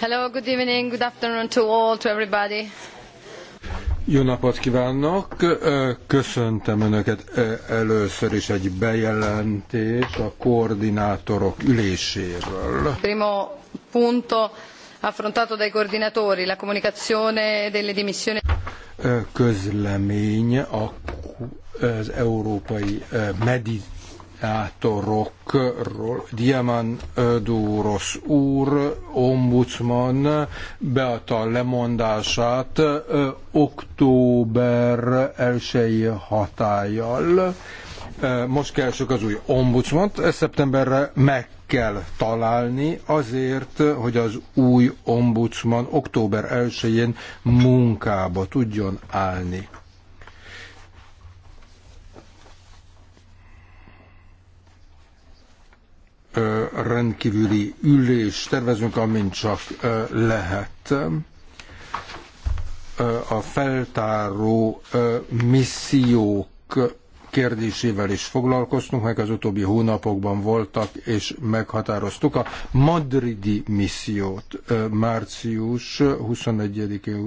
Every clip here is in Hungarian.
hello good evening good afternoon to all to everybody. Jó napot kívánok! Köszöntöm Önöket először is egy bejelentés a koordinátorok üléséről. Primo punto affrontato dai coordinatori, la comunicazione delle dimissioni. Közlemény a, az Európai Medit kommentátorokról, Diaman Dúros úr, ombudsman beadta a lemondását október 1 hatállyal. Most keresünk az új ombudsmant, szeptemberre meg kell találni azért, hogy az új ombudsman október 1-én munkába tudjon állni. rendkívüli ülést tervezünk, amint csak lehet. A feltáró missziók kérdésével is foglalkoztunk, meg az utóbbi hónapokban voltak, és meghatároztuk a madridi missziót március 21-én,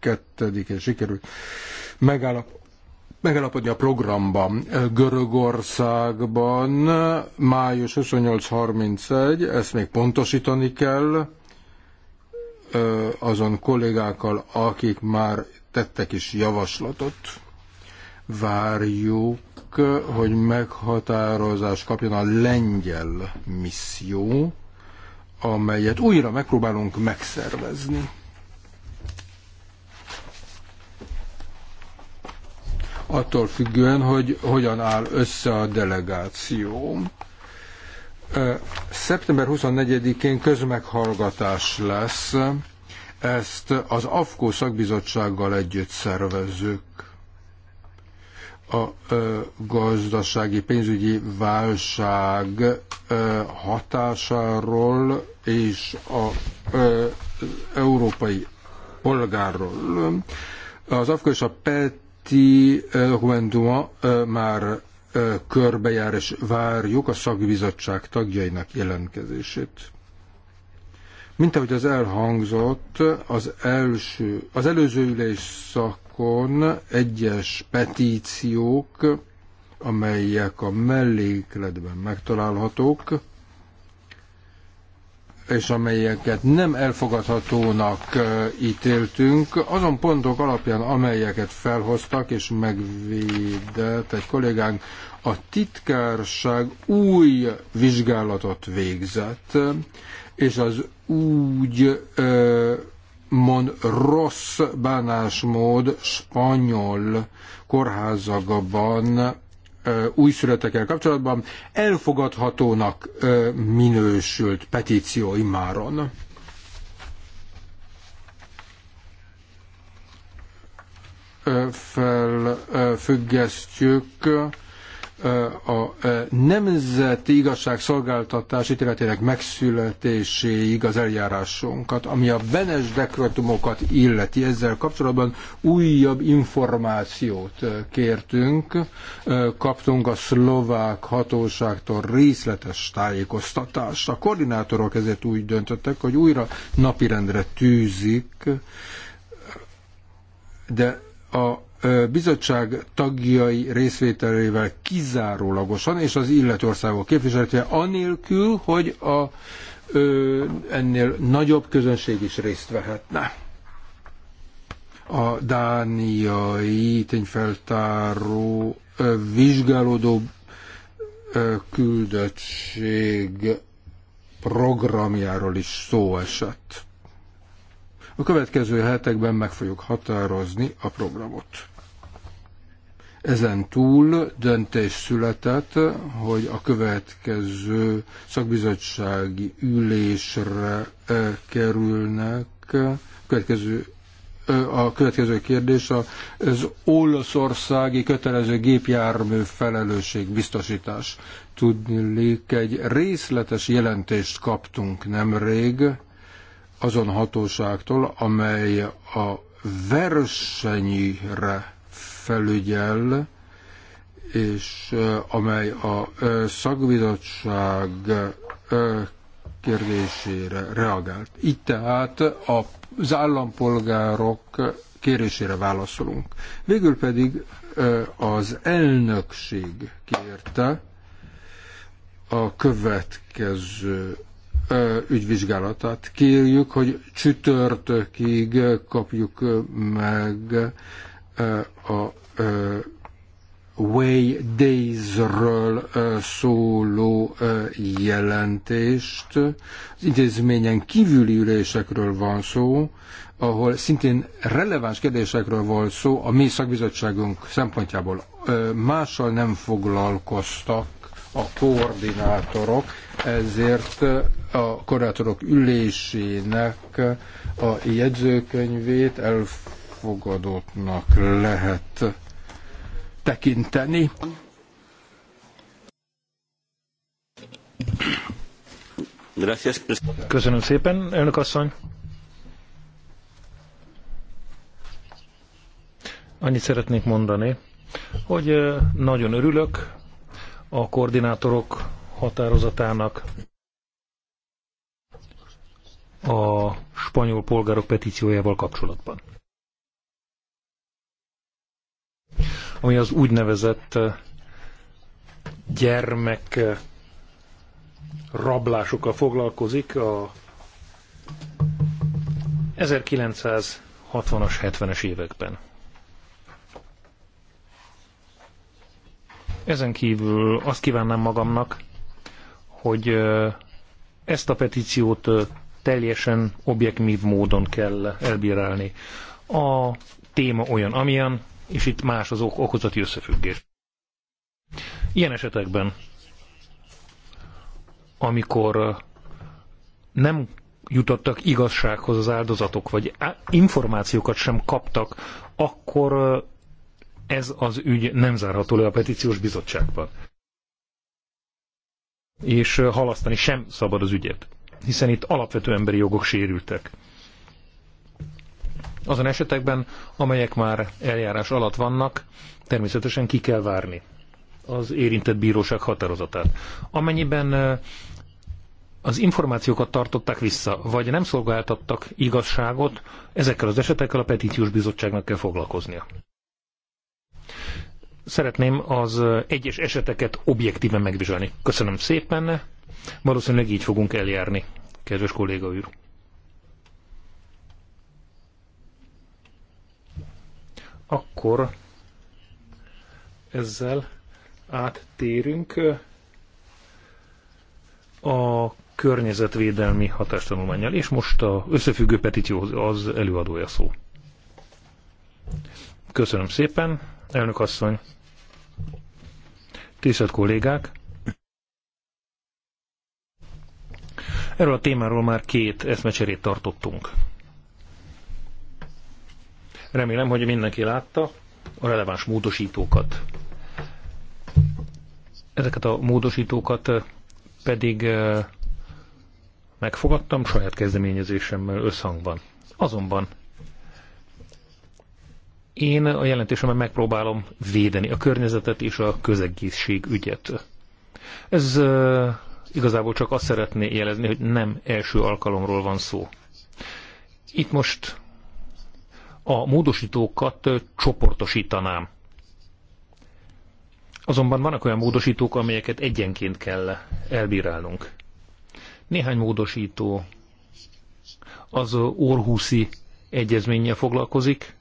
22-én sikerült megállap megállapodni a programban. Görögországban május 28-31, ezt még pontosítani kell azon kollégákkal, akik már tettek is javaslatot. Várjuk, hogy meghatározás kapjon a lengyel misszió, amelyet újra megpróbálunk megszervezni. attól függően, hogy hogyan áll össze a delegáció. Szeptember 24-én közmeghallgatás lesz, ezt az AFKO szakbizottsággal együtt szervezzük a gazdasági pénzügyi válság hatásáról és a európai polgárról. Az AFKO és a PET illeti Ruenduma már körbejár, és várjuk a szakbizottság tagjainak jelentkezését. Mint ahogy az elhangzott, az, első, az előző ülésszakon egyes petíciók, amelyek a mellékletben megtalálhatók, és amelyeket nem elfogadhatónak ítéltünk, azon pontok alapján, amelyeket felhoztak és megvédett egy kollégánk, a titkárság új vizsgálatot végzett, és az úgy mond rossz bánásmód spanyol kórházakban újszülöttekkel kapcsolatban elfogadhatónak minősült petíció immáron. Felfüggesztjük a nemzeti igazságszolgáltatás ítéletének megszületéséig az eljárásunkat, ami a benes dekretumokat illeti. Ezzel kapcsolatban újabb információt kértünk, kaptunk a szlovák hatóságtól részletes tájékoztatást. A koordinátorok ezért úgy döntöttek, hogy újra napirendre tűzik, de a bizottság tagjai részvételével kizárólagosan, és az illető országok képviseletével, anélkül, hogy a, ö, ennél nagyobb közönség is részt vehetne. A dániai tényfeltáró ö, vizsgálódó ö, küldöttség programjáról is szó esett. A következő hetekben meg fogjuk határozni a programot. Ezen túl döntés született, hogy a következő szakbizottsági ülésre e, kerülnek, következő e, a következő kérdés az olaszországi kötelező gépjármű felelősség biztosítás. Tudnék, egy részletes jelentést kaptunk nemrég azon hatóságtól, amely a versenyre felügyel, és amely a szakbizottság kérdésére reagált. Itt tehát az állampolgárok kérésére válaszolunk. Végül pedig az elnökség kérte a következő ügyvizsgálatát. Kérjük, hogy csütörtökig kapjuk meg a Way Days-ről szóló jelentést. Az intézményen kívüli ülésekről van szó, ahol szintén releváns kérdésekről volt szó a mi szakbizottságunk szempontjából. Mással nem foglalkoztak a koordinátorok, ezért a koordinátorok ülésének a jegyzőkönyvét elfogadottnak lehet tekinteni. Köszönöm szépen, elnök asszony. Annyit szeretnék mondani, hogy nagyon örülök, a koordinátorok határozatának a spanyol polgárok petíciójával kapcsolatban. Ami az úgynevezett gyermek rablásokkal foglalkozik a 1960-as, 70-es években. Ezen kívül azt kívánnám magamnak, hogy ezt a petíciót teljesen objektív módon kell elbírálni. A téma olyan, amilyen, és itt más az ok okozati összefüggés. Ilyen esetekben, amikor nem jutottak igazsághoz az áldozatok, vagy információkat sem kaptak, akkor ez az ügy nem zárható le a petíciós bizottságban. És halasztani sem szabad az ügyet, hiszen itt alapvető emberi jogok sérültek. Azon esetekben, amelyek már eljárás alatt vannak, természetesen ki kell várni az érintett bíróság határozatát. Amennyiben az információkat tartották vissza, vagy nem szolgáltattak igazságot, ezekkel az esetekkel a petíciós bizottságnak kell foglalkoznia. Szeretném az egyes eseteket objektíven megvizsgálni. Köszönöm szépen, valószínűleg így fogunk eljárni, kedves kolléga úr. Akkor ezzel áttérünk a környezetvédelmi hatástanulmányjal, és most a összefüggő petíció az előadója szó. Köszönöm szépen! elnök asszony, tisztelt kollégák! Erről a témáról már két eszmecserét tartottunk. Remélem, hogy mindenki látta a releváns módosítókat. Ezeket a módosítókat eh, pedig eh, megfogadtam saját kezdeményezésemmel összhangban. Azonban én a jelentésemben megpróbálom védeni a környezetet és a közegészség ügyet. Ez igazából csak azt szeretné jelezni, hogy nem első alkalomról van szó. Itt most a módosítókat csoportosítanám. Azonban vannak olyan módosítók, amelyeket egyenként kell elbírálnunk. Néhány módosító az Orhuszi egyezménnyel foglalkozik,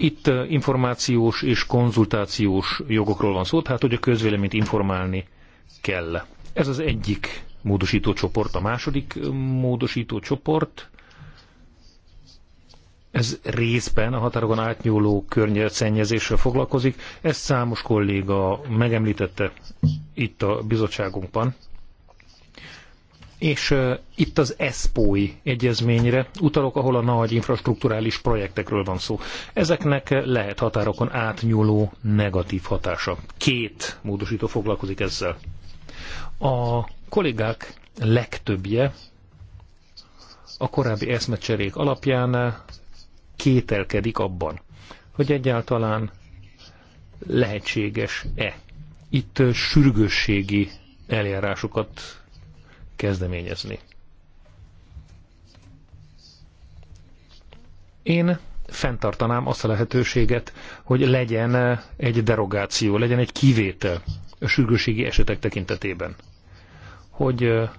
itt információs és konzultációs jogokról van szó, tehát hogy a közvéleményt informálni kell. Ez az egyik módosító csoport, a második módosító csoport. Ez részben a határokon átnyúló környezetszennyezéssel foglalkozik. Ezt számos kolléga megemlítette itt a bizottságunkban és itt az ESPOI egyezményre utalok, ahol a nagy infrastruktúrális projektekről van szó. Ezeknek lehet határokon átnyúló negatív hatása. Két módosító foglalkozik ezzel. A kollégák legtöbbje a korábbi eszmecserék alapján kételkedik abban, hogy egyáltalán lehetséges-e itt sürgősségi eljárásokat kezdeményezni. Én fenntartanám azt a lehetőséget, hogy legyen eh, egy derogáció, legyen egy kivétel a sürgőségi esetek tekintetében. Hogy eh,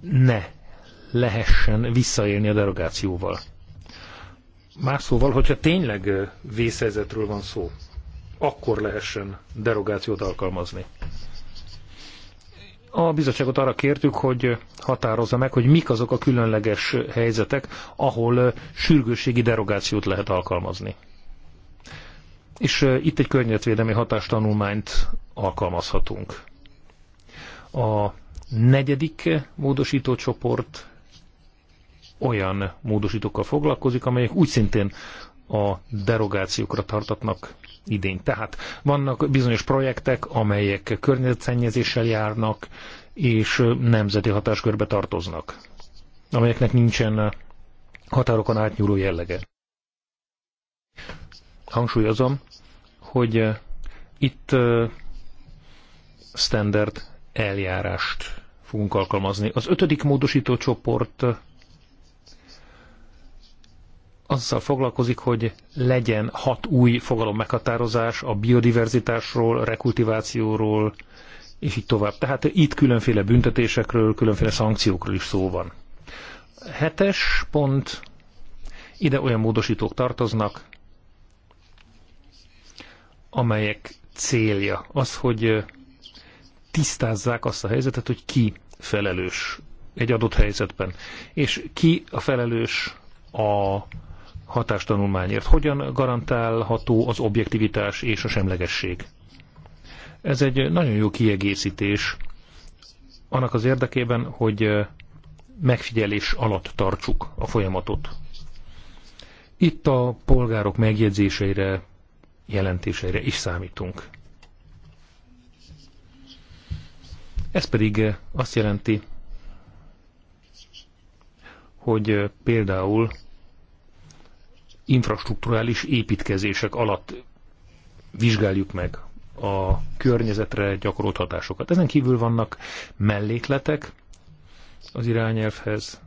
ne lehessen visszaélni a derogációval. Más szóval, hogyha tényleg eh, vészhelyzetről van szó, akkor lehessen derogációt alkalmazni. A bizottságot arra kértük, hogy határozza meg, hogy mik azok a különleges helyzetek, ahol sürgősségi derogációt lehet alkalmazni. És itt egy környezetvédelmi hatástanulmányt alkalmazhatunk. A negyedik módosítócsoport olyan módosítókkal foglalkozik, amelyek úgy szintén a derogációkra tartatnak idén. Tehát vannak bizonyos projektek, amelyek környezetszennyezéssel járnak, és nemzeti hatáskörbe tartoznak, amelyeknek nincsen határokon átnyúló jellege. Hangsúlyozom, hogy itt standard eljárást fogunk alkalmazni. Az ötödik módosító csoport azzal foglalkozik, hogy legyen hat új fogalom meghatározás a biodiverzitásról, rekultivációról, és így tovább. Tehát itt különféle büntetésekről, különféle szankciókról is szó van. Hetes pont, ide olyan módosítók tartoznak, amelyek célja az, hogy tisztázzák azt a helyzetet, hogy ki felelős egy adott helyzetben, és ki a felelős a hatástanulmányért. Hogyan garantálható az objektivitás és a semlegesség? Ez egy nagyon jó kiegészítés annak az érdekében, hogy megfigyelés alatt tartsuk a folyamatot. Itt a polgárok megjegyzéseire, jelentéseire is számítunk. Ez pedig azt jelenti, hogy például infrastruktúrális építkezések alatt vizsgáljuk meg a környezetre gyakorolt hatásokat. Ezen kívül vannak mellékletek az irányelvhez.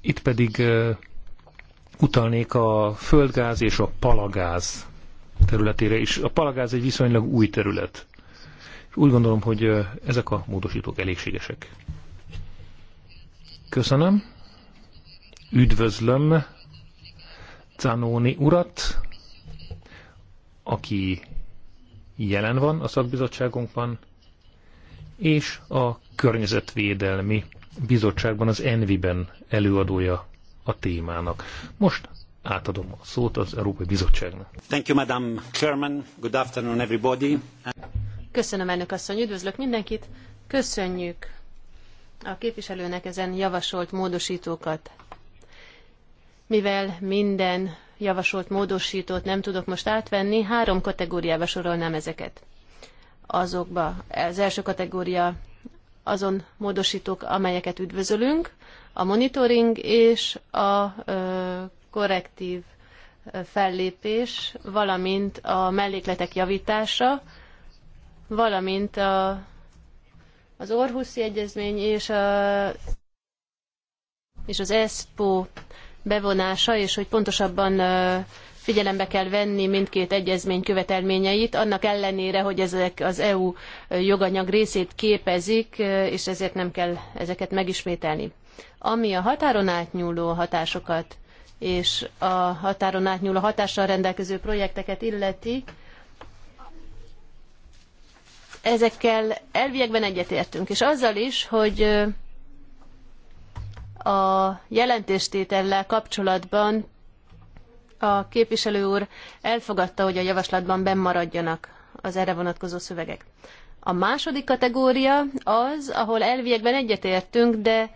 Itt pedig utalnék a földgáz és a palagáz területére is. A palagáz egy viszonylag új terület. És úgy gondolom, hogy ezek a módosítók elégségesek. Köszönöm. Üdvözlöm Canóni urat, aki jelen van a szakbizottságunkban, és a Környezetvédelmi Bizottságban, az Envi-ben előadója a témának. Most átadom a szót az Európai Bizottságnak. Thank you, Madam Chairman. Good afternoon, everybody. Köszönöm, elnök asszony, üdvözlök mindenkit. Köszönjük a képviselőnek ezen javasolt módosítókat. Mivel minden javasolt módosítót nem tudok most átvenni, három kategóriába sorolnám ezeket. Azokba az első kategória azon módosítók, amelyeket üdvözölünk, a monitoring és a ö, korrektív fellépés, valamint a mellékletek javítása, valamint a, az Orhuszi Egyezmény és, a, és az ESPO bevonása, és hogy pontosabban figyelembe kell venni mindkét egyezmény követelményeit, annak ellenére, hogy ezek az EU joganyag részét képezik, és ezért nem kell ezeket megismételni. Ami a határon átnyúló hatásokat és a határon átnyúló hatással rendelkező projekteket illeti, ezekkel elviekben egyetértünk, és azzal is, hogy a jelentéstétellel kapcsolatban a képviselő úr elfogadta, hogy a javaslatban bennmaradjanak az erre vonatkozó szövegek. A második kategória az, ahol elviekben egyetértünk, de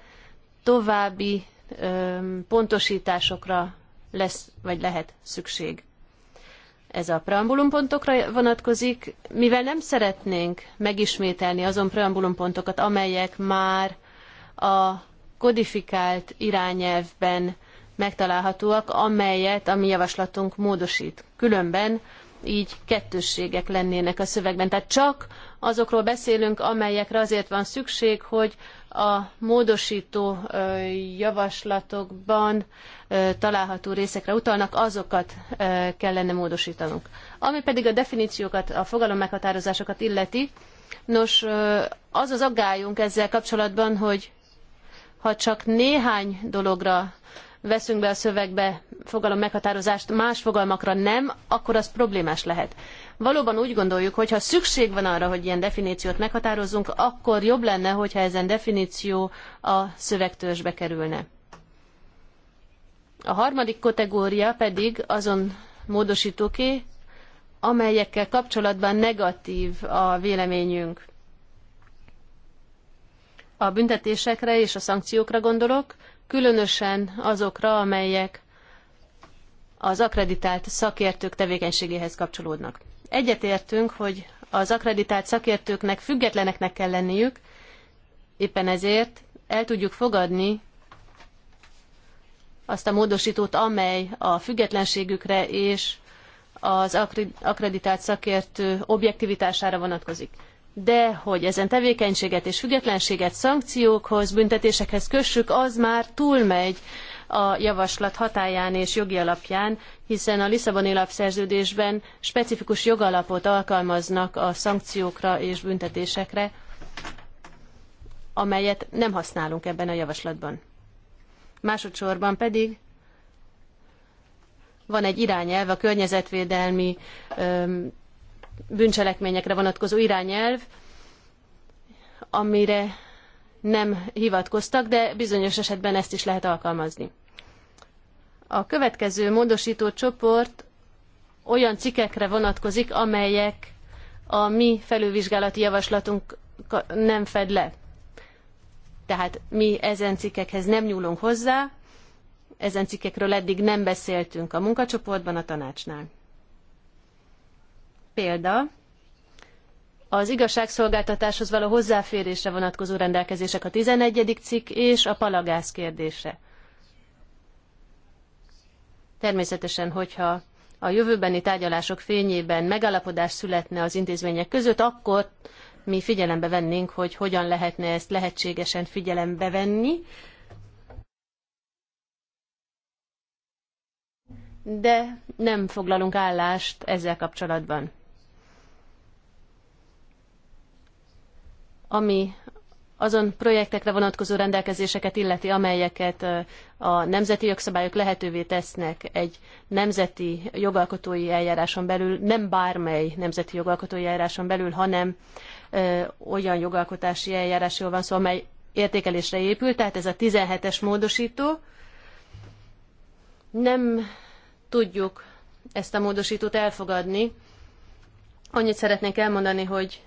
további ö, pontosításokra lesz vagy lehet szükség. Ez a preambulumpontokra vonatkozik, mivel nem szeretnénk megismételni azon preambulumpontokat, amelyek már a kodifikált irányelvben megtalálhatóak, amelyet a mi javaslatunk módosít. Különben így kettősségek lennének a szövegben. Tehát csak azokról beszélünk, amelyekre azért van szükség, hogy a módosító javaslatokban található részekre utalnak, azokat kellene módosítanunk. Ami pedig a definíciókat, a fogalom meghatározásokat illeti, nos, az az aggályunk ezzel kapcsolatban, hogy ha csak néhány dologra veszünk be a szövegbe fogalom meghatározást, más fogalmakra nem, akkor az problémás lehet. Valóban úgy gondoljuk, hogy ha szükség van arra, hogy ilyen definíciót meghatározzunk, akkor jobb lenne, hogyha ezen definíció a szövegtörzsbe kerülne. A harmadik kategória pedig azon módosítóké, amelyekkel kapcsolatban negatív a véleményünk. A büntetésekre és a szankciókra gondolok, különösen azokra, amelyek az akreditált szakértők tevékenységéhez kapcsolódnak. Egyetértünk, hogy az akreditált szakértőknek függetleneknek kell lenniük, éppen ezért el tudjuk fogadni azt a módosítót, amely a függetlenségükre és az akreditált szakértő objektivitására vonatkozik de hogy ezen tevékenységet és függetlenséget szankciókhoz, büntetésekhez kössük, az már túlmegy a javaslat hatáján és jogi alapján, hiszen a Lisszaboni alapszerződésben specifikus jogalapot alkalmaznak a szankciókra és büntetésekre, amelyet nem használunk ebben a javaslatban. Másodszorban pedig van egy irányelv a környezetvédelmi öm, bűncselekményekre vonatkozó irányelv, amire nem hivatkoztak, de bizonyos esetben ezt is lehet alkalmazni. A következő módosító csoport olyan cikkekre vonatkozik, amelyek a mi felülvizsgálati javaslatunk nem fed le. Tehát mi ezen cikkekhez nem nyúlunk hozzá, ezen cikkekről eddig nem beszéltünk a munkacsoportban, a tanácsnál. Példa, az igazságszolgáltatáshoz való hozzáférésre vonatkozó rendelkezések a 11. cikk és a palagász kérdése. Természetesen, hogyha a jövőbeni tárgyalások fényében megállapodás születne az intézmények között, akkor mi figyelembe vennénk, hogy hogyan lehetne ezt lehetségesen figyelembe venni. De nem foglalunk állást ezzel kapcsolatban. ami azon projektekre vonatkozó rendelkezéseket illeti, amelyeket a nemzeti jogszabályok lehetővé tesznek egy nemzeti jogalkotói eljáráson belül, nem bármely nemzeti jogalkotói eljáráson belül, hanem olyan jogalkotási eljárásról van szó, amely értékelésre épül, tehát ez a 17-es módosító. Nem tudjuk ezt a módosítót elfogadni. Annyit szeretnék elmondani, hogy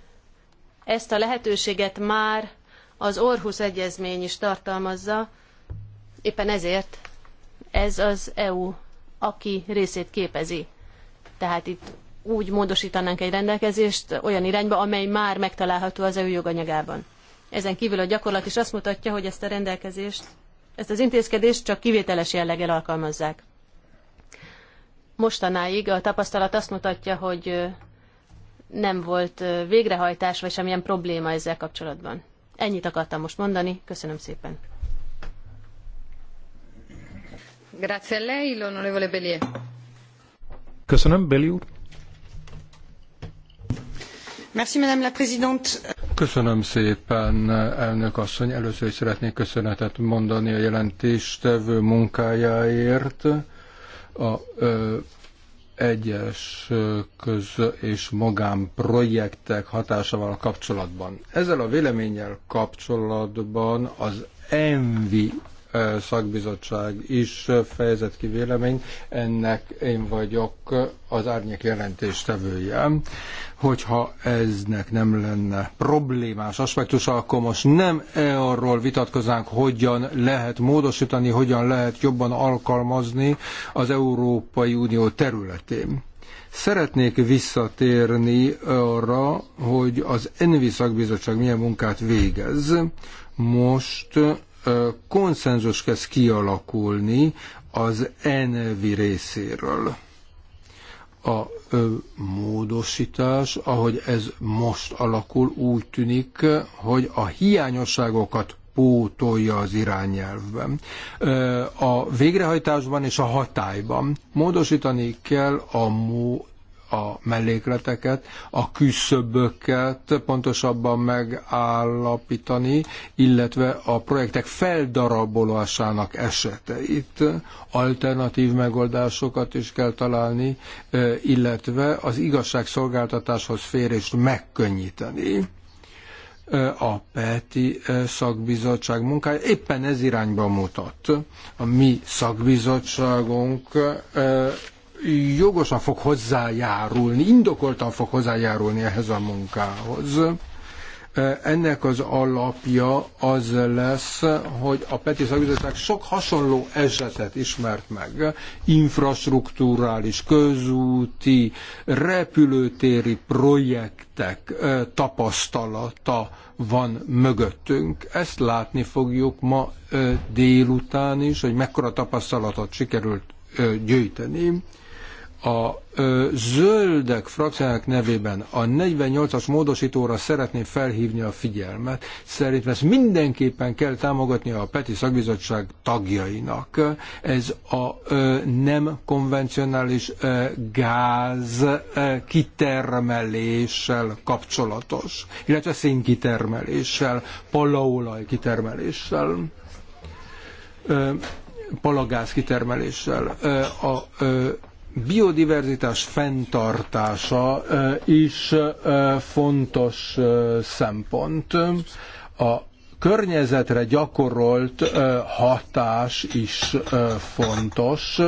ezt a lehetőséget már az Orhus Egyezmény is tartalmazza, éppen ezért ez az EU, aki részét képezi. Tehát itt úgy módosítanánk egy rendelkezést olyan irányba, amely már megtalálható az EU joganyagában. Ezen kívül a gyakorlat is azt mutatja, hogy ezt a rendelkezést, ezt az intézkedést csak kivételes jelleggel alkalmazzák. Mostanáig a tapasztalat azt mutatja, hogy nem volt végrehajtás, vagy semmilyen probléma ezzel kapcsolatban. Ennyit akartam most mondani. Köszönöm szépen. Grazie a lei, l'onorevole Bellier. Köszönöm, Belli úr. Merci, madame la présidente. Köszönöm szépen, elnök asszony. Először is szeretnék köszönetet mondani a jelentéstevő munkájáért. A ö, egyes köz- és magánprojektek hatásával kapcsolatban. Ezzel a véleménnyel kapcsolatban az ENVI szakbizottság is fejezett ki véleményt, ennek én vagyok az árnyék jelentés tevője. Hogyha eznek nem lenne problémás aspektusa, akkor most nem e arról vitatkoznánk, hogyan lehet módosítani, hogyan lehet jobban alkalmazni az Európai Unió területén. Szeretnék visszatérni arra, hogy az Envi szakbizottság milyen munkát végez. Most konszenzus kezd kialakulni az envi részéről. A ö, módosítás, ahogy ez most alakul, úgy tűnik, hogy a hiányosságokat pótolja az irányelvben. A végrehajtásban és a hatályban módosítani kell a, mód a mellékleteket, a küszöböket pontosabban megállapítani, illetve a projektek feldarabolásának eseteit, alternatív megoldásokat is kell találni, illetve az igazságszolgáltatáshoz férést megkönnyíteni a PETI szakbizottság munkája éppen ez irányba mutat. A mi szakbizottságunk jogosan fog hozzájárulni, indokoltan fog hozzájárulni ehhez a munkához. Ennek az alapja az lesz, hogy a Peti Szakbizottság sok hasonló esetet ismert meg. Infrastruktúrális, közúti, repülőtéri projektek tapasztalata van mögöttünk. Ezt látni fogjuk ma délután is, hogy mekkora tapasztalatot sikerült gyűjteni a ö, zöldek frakciának nevében a 48-as módosítóra szeretném felhívni a figyelmet. Szerintem ezt mindenképpen kell támogatni a Peti Szakbizottság tagjainak. Ez a ö, nem konvencionális ö, gáz ö, kitermeléssel kapcsolatos, illetve szénkitermeléssel, palaolaj kitermeléssel. Ö, palagáz kitermeléssel. Ö, a, ö, biodiverzitás fenntartása is fontos szempont. A környezetre gyakorolt hatás is fontos.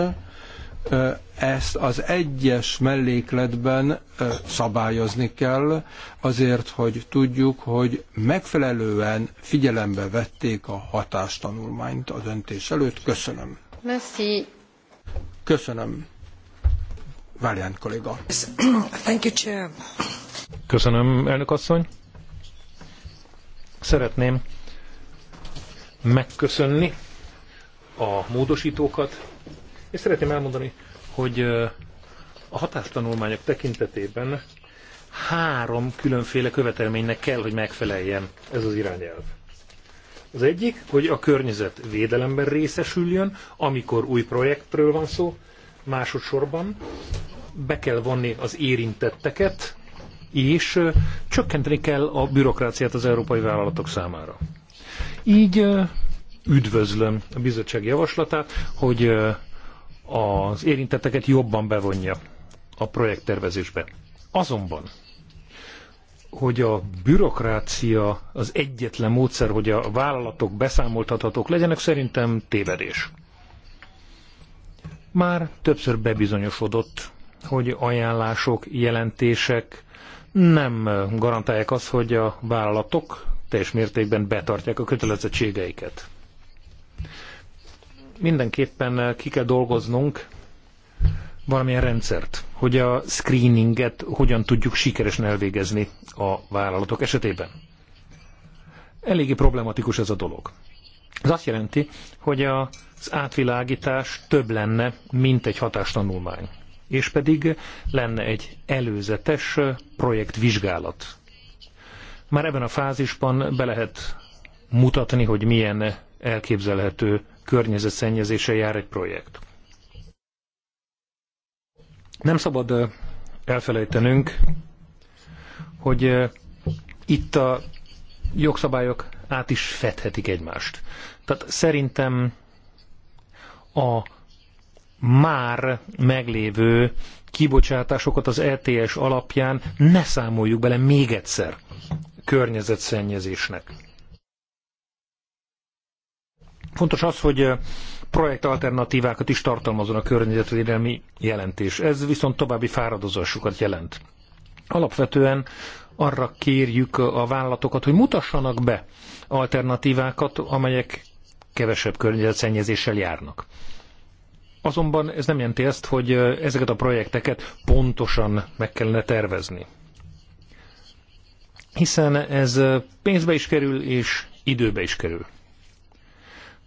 Ezt az egyes mellékletben szabályozni kell, azért, hogy tudjuk, hogy megfelelően figyelembe vették a hatástanulmányt a döntés előtt. Köszönöm. Merci. Köszönöm kolléga. Köszönöm, elnök asszony. Szeretném megköszönni a módosítókat, és szeretném elmondani, hogy a hatástanulmányok tekintetében három különféle követelménynek kell, hogy megfeleljen ez az irányelv. Az egyik, hogy a környezet védelemben részesüljön, amikor új projektről van szó. Másodszorban be kell vonni az érintetteket, és csökkenteni kell a bürokráciát az európai vállalatok számára. Így üdvözlöm a bizottság javaslatát, hogy az érintetteket jobban bevonja a projekttervezésbe. Azonban, hogy a bürokrácia az egyetlen módszer, hogy a vállalatok beszámoltathatók legyenek, szerintem tévedés. Már többször bebizonyosodott, hogy ajánlások, jelentések nem garantálják azt, hogy a vállalatok teljes mértékben betartják a kötelezettségeiket. Mindenképpen ki kell dolgoznunk valamilyen rendszert, hogy a screeninget hogyan tudjuk sikeresen elvégezni a vállalatok esetében. Eléggé problematikus ez a dolog. Ez azt jelenti, hogy az átvilágítás több lenne, mint egy hatástanulmány. És pedig lenne egy előzetes projektvizsgálat. Már ebben a fázisban be lehet mutatni, hogy milyen elképzelhető környezetszennyezése jár egy projekt. Nem szabad elfelejtenünk, hogy itt a jogszabályok át is fedhetik egymást. Tehát szerintem a már meglévő kibocsátásokat az ETS alapján ne számoljuk bele még egyszer környezetszennyezésnek. Fontos az, hogy projektalternatívákat is tartalmazon a környezetvédelmi jelentés. Ez viszont további fáradozásokat jelent. Alapvetően arra kérjük a vállalatokat, hogy mutassanak be alternatívákat, amelyek kevesebb környezetszennyezéssel járnak. Azonban ez nem jelenti azt, hogy ezeket a projekteket pontosan meg kellene tervezni. Hiszen ez pénzbe is kerül, és időbe is kerül.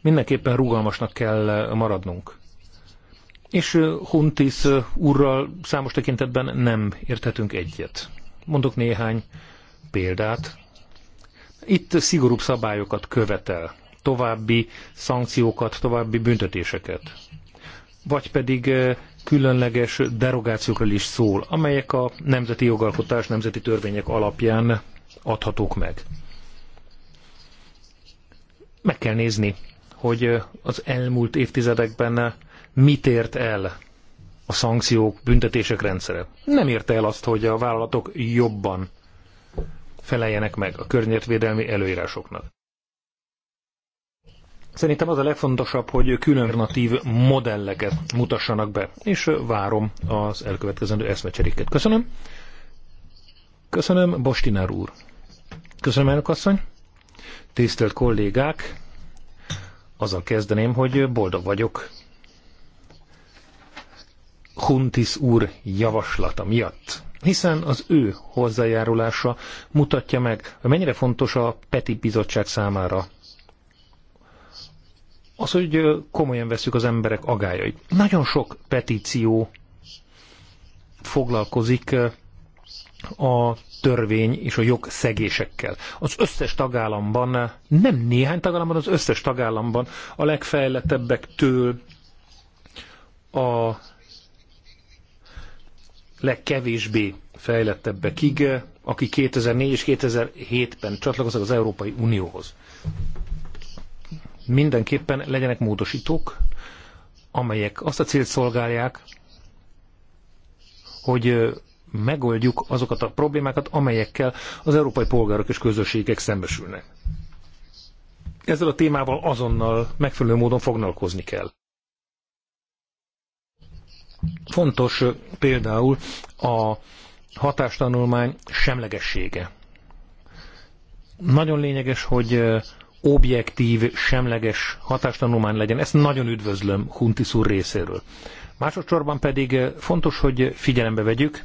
Mindenképpen rugalmasnak kell maradnunk. És Huntis úrral számos tekintetben nem érthetünk egyet. Mondok néhány példát, itt szigorúbb szabályokat követel, további szankciókat, további büntetéseket. Vagy pedig eh, különleges derogációkról is szól, amelyek a nemzeti jogalkotás, nemzeti törvények alapján adhatók meg. Meg kell nézni, hogy eh, az elmúlt évtizedekben mit ért el a szankciók, büntetések rendszere. Nem érte el azt, hogy a vállalatok jobban feleljenek meg a környezetvédelmi előírásoknak. Szerintem az a legfontosabb, hogy különböző modelleket mutassanak be, és várom az elkövetkezendő eszmecseréket. Köszönöm. Köszönöm, Bostinár úr. Köszönöm, elnök asszony. Tisztelt kollégák, azzal kezdeném, hogy boldog vagyok Huntis úr javaslata miatt hiszen az ő hozzájárulása mutatja meg, hogy mennyire fontos a PETI bizottság számára az, hogy komolyan veszük az emberek agályait. Nagyon sok petíció foglalkozik a törvény és a jog szegésekkel. Az összes tagállamban, nem néhány tagállamban, az összes tagállamban a legfejlettebbektől a legkevésbé fejlettebbekig, eh, akik 2004 és 2007-ben csatlakoztak az Európai Unióhoz. Mindenképpen legyenek módosítók, amelyek azt a célt szolgálják, hogy eh, megoldjuk azokat a problémákat, amelyekkel az európai polgárok és közösségek szembesülnek. Ezzel a témával azonnal megfelelő módon foglalkozni kell. Fontos például a hatástanulmány semlegessége. Nagyon lényeges, hogy objektív, semleges hatástanulmány legyen. Ezt nagyon üdvözlöm Hunti szúr részéről. Másodszorban pedig fontos, hogy figyelembe vegyük,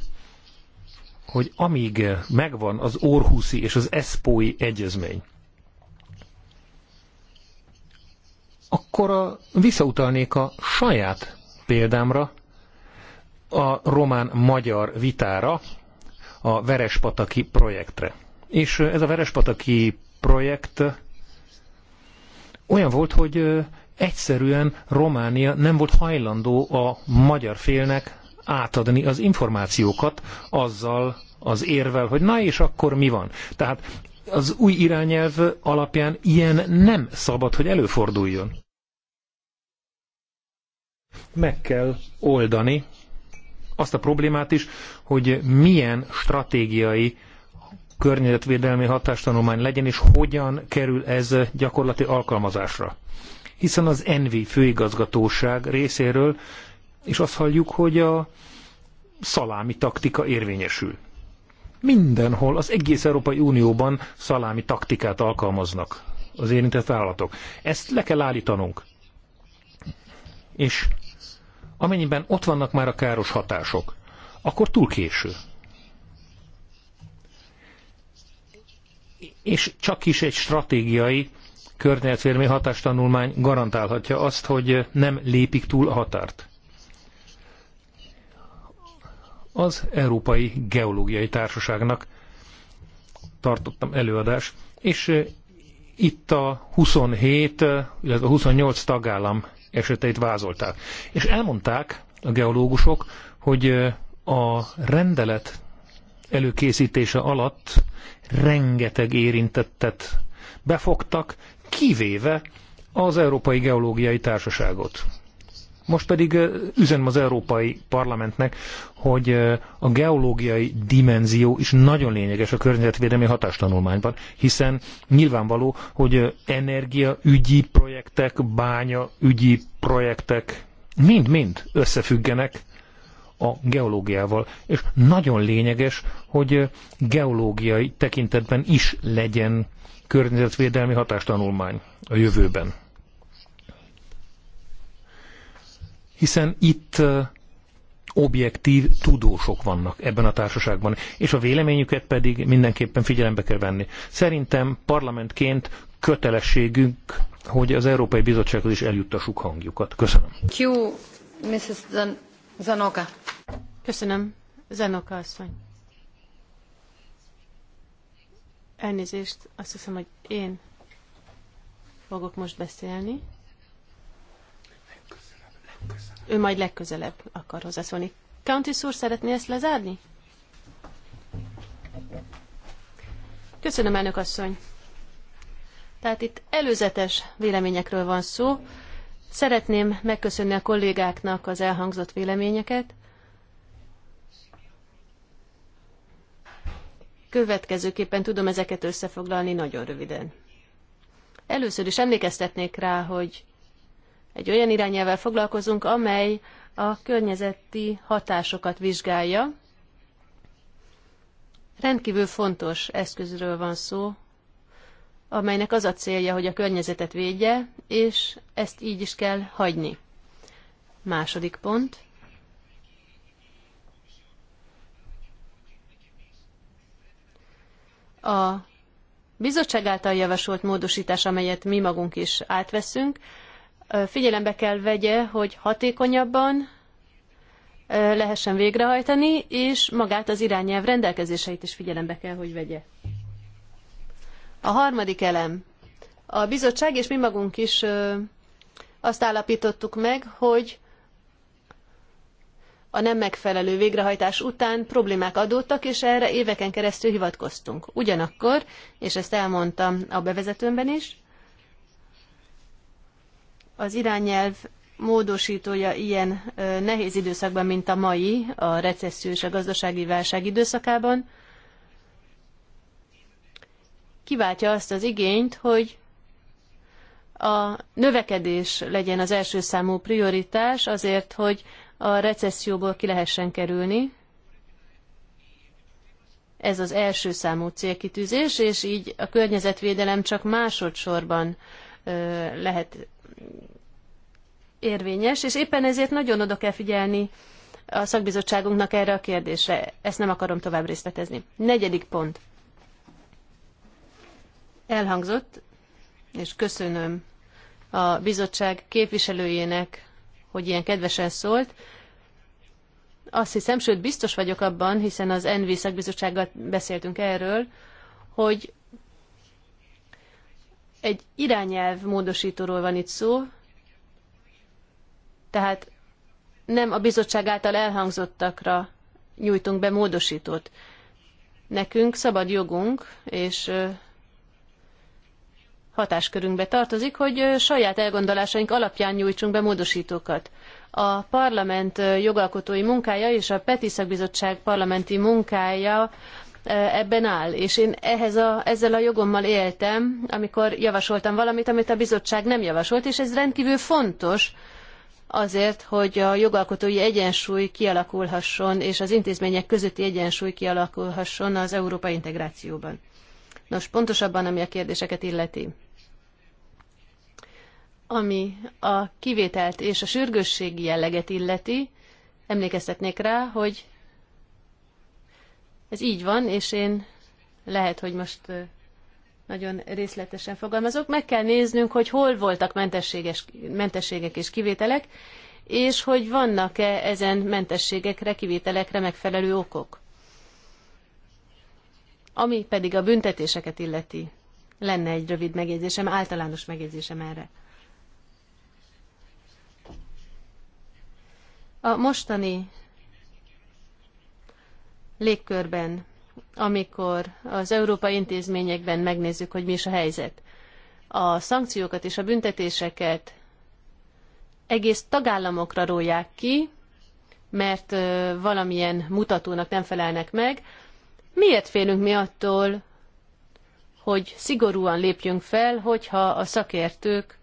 hogy amíg megvan az Orhuszi és az Eszpói egyezmény, akkor a, visszautalnék a saját példámra, a román-magyar vitára, a Verespataki projektre. És ez a Verespataki projekt olyan volt, hogy egyszerűen Románia nem volt hajlandó a magyar félnek átadni az információkat azzal az érvel, hogy na és akkor mi van. Tehát az új irányelv alapján ilyen nem szabad, hogy előforduljon. Meg kell oldani azt a problémát is, hogy milyen stratégiai környezetvédelmi hatástanulmány legyen, és hogyan kerül ez gyakorlati alkalmazásra. Hiszen az ENVI főigazgatóság részéről, és azt halljuk, hogy a szalámi taktika érvényesül. Mindenhol, az egész Európai Unióban szalámi taktikát alkalmaznak az érintett állatok. Ezt le kell állítanunk. És amennyiben ott vannak már a káros hatások, akkor túl késő. És csak is egy stratégiai környezetvédelmi hatástanulmány garantálhatja azt, hogy nem lépik túl a határt. Az Európai Geológiai Társaságnak tartottam előadást, és eh, itt a 27, eh, illetve a 28 tagállam eseteit vázolták. És elmondták a geológusok, hogy a rendelet előkészítése alatt rengeteg érintettet befogtak, kivéve az Európai Geológiai Társaságot. Most pedig üzenem az Európai Parlamentnek, hogy a geológiai dimenzió is nagyon lényeges a környezetvédelmi hatástanulmányban, hiszen nyilvánvaló, hogy energiaügyi projektek, bányaügyi projektek mind-mind összefüggenek a geológiával, és nagyon lényeges, hogy geológiai tekintetben is legyen környezetvédelmi hatástanulmány a jövőben. hiszen itt objektív tudósok vannak ebben a társaságban, és a véleményüket pedig mindenképpen figyelembe kell venni. Szerintem parlamentként kötelességünk, hogy az Európai Bizottsághoz is eljuttassuk hangjukat. Köszönöm. Q, Mrs. Zanoka. Köszönöm, Zanoka asszony. Elnézést, azt hiszem, hogy én fogok most beszélni. Ő majd legközelebb akar hozzászólni. Countess úr, szeretné ezt lezárni? Köszönöm, elnök asszony. Tehát itt előzetes véleményekről van szó. Szeretném megköszönni a kollégáknak az elhangzott véleményeket. Következőképpen tudom ezeket összefoglalni nagyon röviden. Először is emlékeztetnék rá, hogy egy olyan irányelvel foglalkozunk, amely a környezeti hatásokat vizsgálja. Rendkívül fontos eszközről van szó, amelynek az a célja, hogy a környezetet védje, és ezt így is kell hagyni. Második pont. A bizottság által javasolt módosítás, amelyet mi magunk is átveszünk, figyelembe kell vegye, hogy hatékonyabban lehessen végrehajtani, és magát az irányelv rendelkezéseit is figyelembe kell, hogy vegye. A harmadik elem. A bizottság és mi magunk is azt állapítottuk meg, hogy a nem megfelelő végrehajtás után problémák adódtak, és erre éveken keresztül hivatkoztunk. Ugyanakkor, és ezt elmondtam a bevezetőmben is, az irányelv módosítója ilyen nehéz időszakban, mint a mai, a recesszió és a gazdasági válság időszakában, kiváltja azt az igényt, hogy a növekedés legyen az első számú prioritás azért, hogy a recesszióból ki lehessen kerülni. Ez az első számú célkitűzés, és így a környezetvédelem csak másodszorban lehet érvényes, és éppen ezért nagyon oda kell figyelni a szakbizottságunknak erre a kérdésre. Ezt nem akarom tovább részletezni. Negyedik pont. Elhangzott, és köszönöm a bizottság képviselőjének, hogy ilyen kedvesen szólt. Azt hiszem, sőt biztos vagyok abban, hiszen az NV szakbizottsággal beszéltünk erről, hogy egy irányelv módosítóról van itt szó, tehát nem a bizottság által elhangzottakra nyújtunk be módosítót. Nekünk szabad jogunk, és hatáskörünkbe tartozik, hogy saját elgondolásaink alapján nyújtsunk be módosítókat. A parlament jogalkotói munkája és a Peti Szakbizottság parlamenti munkája Eh, ebben áll. És én ehhez a, ezzel a jogommal éltem, amikor javasoltam valamit, amit a bizottság nem javasolt, és ez rendkívül fontos azért, hogy a jogalkotói egyensúly kialakulhasson, és az intézmények közötti egyensúly kialakulhasson az európai integrációban. Nos, pontosabban, ami a kérdéseket illeti ami a kivételt és a sürgősségi jelleget illeti, emlékeztetnék rá, hogy ez így van, és én lehet, hogy most nagyon részletesen fogalmazok. Meg kell néznünk, hogy hol voltak mentességes, mentességek és kivételek, és hogy vannak-e ezen mentességekre, kivételekre megfelelő okok. Ami pedig a büntetéseket illeti. Lenne egy rövid megjegyzésem, általános megjegyzésem erre. A mostani légkörben, amikor az európai intézményekben megnézzük, hogy mi is a helyzet. A szankciókat és a büntetéseket egész tagállamokra rólják ki, mert valamilyen mutatónak nem felelnek meg. Miért félünk mi attól, hogy szigorúan lépjünk fel, hogyha a szakértők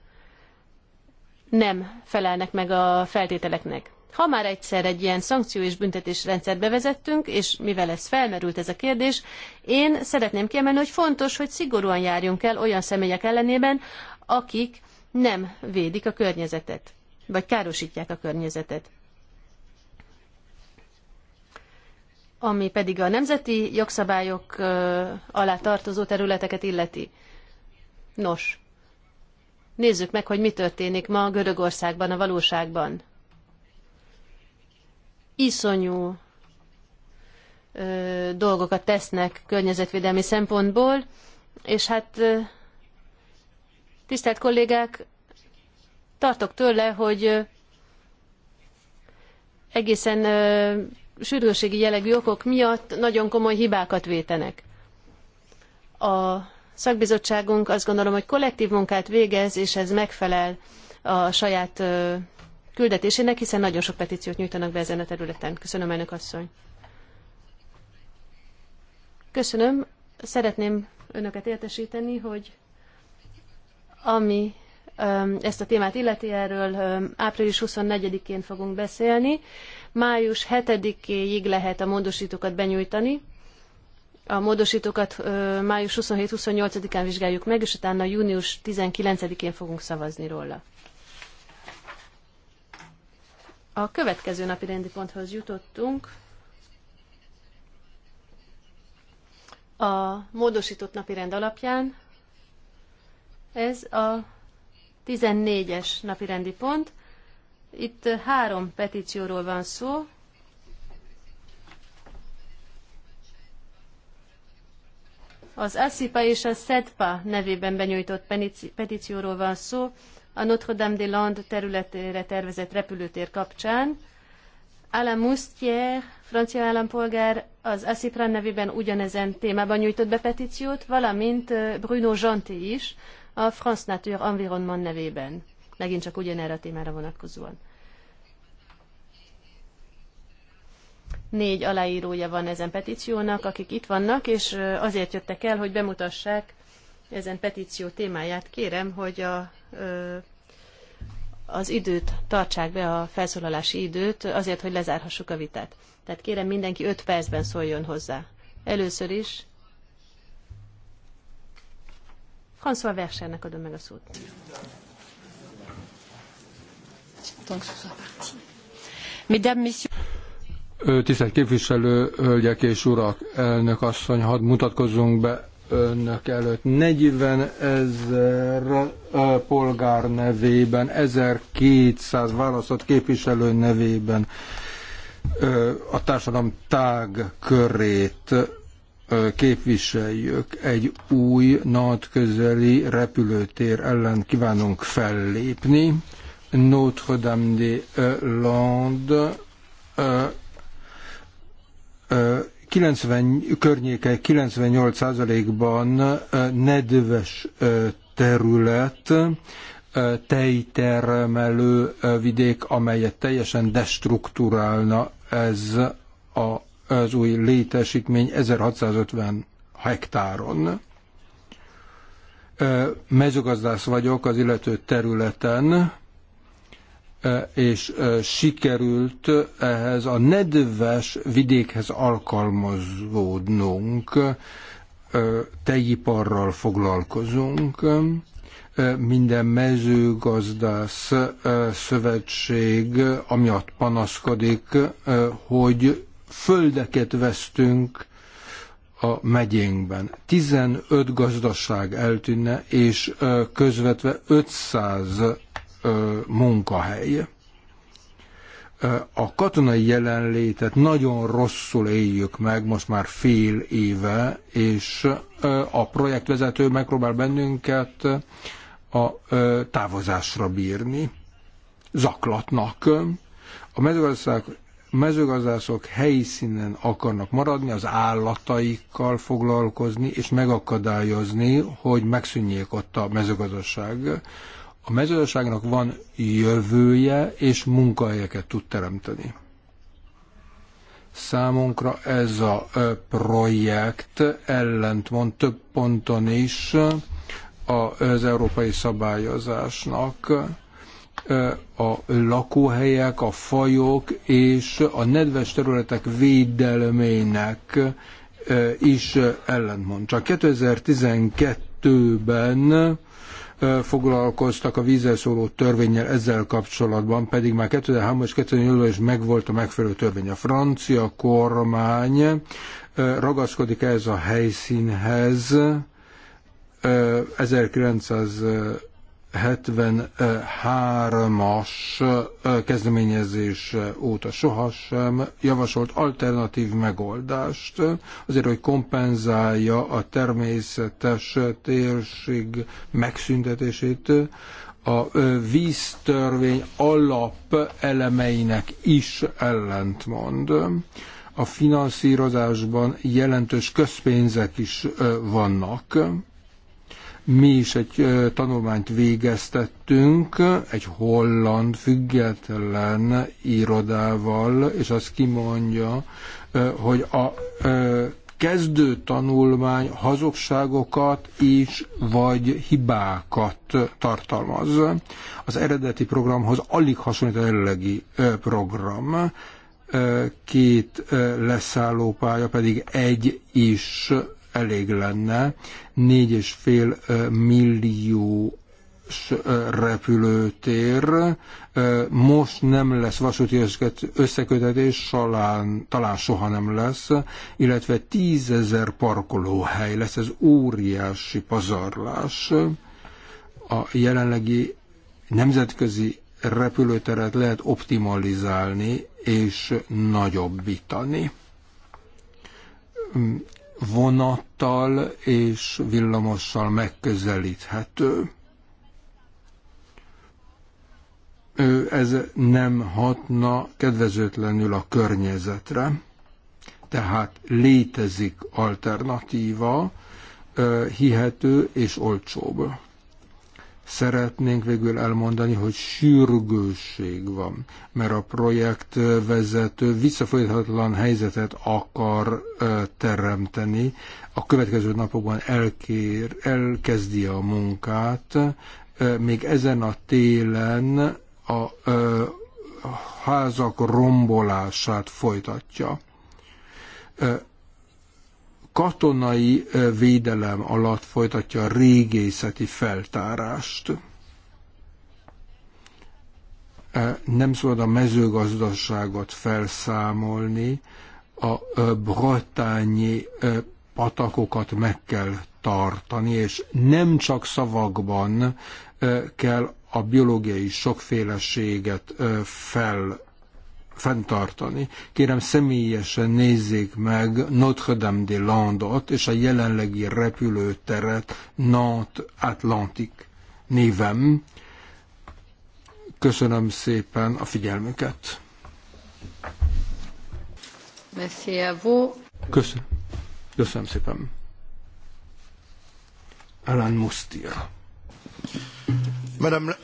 nem felelnek meg a feltételeknek? Ha már egyszer egy ilyen szankció és büntetés rendszert bevezettünk, és mivel ez felmerült ez a kérdés, én szeretném kiemelni, hogy fontos, hogy szigorúan járjunk el olyan személyek ellenében, akik nem védik a környezetet, vagy károsítják a környezetet. Ami pedig a nemzeti jogszabályok alá tartozó területeket illeti. Nos, nézzük meg, hogy mi történik ma Görögországban, a valóságban iszonyú ö, dolgokat tesznek környezetvédelmi szempontból, és hát ö, tisztelt kollégák, tartok tőle, hogy ö, egészen ö, sürgőségi jellegű okok miatt nagyon komoly hibákat vétenek. A szakbizottságunk azt gondolom, hogy kollektív munkát végez, és ez megfelel a saját küldetésének, hiszen nagyon sok petíciót nyújtanak be ezen a területen. Köszönöm, elnök asszony. Köszönöm. Szeretném önöket értesíteni, hogy ami ezt a témát illeti, erről április 24-én fogunk beszélni. Május 7 ig lehet a módosítókat benyújtani. A módosítókat május 27-28-án vizsgáljuk meg, és utána június 19-én fogunk szavazni róla. A következő napi rendi ponthoz jutottunk. A módosított napi rend alapján ez a 14-es napi rendi pont. Itt három petícióról van szó. Az ASZIPA és a SZEDPA nevében benyújtott petícióról van szó, a Notre-Dame-des-Landes területére tervezett repülőtér kapcsán. Alain Moustier, francia állampolgár, az Assipran nevében ugyanezen témában nyújtott be petíciót, valamint Bruno Janté is, a France Nature Environnement nevében, megint csak ugyanerre a témára vonatkozóan. Négy aláírója van ezen petíciónak, akik itt vannak, és azért jöttek el, hogy bemutassák ezen petíció témáját, kérem, hogy a, az időt tartsák be, a felszólalási időt, azért, hogy lezárhassuk a vitát. Tehát kérem, mindenki 5 percben szóljon hozzá. Először is François Versernek adom meg a szót. Tisztelt képviselő, hölgyek és urak, elnök asszony, hadd mutatkozzunk be önök előtt 40 ezer polgár nevében, 1200 választott képviselő nevében a társadalom tág körét képviseljük. Egy új, nagy közeli repülőtér ellen kívánunk fellépni. Notre-Dame de Land 90 környéke 98%-ban nedves terület, tejtermelő vidék, amelyet teljesen destruktúrálna ez a, az új létesítmény 1650 hektáron. Mezőgazdász vagyok az illető területen, és sikerült ehhez a nedves vidékhez alkalmazódnunk, tejiparral foglalkozunk, minden mezőgazdász szövetség amiatt panaszkodik, hogy földeket vesztünk a megyénkben. 15 gazdaság eltűnne, és közvetve 500 munkahely. A katonai jelenlétet nagyon rosszul éljük meg, most már fél éve, és a projektvezető megpróbál bennünket a távozásra bírni. Zaklatnak. A mezőgazdaság mezőgazdászok helyszínen akarnak maradni, az állataikkal foglalkozni, és megakadályozni, hogy megszűnjék ott a mezőgazdaság. A mezőgazdaságnak van jövője, és munkahelyeket tud teremteni. Számunkra ez a projekt ellentmond több ponton is az európai szabályozásnak a lakóhelyek, a fajok és a nedves területek védelmének is ellentmond. Csak 2012-ben foglalkoztak a vízzel szóló törvényel ezzel kapcsolatban, pedig már 2003 és 2008 is megvolt a megfelelő törvény. A francia kormány ragaszkodik ehhez a helyszínhez 1900 73-as kezdeményezés óta sohasem javasolt alternatív megoldást, azért, hogy kompenzálja a természetes térség megszüntetését, a víztörvény alap elemeinek is ellentmond. A finanszírozásban jelentős közpénzek is vannak mi is egy tanulmányt végeztettünk egy holland független irodával, és azt kimondja, hogy a kezdő tanulmány hazugságokat is vagy hibákat tartalmaz. Az eredeti programhoz alig hasonlít a jelenlegi program, két leszállópálya pedig egy is elég lenne. 4,5 millió repülőtér. Most nem lesz vasúti összekötetés, talán, talán soha nem lesz, illetve tízezer parkolóhely lesz. Ez óriási pazarlás. A jelenlegi nemzetközi repülőteret lehet optimalizálni és nagyobbítani vonattal és villamossal megközelíthető. Ez nem hatna kedvezőtlenül a környezetre, tehát létezik alternatíva, hihető és olcsóbb. Szeretnénk végül elmondani, hogy sürgősség van, mert a projektvezető visszafolyhatatlan helyzetet akar teremteni. A következő napokban elkér, elkezdi a munkát, még ezen a télen a házak rombolását folytatja katonai védelem alatt folytatja a régészeti feltárást. Nem szabad a mezőgazdaságot felszámolni, a bratányi patakokat meg kell tartani, és nem csak szavakban kell a biológiai sokféleséget fel fenntartani. Kérem személyesen nézzék meg Notre Dame de Landot és a jelenlegi repülőteret Nantes Atlantic névem. Köszönöm szépen a figyelmüket. Köszönöm. Köszönöm szépen. Alan Mustia. Madame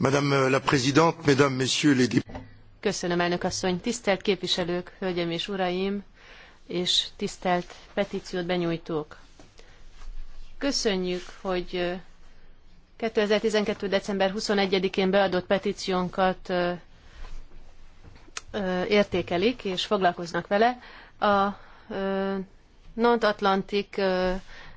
Madame euh, la Présidente, Mesdames, Messieurs les députés. Köszönöm, Tisztelt képviselők, hölgyeim és uraim, és tisztelt petíciót benyújtók. Köszönjük, hogy twelve december 21-én beadott petciónkat értékelik és foglalkoznak vele. A non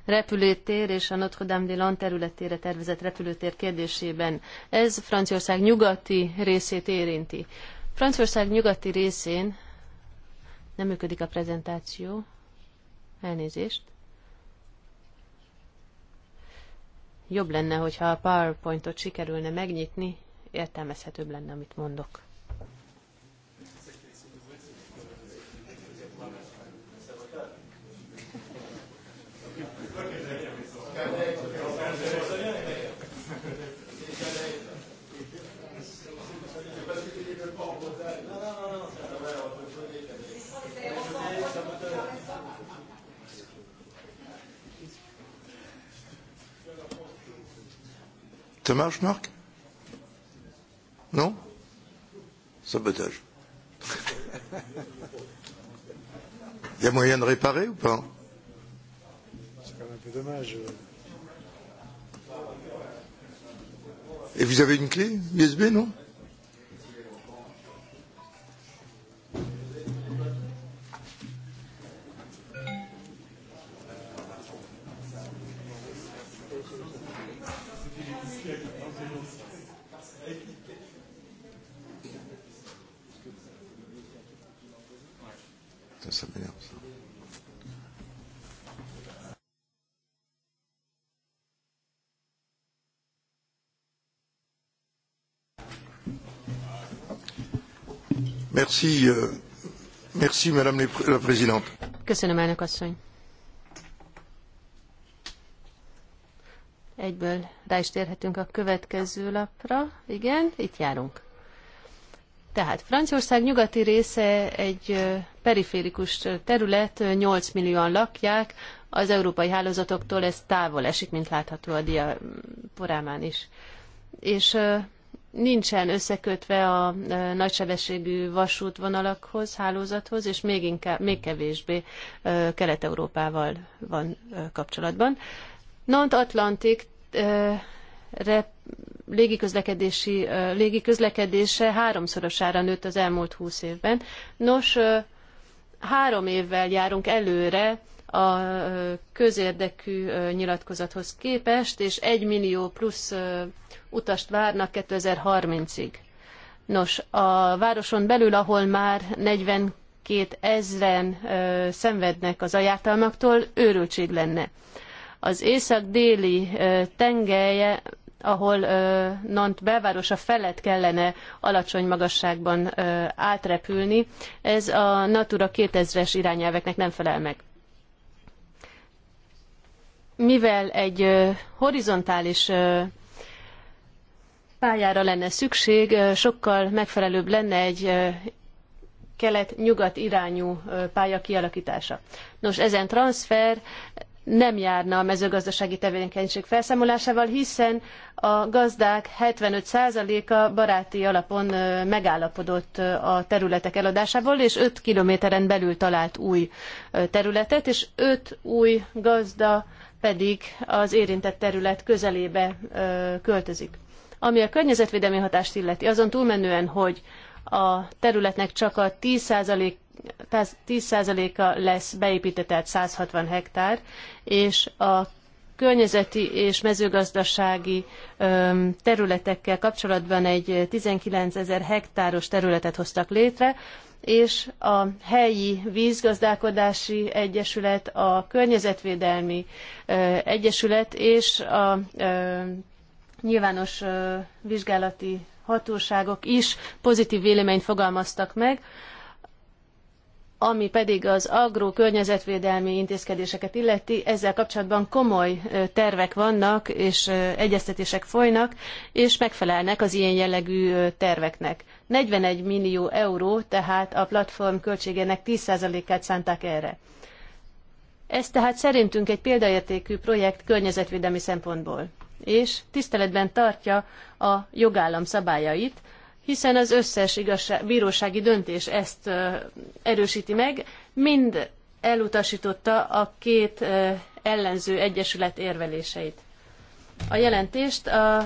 repülőtér és a notre dame de landes területére tervezett repülőtér kérdésében. Ez Franciaország nyugati részét érinti. Franciaország nyugati részén nem működik a prezentáció. Elnézést. Jobb lenne, hogyha a PowerPointot sikerülne megnyitni, értelmezhetőbb lenne, amit mondok. Ça marche, Marc Non Sabotage. Il y a moyen de réparer ou pas C'est quand même un peu dommage. Euh... Et vous avez une clé USB, non Euh, madame la Présidente. Köszönöm, elnök asszony. Egyből rá is térhetünk a következő lapra. Igen, itt járunk. Tehát Franciaország nyugati része egy periférikus terület, 8 millióan lakják, az európai hálózatoktól ez távol esik, mint látható a diaporámán is. És nincsen összekötve a nagysebességű vasútvonalakhoz, hálózathoz, és még, inkább, még kevésbé Kelet-Európával van kapcsolatban. Nant-Atlantik légiközlekedési, légiközlekedése háromszorosára nőtt az elmúlt húsz évben. Nos, három évvel járunk előre a közérdekű nyilatkozathoz képest, és 1 millió plusz utast várnak 2030-ig. Nos, a városon belül, ahol már 42 ezren szenvednek az ajártalmaktól, őrültség lenne. Az észak-déli tengelye ahol ö, Nant belvárosa felett kellene alacsony magasságban átrepülni, ez a Natura 2000-es irányelveknek nem felel meg mivel egy horizontális pályára lenne szükség, sokkal megfelelőbb lenne egy kelet-nyugat irányú pálya kialakítása. Nos, ezen transfer nem járna a mezőgazdasági tevékenység felszámolásával, hiszen a gazdák 75%-a baráti alapon megállapodott a területek eladásával és 5 kilométeren belül talált új területet, és 5 új gazda pedig az érintett terület közelébe költözik. Ami a környezetvédelmi hatást illeti, azon túlmenően, hogy a területnek csak a 10%, a lesz beépített, tehát 160 hektár, és a környezeti és mezőgazdasági területekkel kapcsolatban egy 19 ezer hektáros területet hoztak létre, és a helyi vízgazdálkodási egyesület, a környezetvédelmi egyesület és a nyilvános vizsgálati hatóságok is pozitív véleményt fogalmaztak meg, ami pedig az agró környezetvédelmi intézkedéseket illeti, ezzel kapcsolatban komoly tervek vannak, és egyeztetések folynak, és megfelelnek az ilyen jellegű terveknek. 41 millió euró, tehát a platform költségének 10%-át szánták erre. Ez tehát szerintünk egy példaértékű projekt környezetvédelmi szempontból, és tiszteletben tartja a jogállam szabályait, hiszen az összes igazság, bírósági döntés ezt ö, erősíti meg, mind elutasította a két ö, ellenző egyesület érveléseit. A jelentést az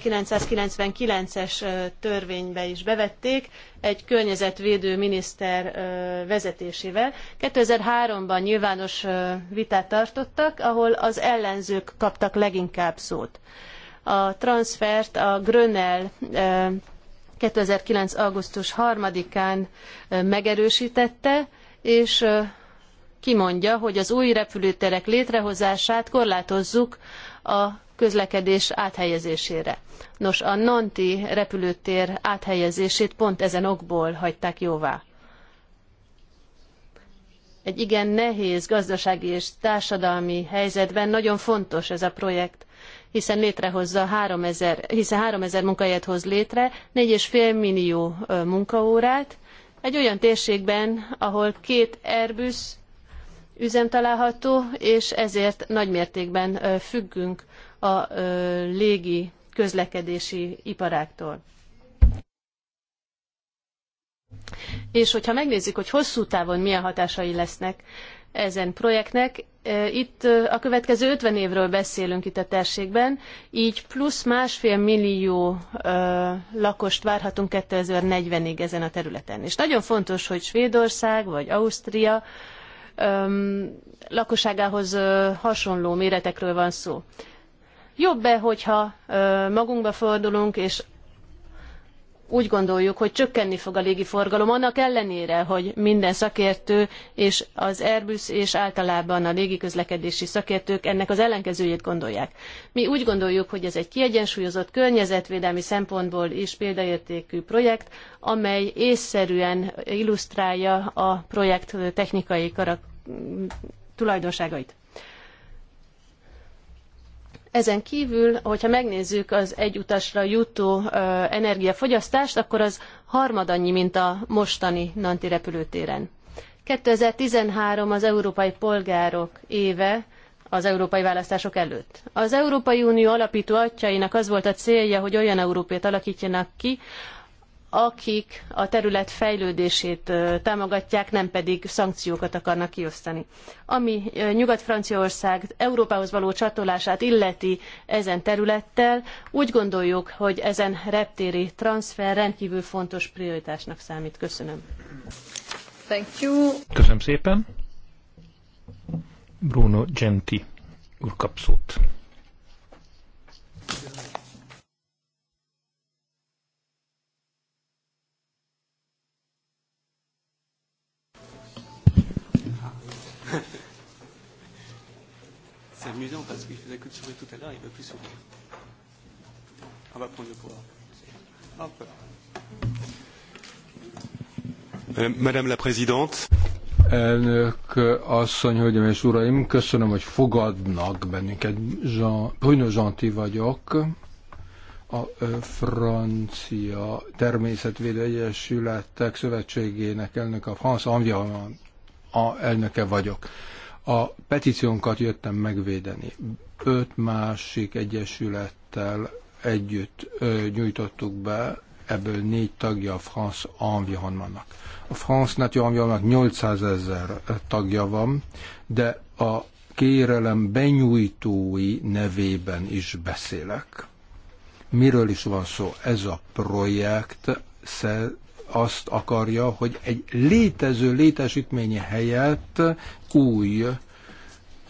1999-es törvénybe is bevették, egy környezetvédő miniszter vezetésével. 2003-ban nyilvános vitát tartottak, ahol az ellenzők kaptak leginkább szót. A transfert a Grönel 2009. augusztus 3-án megerősítette, és kimondja, hogy az új repülőterek létrehozását korlátozzuk a közlekedés áthelyezésére. Nos, a Nanti repülőtér áthelyezését pont ezen okból hagyták jóvá. Egy igen nehéz gazdasági és társadalmi helyzetben nagyon fontos ez a projekt, hiszen létrehozza 3000, hiszen 3000 munkahelyet hoz létre, 4,5 millió munkaórát, egy olyan térségben, ahol két Airbus üzem található, és ezért nagymértékben függünk a légi közlekedési iparáktól. És hogyha megnézzük, hogy hosszú távon milyen hatásai lesznek ezen projektnek, itt a következő 50 évről beszélünk itt a térségben, így plusz másfél millió lakost várhatunk 2040-ig ezen a területen. És nagyon fontos, hogy Svédország vagy Ausztria lakosságához hasonló méretekről van szó. Jobb-e, hogyha magunkba fordulunk, és úgy gondoljuk, hogy csökkenni fog a légiforgalom, annak ellenére, hogy minden szakértő és az Airbus és általában a légiközlekedési szakértők ennek az ellenkezőjét gondolják. Mi úgy gondoljuk, hogy ez egy kiegyensúlyozott környezetvédelmi szempontból is példaértékű projekt, amely észszerűen illusztrálja a projekt technikai karak- tulajdonságait. Ezen kívül, hogyha megnézzük az utasra jutó energiafogyasztást, akkor az harmadannyi, mint a mostani Nanti repülőtéren. 2013 az európai polgárok éve az európai választások előtt. Az Európai Unió alapító atyainak az volt a célja, hogy olyan Európét alakítjanak ki, akik a terület fejlődését támogatják, nem pedig szankciókat akarnak kiosztani. Ami Nyugat-Franciaország Európához való csatolását illeti ezen területtel, úgy gondoljuk, hogy ezen reptéri transfer rendkívül fontos prioritásnak számít. Köszönöm. Thank you. Köszönöm szépen. Bruno Genti úr kap szót. C'est amusant parce qu'il faisait que de sourire tout à l'heure, il ne veut plus sourire. On va prendre le pouvoir. Hop. Euh, Madame la Présidente. Elnök asszony, hölgyeim és uraim, köszönöm, hogy fogadnak bennünket. Jean, Bruno Zsanti vagyok, a Francia Természetvédő Egyesületek Szövetségének elnök a France Environnement a elnöke vagyok. A petíciónkat jöttem megvédeni. Öt másik egyesülettel együtt ö, nyújtottuk be, ebből négy tagja a France Environnementnak. A France Nature Environnementnak 800 ezer tagja van, de a kérelem benyújtói nevében is beszélek. Miről is van szó? Ez a projekt azt akarja, hogy egy létező létesítmény helyett új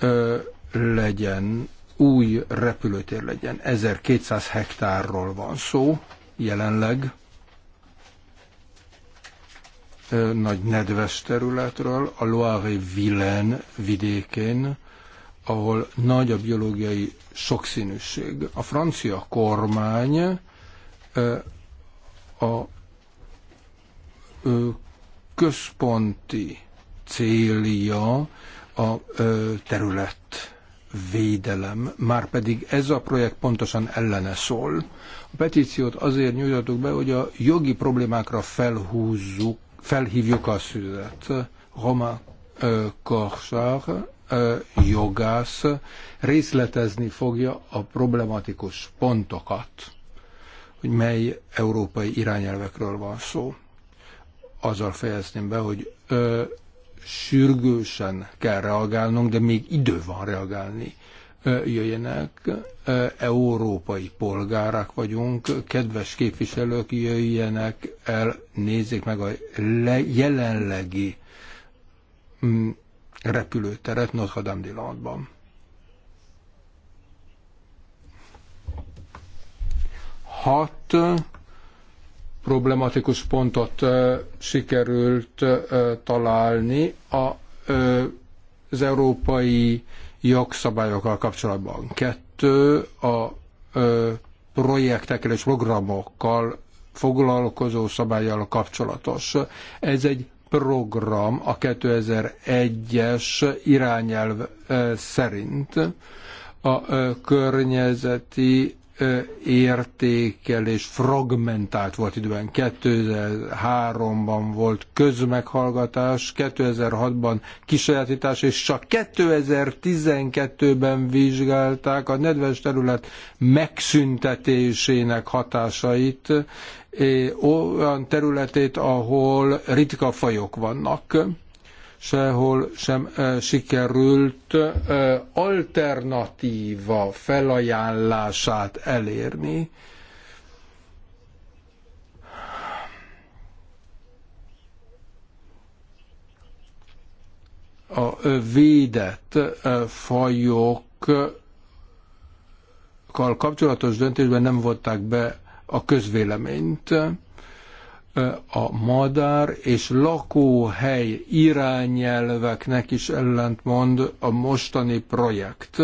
ö, legyen, új repülőtér legyen. 1200 hektárról van szó jelenleg, ö, nagy nedves területről, a loire Villen vidékén, ahol nagy a biológiai sokszínűség. A francia kormány ö, a központi célja a terület védelem, már pedig ez a projekt pontosan ellene szól. A petíciót azért nyújtottuk be, hogy a jogi problémákra felhúzzuk, felhívjuk a szüzet. Roma Korsar jogász részletezni fogja a problematikus pontokat, hogy mely európai irányelvekről van szó azzal fejezném be, hogy ö, sürgősen kell reagálnunk, de még idő van reagálni. Ö, jöjjenek, ö, európai polgárak vagyunk, kedves képviselők, jöjjenek el, nézzék meg a le, jelenlegi m, mm, repülőteret Notre Dame de Landban. Hat problematikus pontot sikerült találni a, az európai jogszabályokkal kapcsolatban. Kettő, a projektekkel és programokkal foglalkozó szabályjal kapcsolatos. Ez egy program a 2001-es irányelv szerint a környezeti értékelés fragmentált volt időben. 2003-ban volt közmeghallgatás, 2006-ban kisajátítás, és csak 2012-ben vizsgálták a nedves terület megszüntetésének hatásait, olyan területét, ahol ritka fajok vannak sehol sem sikerült alternatíva felajánlását elérni. A védett fajokkal kapcsolatos döntésben nem vonták be a közvéleményt a madár és lakóhely irányelveknek is ellentmond a mostani projekt.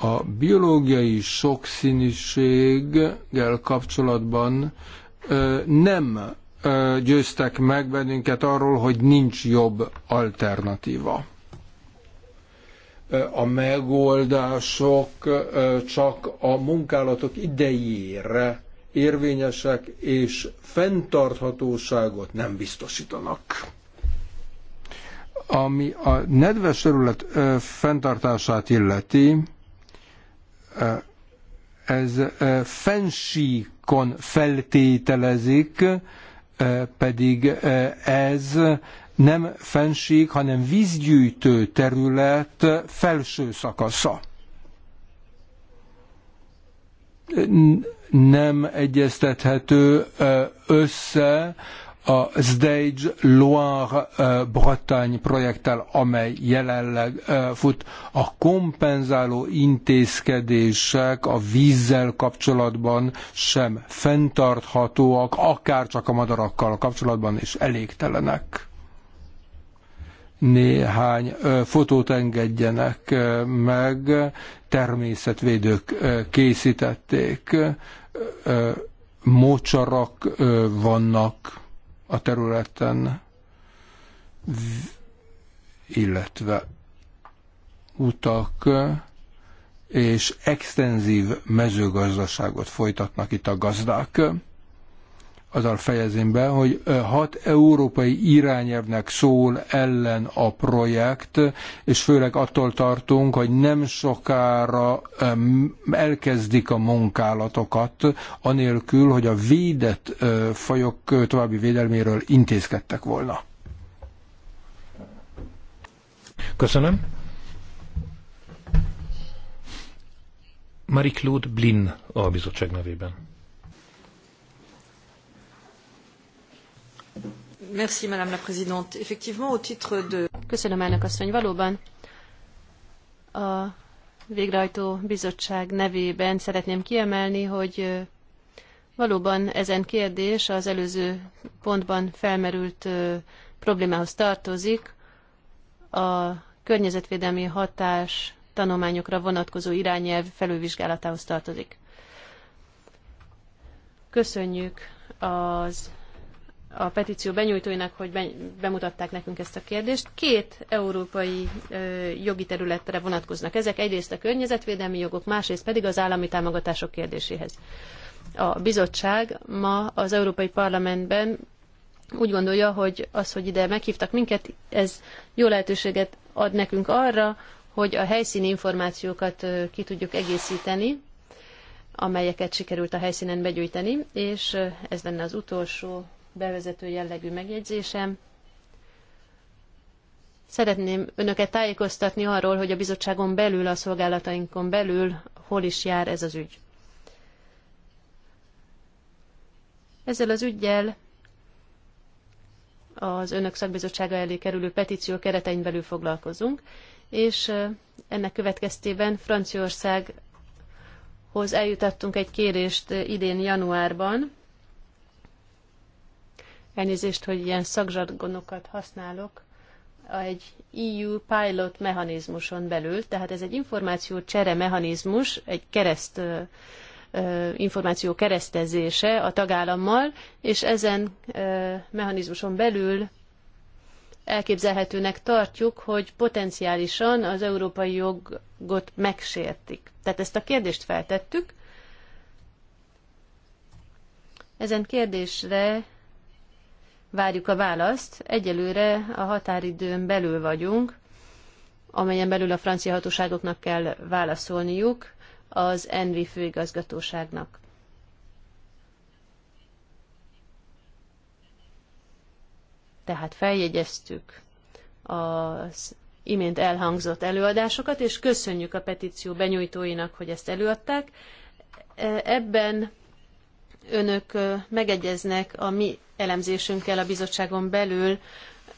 A biológiai sokszínűséggel kapcsolatban nem győztek meg bennünket arról, hogy nincs jobb alternatíva a megoldások csak a munkálatok idejére érvényesek, és fenntarthatóságot nem biztosítanak ami a nedves terület fenntartását illeti, ez fensíkon feltételezik, pedig ez nem fenség, hanem vízgyűjtő terület felső szakasza. Nem egyeztethető össze a Stage Loire-Bretagne projekttel, amely jelenleg fut, a kompenzáló intézkedések a vízzel kapcsolatban sem fenntarthatóak, akár csak a madarakkal kapcsolatban is elégtelenek néhány fotót engedjenek meg, természetvédők készítették, mocsarak vannak a területen, illetve utak és extenzív mezőgazdaságot folytatnak itt a gazdák azzal fejezem be, hogy hat európai irányelvnek szól ellen a projekt, és főleg attól tartunk, hogy nem sokára elkezdik a munkálatokat, anélkül, hogy a védett fajok további védelméről intézkedtek volna. Köszönöm. Marie-Claude Blin a bizottság nevében. Köszönöm, elnök asszony. Valóban a végrehajtó bizottság nevében szeretném kiemelni, hogy valóban ezen kérdés az előző pontban felmerült problémához tartozik. A környezetvédelmi hatás tanulmányokra vonatkozó irányelv felülvizsgálatához tartozik. Köszönjük az a petíció benyújtóinak, hogy bemutatták nekünk ezt a kérdést. Két európai jogi területre vonatkoznak ezek, egyrészt a környezetvédelmi jogok, másrészt pedig az állami támogatások kérdéséhez. A bizottság ma az Európai Parlamentben úgy gondolja, hogy az, hogy ide meghívtak minket, ez jó lehetőséget ad nekünk arra, hogy a helyszíni információkat ki tudjuk egészíteni, amelyeket sikerült a helyszínen begyűjteni, és ez lenne az utolsó bevezető jellegű megjegyzésem. Szeretném önöket tájékoztatni arról, hogy a bizottságon belül, a szolgálatainkon belül hol is jár ez az ügy. Ezzel az ügyjel az önök szakbizottsága elé kerülő petíció keretein belül foglalkozunk, és ennek következtében Franciaországhoz eljutattunk egy kérést idén januárban, Elnézést, hogy ilyen szakzsargonokat használok. Egy EU pilot mechanizmuson belül, tehát ez egy információ csere mechanizmus, egy kereszt információ keresztezése a tagállammal, és ezen mechanizmuson belül elképzelhetőnek tartjuk, hogy potenciálisan az európai jogot megsértik. Tehát ezt a kérdést feltettük. Ezen kérdésre várjuk a választ. Egyelőre a határidőn belül vagyunk, amelyen belül a francia hatóságoknak kell válaszolniuk az ENVI főigazgatóságnak. Tehát feljegyeztük az imént elhangzott előadásokat, és köszönjük a petíció benyújtóinak, hogy ezt előadták. Ebben önök megegyeznek a mi elemzésünkkel a bizottságon belül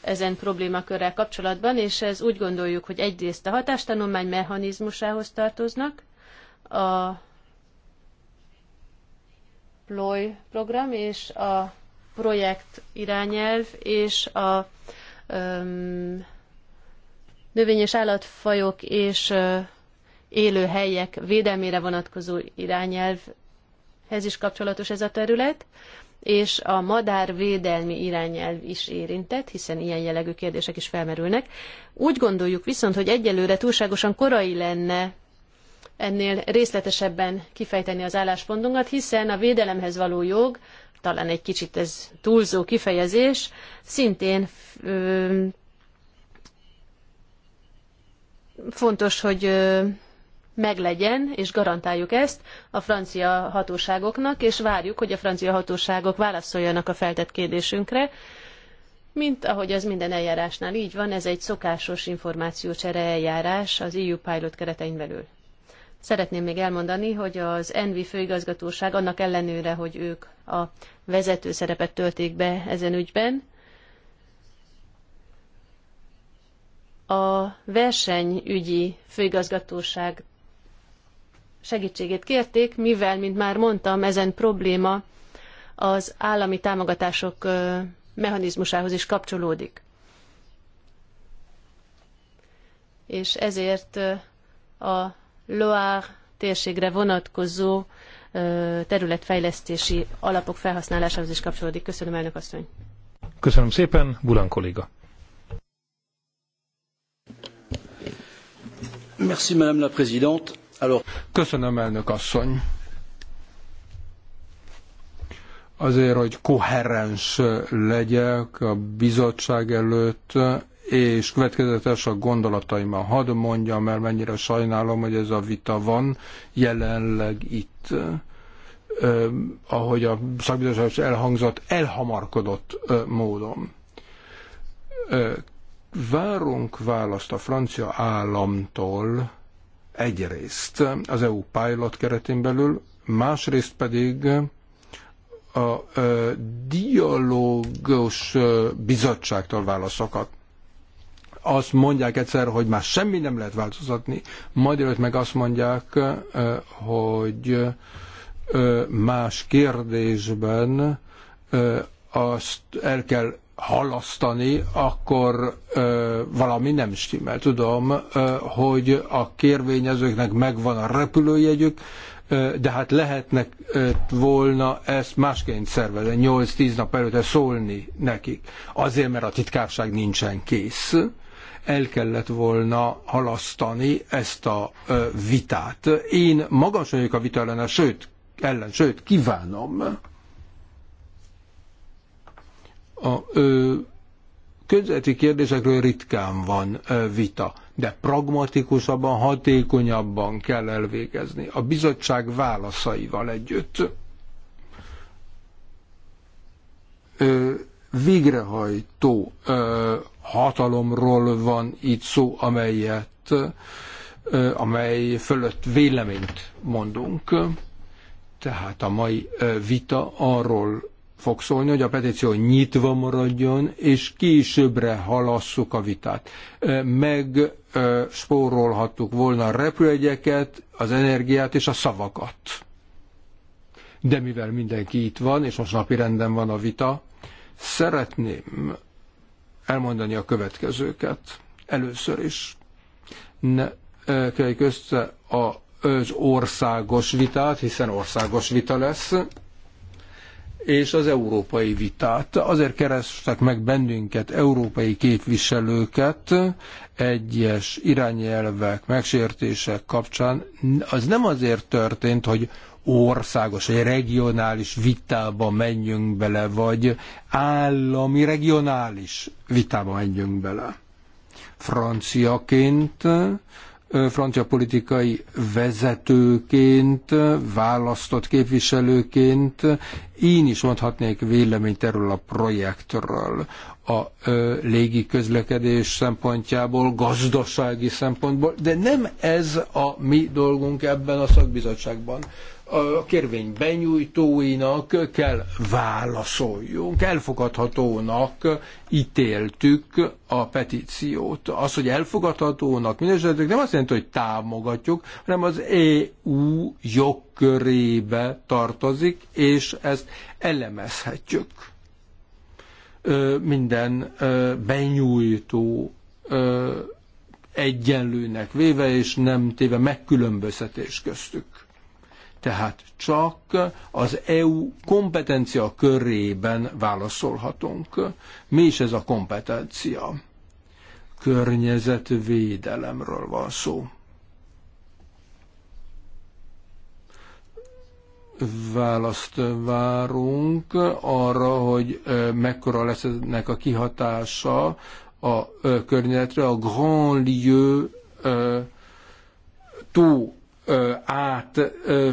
ezen problémakörrel kapcsolatban, és ez úgy gondoljuk, hogy egyrészt a hatástanulmány mechanizmusához tartoznak, a PLOY program és a projekt irányelv és a öm, növény- és állatfajok és ö, élő helyek védelmére vonatkozó irányelv ez is kapcsolatos ez a terület, és a madárvédelmi irányelv is érintett, hiszen ilyen jellegű kérdések is felmerülnek. Úgy gondoljuk viszont, hogy egyelőre túlságosan korai lenne ennél részletesebben kifejteni az álláspontunkat, hiszen a védelemhez való jog, talán egy kicsit ez túlzó kifejezés, szintén ö, fontos, hogy ö, meglegyen, és garantáljuk ezt a francia hatóságoknak, és várjuk, hogy a francia hatóságok válaszoljanak a feltett kérdésünkre, mint ahogy az minden eljárásnál így van, ez egy szokásos információcsere eljárás az EU Pilot keretein belül. Szeretném még elmondani, hogy az ENVI főigazgatóság annak ellenőre, hogy ők a vezető szerepet tölték be ezen ügyben, a versenyügyi főigazgatóság segítségét kérték, mivel, mint már mondtam, ezen probléma az állami támogatások mechanizmusához is kapcsolódik. És ezért a Loire térségre vonatkozó területfejlesztési alapok felhasználásához is kapcsolódik. Köszönöm, elnök asszony. Köszönöm szépen, Bulan kolléga. Merci, Madame la Présidente. Köszönöm, elnök asszony. Azért, hogy koherens legyek a bizottság előtt, és következetes a a Hadd mondjam el, mennyire sajnálom, hogy ez a vita van jelenleg itt. Ö, ahogy a szakbizottság elhangzott, elhamarkodott módon. várunk választ a francia államtól, Egyrészt az EU pilot keretén belül, másrészt pedig a dialógus bizottságtól válaszokat azt mondják egyszer, hogy már semmi nem lehet változtatni, majd előtt meg azt mondják, hogy más kérdésben azt el kell halasztani, akkor ö, valami nem stimmel. Tudom, ö, hogy a kérvényezőknek megvan a repülőjegyük, ö, de hát lehetnek ö, volna ezt másként szervezni, 8-10 nap előtte szólni nekik. Azért, mert a titkárság nincsen kész. El kellett volna halasztani ezt a ö, vitát. Én magam sem vagyok a vita ellen, sőt, ellen, sőt, kívánom a ö, közveti kérdésekről ritkán van vita, de pragmatikusabban, hatékonyabban kell elvégezni a bizottság válaszaival együtt. Ö, végrehajtó ö, hatalomról van itt szó, amelyet, ö, amely fölött véleményt mondunk. Tehát a mai vita arról fog szólni, hogy a petíció nyitva maradjon, és későbbre halasszuk a vitát. Megspórolhattuk volna a repülőjegyeket, az energiát és a szavakat. De mivel mindenki itt van, és most napi renden van a vita, szeretném elmondani a következőket. Először is ne keljük össze a, az országos vitát, hiszen országos vita lesz, és az európai vitát. Azért kerestek meg bennünket, európai képviselőket, egyes irányelvek megsértések kapcsán. Az nem azért történt, hogy országos vagy regionális vitába menjünk bele, vagy állami regionális vitába menjünk bele. Franciaként francia politikai vezetőként, választott képviselőként én is mondhatnék véleményt erről a projektről a ö, légi közlekedés szempontjából, gazdasági szempontból, de nem ez a mi dolgunk ebben a szakbizottságban a kérvény benyújtóinak kell válaszoljunk. Elfogadhatónak ítéltük a petíciót. Az, hogy elfogadhatónak mindesetek nem azt jelenti, hogy támogatjuk, hanem az EU jogkörébe tartozik, és ezt elemezhetjük. Minden benyújtó egyenlőnek véve, és nem téve megkülönböztetés köztük tehát csak az EU kompetencia körében válaszolhatunk. Mi is ez a kompetencia? Környezetvédelemről van szó. választ várunk arra, hogy mekkora lesz ennek a kihatása a környezetre. A Grand Lieu tó át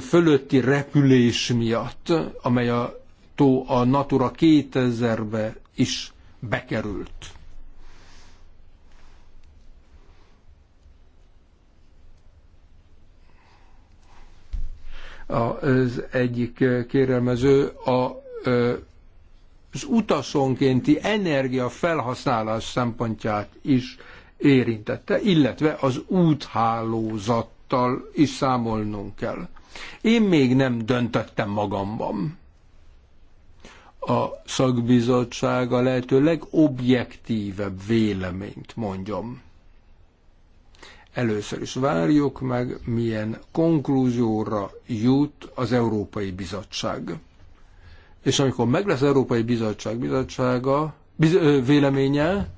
fölötti repülés miatt, amely a tó a Natura 2000-be is bekerült. Az egyik kérelmező a az utasonkénti energia felhasználás szempontját is érintette, illetve az úthálózat folyamattal is számolnunk kell. Én még nem döntöttem magamban. A szakbizottság a lehető legobjektívebb véleményt mondjam. Először is várjuk meg, milyen konklúzióra jut az Európai Bizottság. És amikor meg lesz az Európai Bizottság bizottsága, biz, ö, véleménye,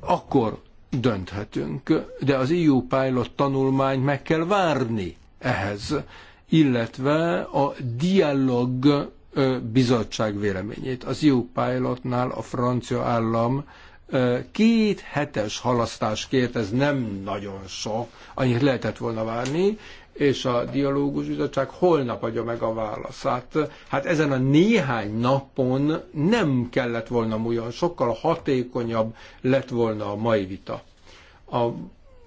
akkor dönthetünk, de az EU Pilot tanulmányt meg kell várni ehhez, illetve a dialog bizottság véleményét. Az EU Pilotnál a francia állam két hetes halasztás kért, ez nem nagyon sok, annyit lehetett volna várni, és a dialógus bizottság holnap adja meg a válaszát. Hát ezen a néhány napon nem kellett volna olyan, sokkal hatékonyabb lett volna a mai vita. A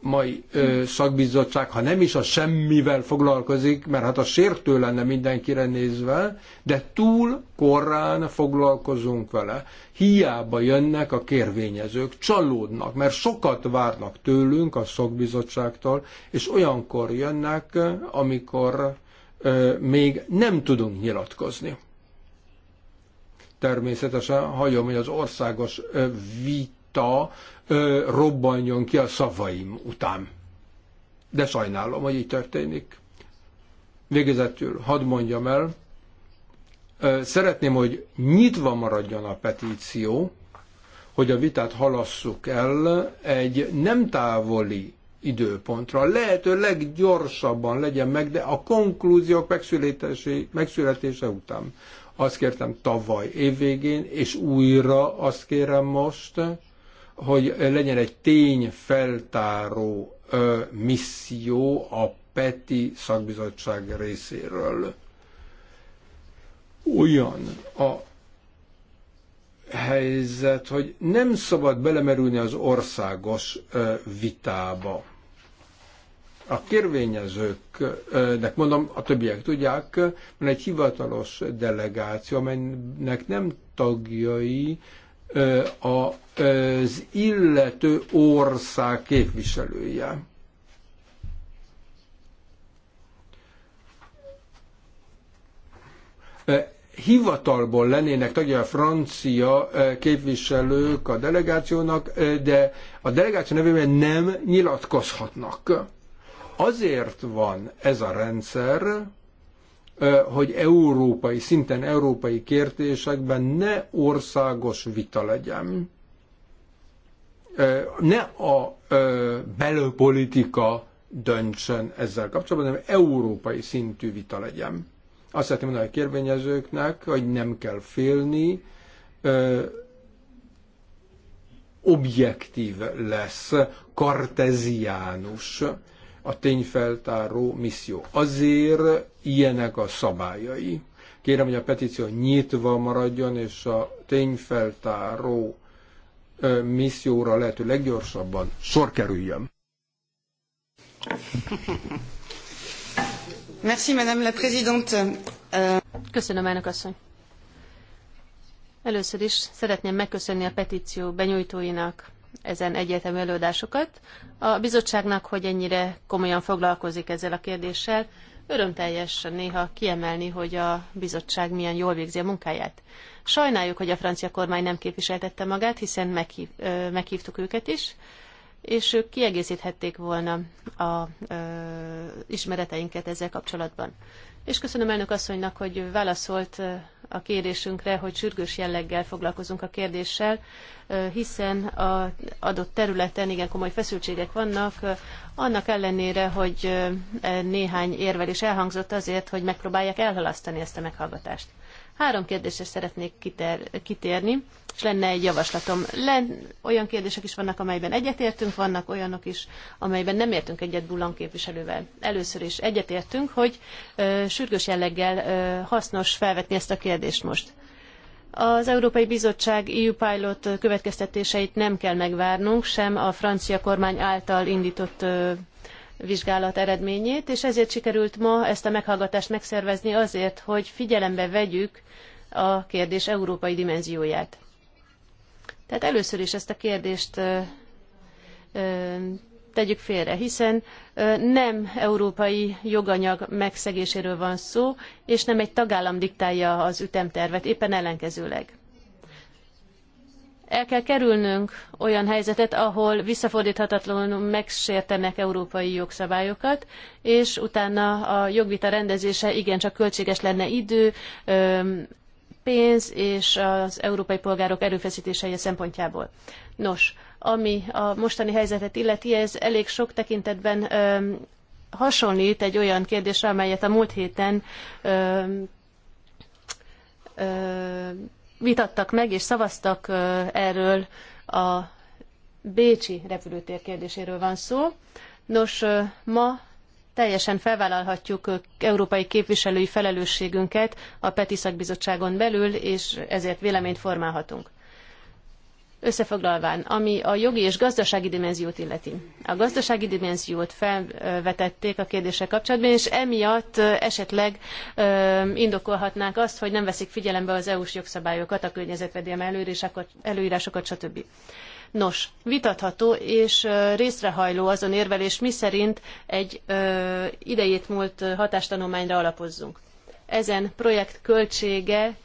mai ö, szakbizottság, ha nem is a semmivel foglalkozik, mert hát a sértő lenne mindenkire nézve, de túl korrán foglalkozunk vele. Hiába jönnek a kérvényezők, csalódnak, mert sokat várnak tőlünk a szakbizottságtól, és olyankor jönnek, amikor ö, még nem tudunk nyilatkozni. Természetesen hagyom, hogy az országos vit vita robbanjon ki a szavaim után. De sajnálom, hogy így történik. Végezetül hadd mondjam el, szeretném, hogy nyitva maradjon a petíció, hogy a vitát halasszuk el egy nem távoli időpontra. Lehető leggyorsabban legyen meg, de a konklúziók megszületése után. Azt kértem tavaly évvégén, és újra azt kérem most, hogy legyen egy tényfeltáró misszió a PETI szakbizottság részéről. Olyan a helyzet, hogy nem szabad belemerülni az országos vitába. A kérvényezőknek mondom, a többiek tudják, van egy hivatalos delegáció, amelynek nem tagjai az illető ország képviselője. hivatalból lennének tagja a francia képviselők a delegációnak, de a delegáció nevében nem nyilatkozhatnak. Azért van ez a rendszer, hogy európai szinten, európai kérdésekben ne országos vita legyen, ne a belőpolitika döntsön ezzel kapcsolatban, hanem európai szintű vita legyen. Azt szeretném mondani a kérvényezőknek, hogy nem kell félni, objektív lesz, karteziánus a tényfeltáró misszió. Azért ilyenek a szabályai. Kérem, hogy a petíció nyitva maradjon, és a tényfeltáró misszióra lehető leggyorsabban sor kerüljön. Merci, Madame la Présidente. Euh, Köszönöm, elnök asszony. Először is szeretném megköszönni a petíció benyújtóinak ezen egyetemű előadásokat, a bizottságnak, hogy ennyire komolyan foglalkozik ezzel a kérdéssel, Örömteljes néha kiemelni, hogy a bizottság milyen jól végzi a munkáját. Sajnáljuk, hogy a francia kormány nem képviseltette magát, hiszen meghív, ö, meghívtuk őket is, és ők kiegészíthették volna a ismereteinket ezzel kapcsolatban és köszönöm elnök asszonynak, hogy válaszolt a kérdésünkre, hogy sürgős jelleggel foglalkozunk a kérdéssel, hiszen az adott területen igen komoly feszültségek vannak, annak ellenére, hogy e, néhány érvel is elhangzott azért, hogy megpróbálják elhalasztani ezt a meghallgatást. Három kérdésre szeretnék kiter- kitérni, és lenne egy javaslatom. Len, olyan kérdések is vannak, amelyben egyetértünk, vannak olyanok is, amelyben nem értünk egyet Bulan képviselővel. Először is egyetértünk, hogy ö, sürgős jelleggel ö, hasznos felvetni ezt a kérdést most. Az Európai Bizottság EU Pilot következtetéseit nem kell megvárnunk, sem a francia kormány által indított vizsgálat eredményét, és ezért sikerült ma ezt a meghallgatást megszervezni azért, hogy figyelembe vegyük a kérdés európai dimenzióját. Tehát először is ezt a kérdést ö, ö, tegyük félre, hiszen ö, nem európai joganyag megszegéséről van szó, és nem egy tagállam diktálja az ütemtervet, éppen ellenkezőleg. El kell kerülnünk olyan helyzetet, ahol visszafordíthatatlanul megsértenek európai jogszabályokat, és utána a jogvita rendezése igencsak költséges lenne idő, pénz és az európai polgárok erőfeszítései szempontjából. Nos, ami a mostani helyzetet illeti, ez elég sok tekintetben ö, hasonlít egy olyan kérdésre, amelyet a múlt héten vitattak meg és szavaztak erről a Bécsi repülőtér kérdéséről van szó. Nos, ma teljesen felvállalhatjuk európai képviselői felelősségünket a Peti Szakbizottságon belül, és ezért véleményt formálhatunk. Összefoglalván, ami a jogi és gazdasági dimenziót illeti. A gazdasági dimenziót felvetették a kérdése kapcsolatban, és emiatt esetleg indokolhatnák azt, hogy nem veszik figyelembe az EU-s jogszabályokat, a környezetvédelmi előírásokat, stb. Nos, vitatható és részrehajló azon érvelés, miszerint egy idejét múlt hatástanulmányra alapozzunk. Ezen projekt költsége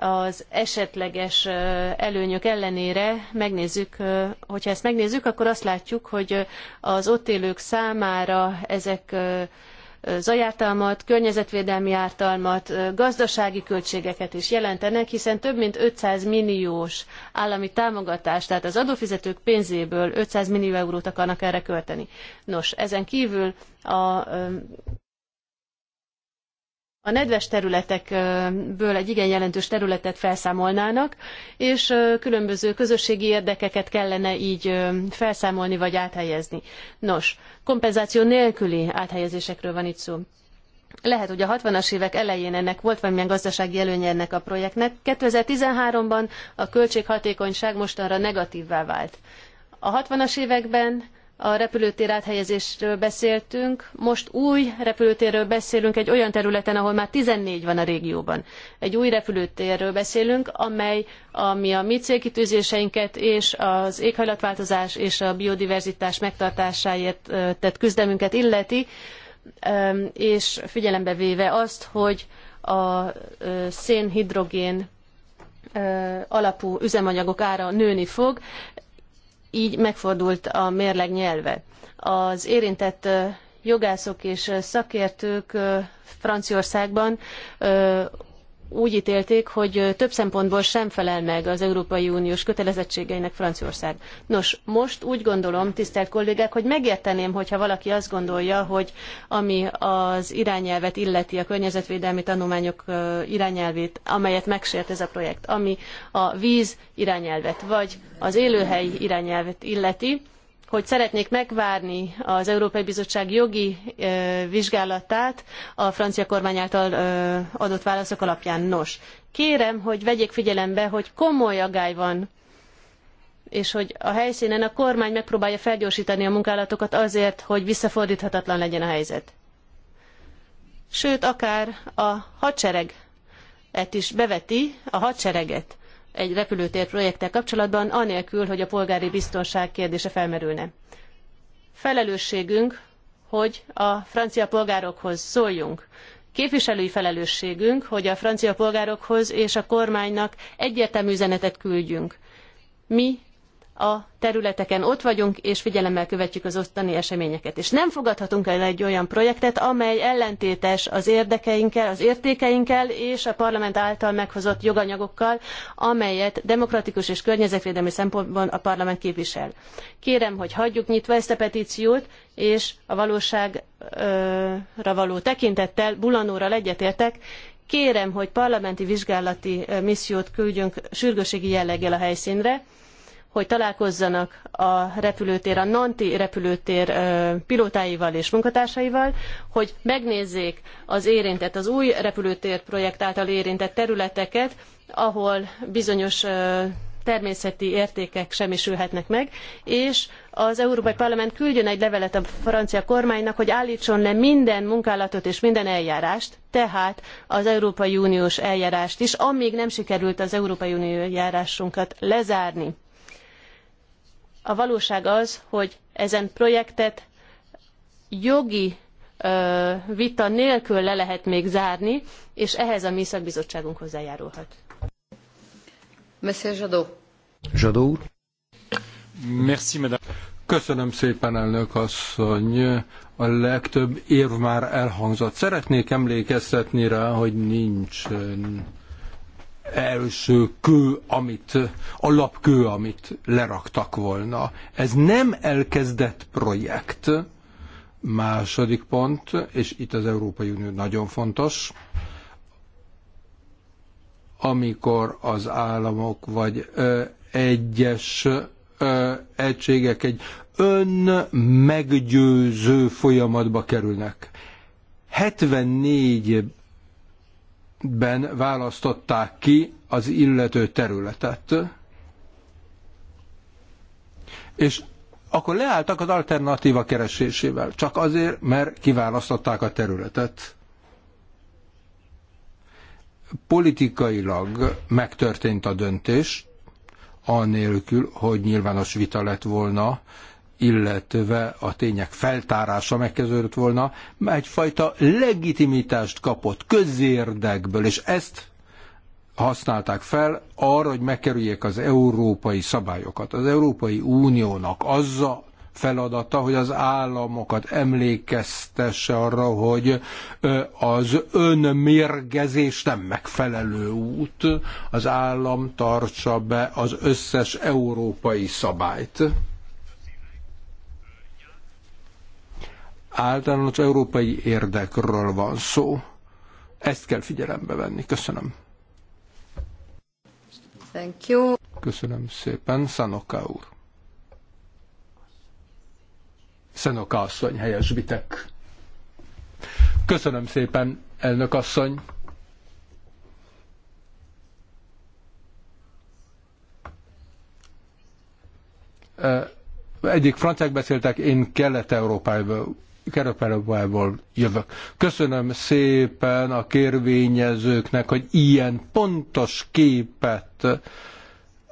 az esetleges előnyök ellenére megnézzük, hogyha ezt megnézzük, akkor azt látjuk, hogy az ott élők számára ezek zajártalmat, környezetvédelmi ártalmat, gazdasági költségeket is jelentenek, hiszen több mint 500 milliós állami támogatást, tehát az adófizetők pénzéből 500 millió eurót akarnak erre költeni. Nos, ezen kívül a a nedves területekből egy igen jelentős területet felszámolnának, és különböző közösségi érdekeket kellene így felszámolni vagy áthelyezni. Nos, kompenzáció nélküli áthelyezésekről van itt szó. Lehet, hogy a 60-as évek elején ennek volt valamilyen gazdasági előnye ennek a projektnek. 2013-ban a költséghatékonyság mostanra negatívvá vált. A 60-as években a repülőtér áthelyezésről beszéltünk, most új repülőtérről beszélünk egy olyan területen, ahol már 14 van a régióban. Egy új repülőtérről beszélünk, amely, ami a mi célkitűzéseinket és az éghajlatváltozás és a biodiverzitás megtartásáért tett küzdelmünket illeti, és figyelembe véve azt, hogy a szénhidrogén alapú üzemanyagok ára nőni fog, így megfordult a mérleg nyelve. Az érintett jogászok és szakértők Franciaországban úgy ítélték, hogy több szempontból sem felel meg az Európai Uniós kötelezettségeinek Franciaország. Nos, most úgy gondolom, tisztelt kollégák, hogy megérteném, hogyha valaki azt gondolja, hogy ami az irányelvet illeti, a környezetvédelmi tanulmányok irányelvét, amelyet megsért ez a projekt, ami a víz irányelvet, vagy az élőhely irányelvet illeti, hogy szeretnék megvárni az Európai Bizottság jogi vizsgálatát a francia kormány által adott válaszok alapján. Nos, kérem, hogy vegyék figyelembe, hogy komoly agály van és hogy a helyszínen a kormány megpróbálja felgyorsítani a munkálatokat azért, hogy visszafordíthatatlan legyen a helyzet. Sőt, akár a hadsereg et is beveti a hadsereget egy repülőtér projekttel kapcsolatban, anélkül, hogy a polgári biztonság kérdése felmerülne. Felelősségünk, hogy a francia polgárokhoz szóljunk. Képviselői felelősségünk, hogy a francia polgárokhoz és a kormánynak egyértelmű üzenetet küldjünk. Mi a területeken ott vagyunk, és figyelemmel követjük az ottani eseményeket. És nem fogadhatunk el egy olyan projektet, amely ellentétes az érdekeinkkel, az értékeinkkel és a parlament által meghozott joganyagokkal, amelyet demokratikus és környezetvédelmi szempontból a parlament képvisel. Kérem, hogy hagyjuk nyitva ezt a petíciót, és a valóságra való tekintettel Bulanóral egyetértek, kérem, hogy parlamenti vizsgálati missziót küldjünk sürgősségi jelleggel a helyszínre, hogy találkozzanak a repülőtér, a Nanti repülőtér pilótáival és munkatársaival, hogy megnézzék az érintett, az új repülőtér projekt által érintett területeket, ahol bizonyos természeti értékek semmisülhetnek meg, és az Európai Parlament küldjön egy levelet a francia kormánynak, hogy állítson le minden munkálatot és minden eljárást, tehát az Európai Uniós eljárást is, amíg nem sikerült az Európai Unió eljárásunkat lezárni. A valóság az, hogy ezen projektet jogi vita nélkül le lehet még zárni, és ehhez a mi szakbizottságunk hozzájárulhat. Monsieur Jadot. Jadot úr. Merci, madame. Köszönöm szépen, elnök asszony. A legtöbb érv már elhangzott. Szeretnék emlékeztetni rá, hogy nincs első kő, amit, alapkő, amit leraktak volna. Ez nem elkezdett projekt. Második pont, és itt az Európai Unió nagyon fontos, amikor az államok vagy ö, egyes ö, egységek egy ön meggyőző folyamatba kerülnek. 74 ben választották ki az illető területet, és akkor leálltak az alternatíva keresésével, csak azért, mert kiválasztották a területet. Politikailag megtörtént a döntés, anélkül, hogy nyilvános vita lett volna, illetve a tények feltárása megkezdődött volna, egyfajta legitimitást kapott közérdekből, és ezt használták fel arra, hogy megkerüljék az európai szabályokat. Az Európai Uniónak az a feladata, hogy az államokat emlékeztesse arra, hogy az önmérgezés nem megfelelő út, az állam tartsa be az összes európai szabályt. általános európai érdekről van szó. Ezt kell figyelembe venni. Köszönöm. Thank you. Köszönöm szépen, Szanoka úr. Szanoka asszony, helyesbitek. Köszönöm szépen, elnök asszony. Egyik franciák beszéltek, én kelet-európai Kereperobából jövök. Köszönöm szépen a kérvényezőknek, hogy ilyen pontos képet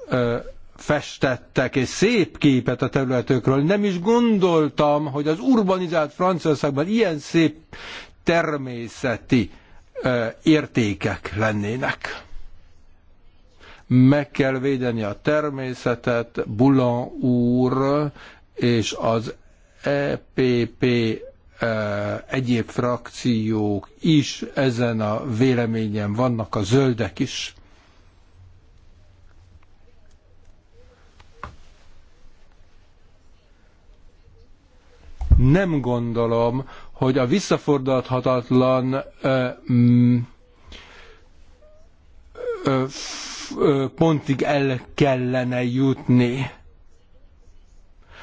ö, festettek, és szép képet a területükről. Nem is gondoltam, hogy az urbanizált Franciaországban ilyen szép természeti ö, értékek lennének meg kell védeni a természetet, Bulan úr és az EPP Eh, egyéb frakciók is ezen a véleményen vannak, a zöldek is. Nem gondolom, hogy a visszafordulhatatlan eh, mm, eh, pontig el kellene jutni.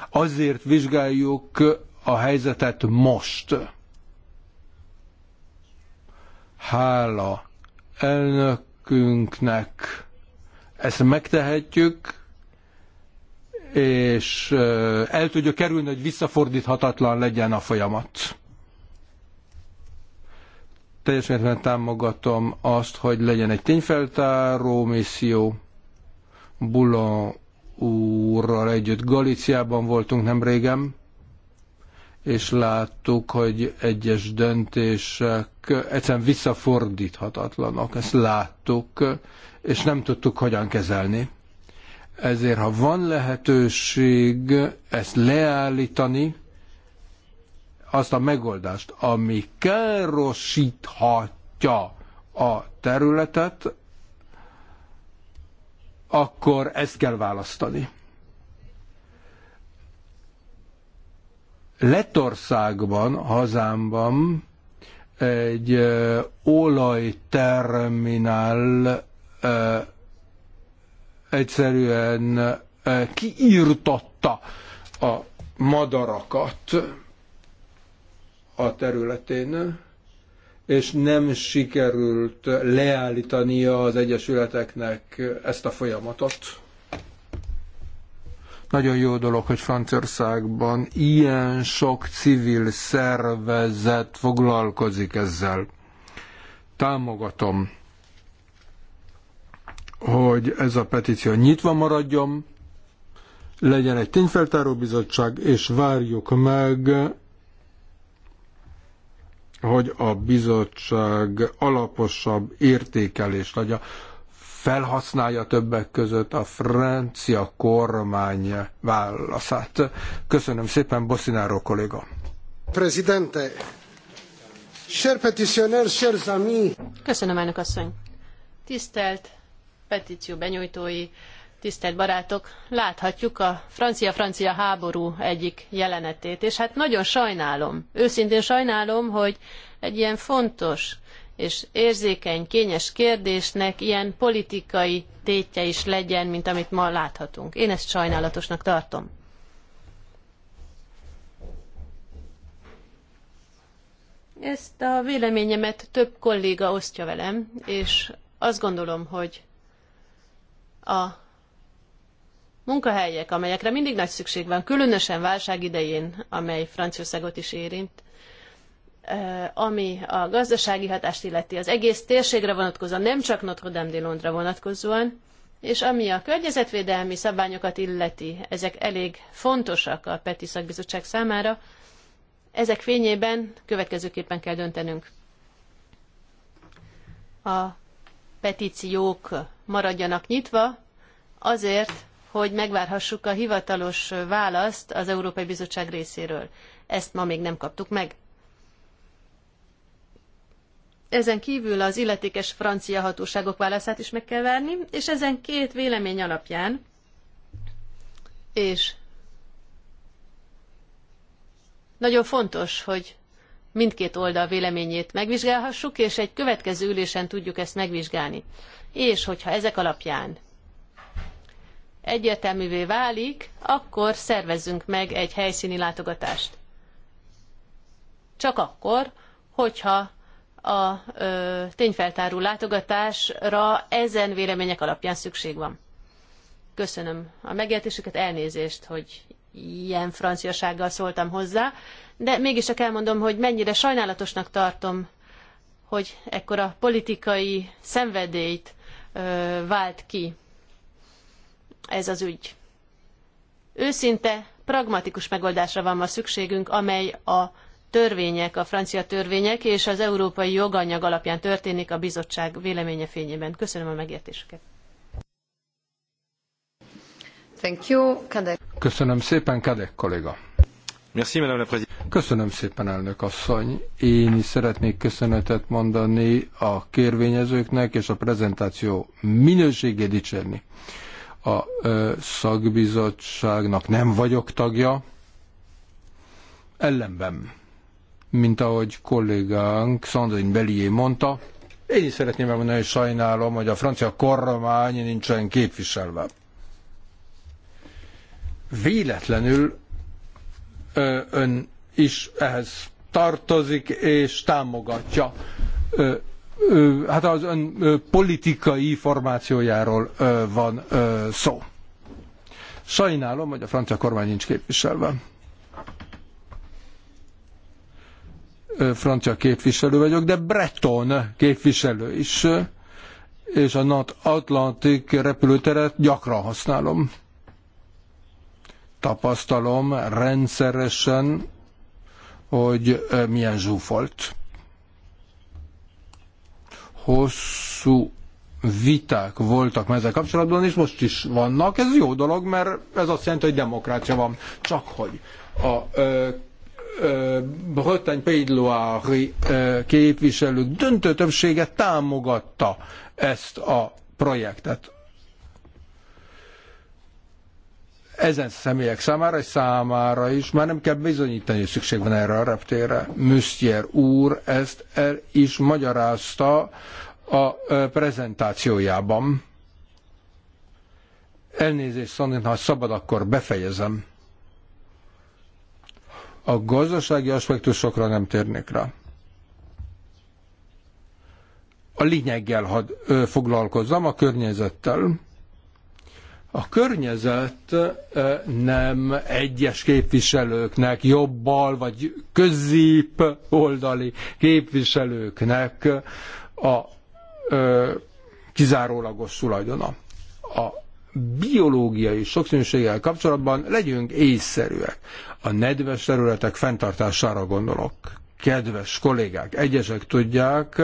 Azért vizsgáljuk a helyzetet most. Hála elnökünknek ezt megtehetjük, és el tudja kerülni, hogy visszafordíthatatlan legyen a folyamat. Teljes mértékben támogatom azt, hogy legyen egy tényfeltáró misszió. Bullon úrral együtt Galiciában voltunk nem régen és láttuk, hogy egyes döntések egyszerűen visszafordíthatatlanak. ezt láttuk, és nem tudtuk hogyan kezelni. Ezért, ha van lehetőség ezt leállítani, azt a megoldást, ami károsíthatja a területet, akkor ezt kell választani. Lettországban, hazámban egy olajterminál egyszerűen kiírtotta a madarakat a területén, és nem sikerült leállítania az egyesületeknek ezt a folyamatot. Nagyon jó dolog, hogy Franciaországban ilyen sok civil szervezet foglalkozik ezzel. Támogatom, hogy ez a petíció nyitva maradjon, legyen egy tényfeltáró bizottság, és várjuk meg, hogy a bizottság alaposabb értékelést adja felhasználja többek között a francia kormány válaszát. Köszönöm szépen, Bosszináró kolléga. Presidente, cher petitioner, cher ami. Köszönöm, elnök asszony. Tisztelt petíció benyújtói, tisztelt barátok, láthatjuk a francia-francia háború egyik jelenetét, és hát nagyon sajnálom, őszintén sajnálom, hogy egy ilyen fontos és érzékeny, kényes kérdésnek ilyen politikai tétje is legyen, mint amit ma láthatunk. Én ezt sajnálatosnak tartom. Ezt a véleményemet több kolléga osztja velem, és azt gondolom, hogy a munkahelyek, amelyekre mindig nagy szükség van, különösen válság idején, amely Franciaországot is érint, ami a gazdasági hatást illeti az egész térségre vonatkozóan, nem csak Notre Dame de Londra vonatkozóan, és ami a környezetvédelmi szabványokat illeti, ezek elég fontosak a PETI szakbizottság számára, ezek fényében következőképpen kell döntenünk. A petíciók maradjanak nyitva azért, hogy megvárhassuk a hivatalos választ az Európai Bizottság részéről. Ezt ma még nem kaptuk meg. Ezen kívül az illetékes francia hatóságok válaszát is meg kell várni, és ezen két vélemény alapján és nagyon fontos, hogy mindkét oldal véleményét megvizsgálhassuk, és egy következő ülésen tudjuk ezt megvizsgálni. És hogyha ezek alapján egyértelművé válik, akkor szervezzünk meg egy helyszíni látogatást. Csak akkor, hogyha a ö, tényfeltáró látogatásra ezen vélemények alapján szükség van. Köszönöm a megértésüket, elnézést, hogy ilyen franciasággal szóltam hozzá, de mégis csak elmondom, hogy mennyire sajnálatosnak tartom, hogy ekkora politikai szenvedélyt ö, vált ki ez az ügy. Őszinte, pragmatikus megoldásra van ma szükségünk, amely a törvények, a francia törvények és az európai joganyag alapján történik a bizottság véleménye fényében. Köszönöm a megértésüket. Thank you, Kadek. Köszönöm szépen, Kadek kolléga. Merci, Madame la Présidente. Köszönöm szépen, elnök asszony. Én is szeretnék köszönetet mondani a kérvényezőknek és a prezentáció minőségét dicsérni. A ö, szakbizottságnak nem vagyok tagja, ellenben mint ahogy kollégánk Sandrine Bellier mondta, én is szeretném elmondani, hogy sajnálom, hogy a francia kormány nincsen képviselve. Véletlenül ö, ön is ehhez tartozik és támogatja. Ö, ö, hát az ön politikai formációjáról van szó. Sajnálom, hogy a francia kormány nincs képviselve. francia képviselő vagyok, de Breton képviselő is, és a NAT Atlantik repülőteret gyakran használom. Tapasztalom rendszeresen, hogy milyen zsúfolt. Hosszú viták voltak ezzel kapcsolatban, és most is vannak. Ez jó dolog, mert ez azt jelenti, hogy demokrácia van. Csak hogy a Bretagne Pays de Loire képviselők döntő többsége támogatta ezt a projektet. Ezen személyek számára és számára is már nem kell bizonyítani, hogy szükség van erre a reptérre. Müstier úr ezt el is magyarázta a prezentációjában. Elnézést, Szandin, ha szabad, akkor befejezem. A gazdasági aspektusokra nem térnék rá. A lényeggel ö, foglalkozzam, a környezettel. A környezet nem egyes képviselőknek, jobbal vagy közép oldali képviselőknek a ö, kizárólagos tulajdona. A biológiai sokszínűséggel kapcsolatban legyünk észszerűek. A nedves területek fenntartására gondolok. Kedves kollégák, egyesek tudják,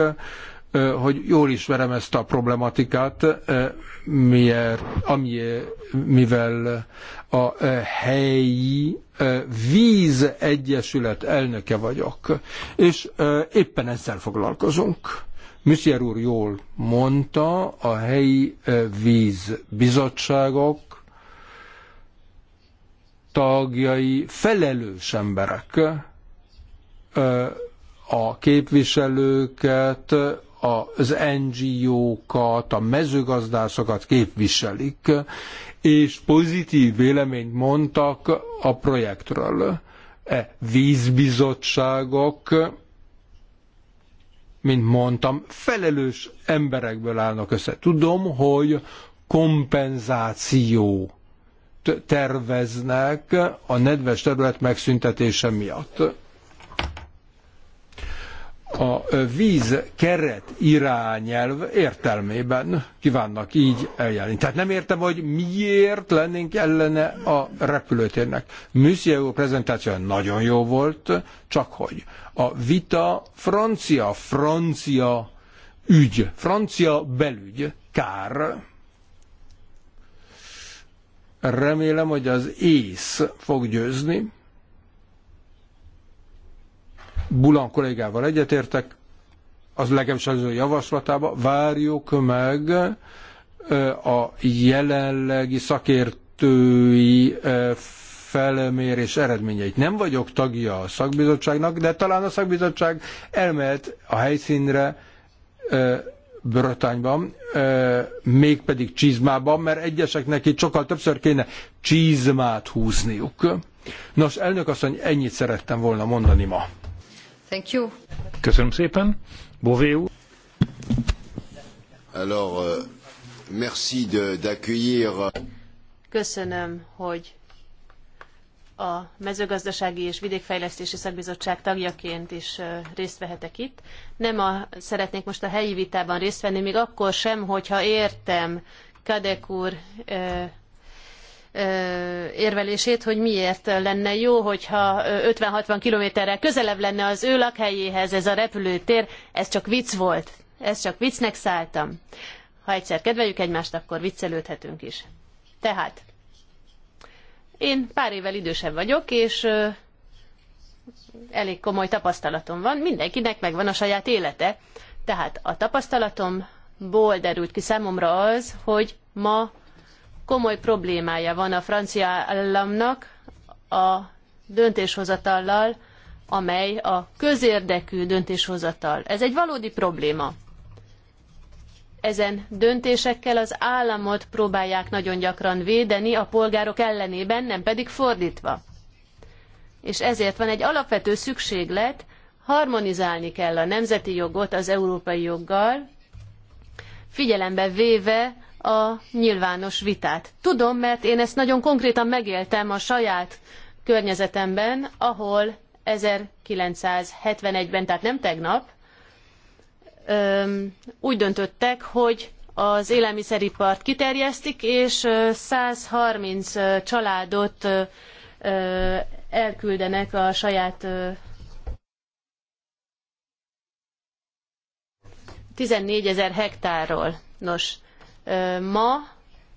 hogy jól ismerem ezt a problematikát, miért, ami, mivel a helyi vízegyesület elnöke vagyok, és éppen ezzel foglalkozunk. Műszer úr jól mondta, a helyi vízbizottságok tagjai felelős emberek a képviselőket, az NGO-kat, a mezőgazdászokat képviselik, és pozitív véleményt mondtak a projektről. E vízbizottságok mint mondtam, felelős emberekből állnak össze. Tudom, hogy kompenzáció terveznek a nedves terület megszüntetése miatt a víz keret irányelv értelmében kívánnak így eljárni. Tehát nem értem, hogy miért lennénk ellene a repülőtérnek. Monsieur úr prezentáció nagyon jó volt, csak hogy a vita francia, francia ügy, francia belügy, kár. Remélem, hogy az ész fog győzni Bulan kollégával egyetértek, az legalábbis az ő javaslatába, várjuk meg a jelenlegi szakértői felmérés eredményeit. Nem vagyok tagja a szakbizottságnak, de talán a szakbizottság elmehet a helyszínre Brötányban, mégpedig csizmában, mert egyeseknek itt sokkal többször kéne csizmát húzniuk. Nos, elnök asszony, ennyit szerettem volna mondani ma. Thank you. Köszönöm szépen. Bové úr. Alors, euh, merci d'accueillir. Euh, Köszönöm, hogy a mezőgazdasági és vidékfejlesztési szakbizottság tagjaként is részt vehetek itt. Nem a, szeretnék most a helyi vitában részt venni, még akkor sem, hogyha értem Kadek úr érvelését, hogy miért lenne jó, hogyha 50-60 kilométerrel közelebb lenne az ő lakhelyéhez ez a repülőtér, ez csak vicc volt, ez csak viccnek szálltam. Ha egyszer kedveljük egymást, akkor viccelődhetünk is. Tehát, én pár évvel idősebb vagyok, és elég komoly tapasztalatom van, mindenkinek megvan a saját élete. Tehát a tapasztalatomból derült ki számomra az, hogy ma komoly problémája van a francia államnak a döntéshozatallal, amely a közérdekű döntéshozatal. Ez egy valódi probléma. Ezen döntésekkel az államot próbálják nagyon gyakran védeni a polgárok ellenében, nem pedig fordítva. És ezért van egy alapvető szükséglet, harmonizálni kell a nemzeti jogot az európai joggal, figyelembe véve a nyilvános vitát. Tudom, mert én ezt nagyon konkrétan megéltem a saját környezetemben, ahol 1971-ben, tehát nem tegnap, úgy döntöttek, hogy az élelmiszeripart kiterjesztik, és 130 családot elküldenek a saját 14 ezer hektárról. Nos, ma,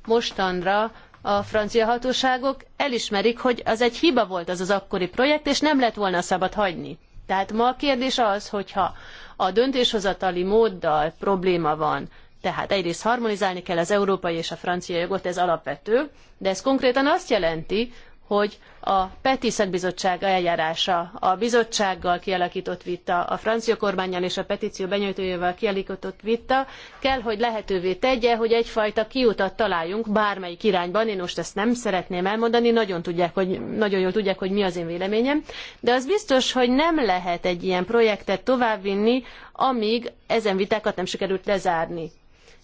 mostanra a francia hatóságok elismerik, hogy az egy hiba volt az az akkori projekt, és nem lett volna szabad hagyni. Tehát ma a kérdés az, hogyha a döntéshozatali móddal probléma van, tehát egyrészt harmonizálni kell az európai és a francia jogot, ez alapvető, de ez konkrétan azt jelenti, hogy a PETI szakbizottság eljárása, a bizottsággal kialakított vita, a francia kormányjal és a petíció benyújtójával kialakított vita kell, hogy lehetővé tegye, hogy egyfajta kiutat találjunk bármelyik irányban. Én most ezt nem szeretném elmondani, nagyon, tudják, hogy, nagyon jól tudják, hogy mi az én véleményem, de az biztos, hogy nem lehet egy ilyen projektet továbbvinni, amíg ezen vitákat nem sikerült lezárni.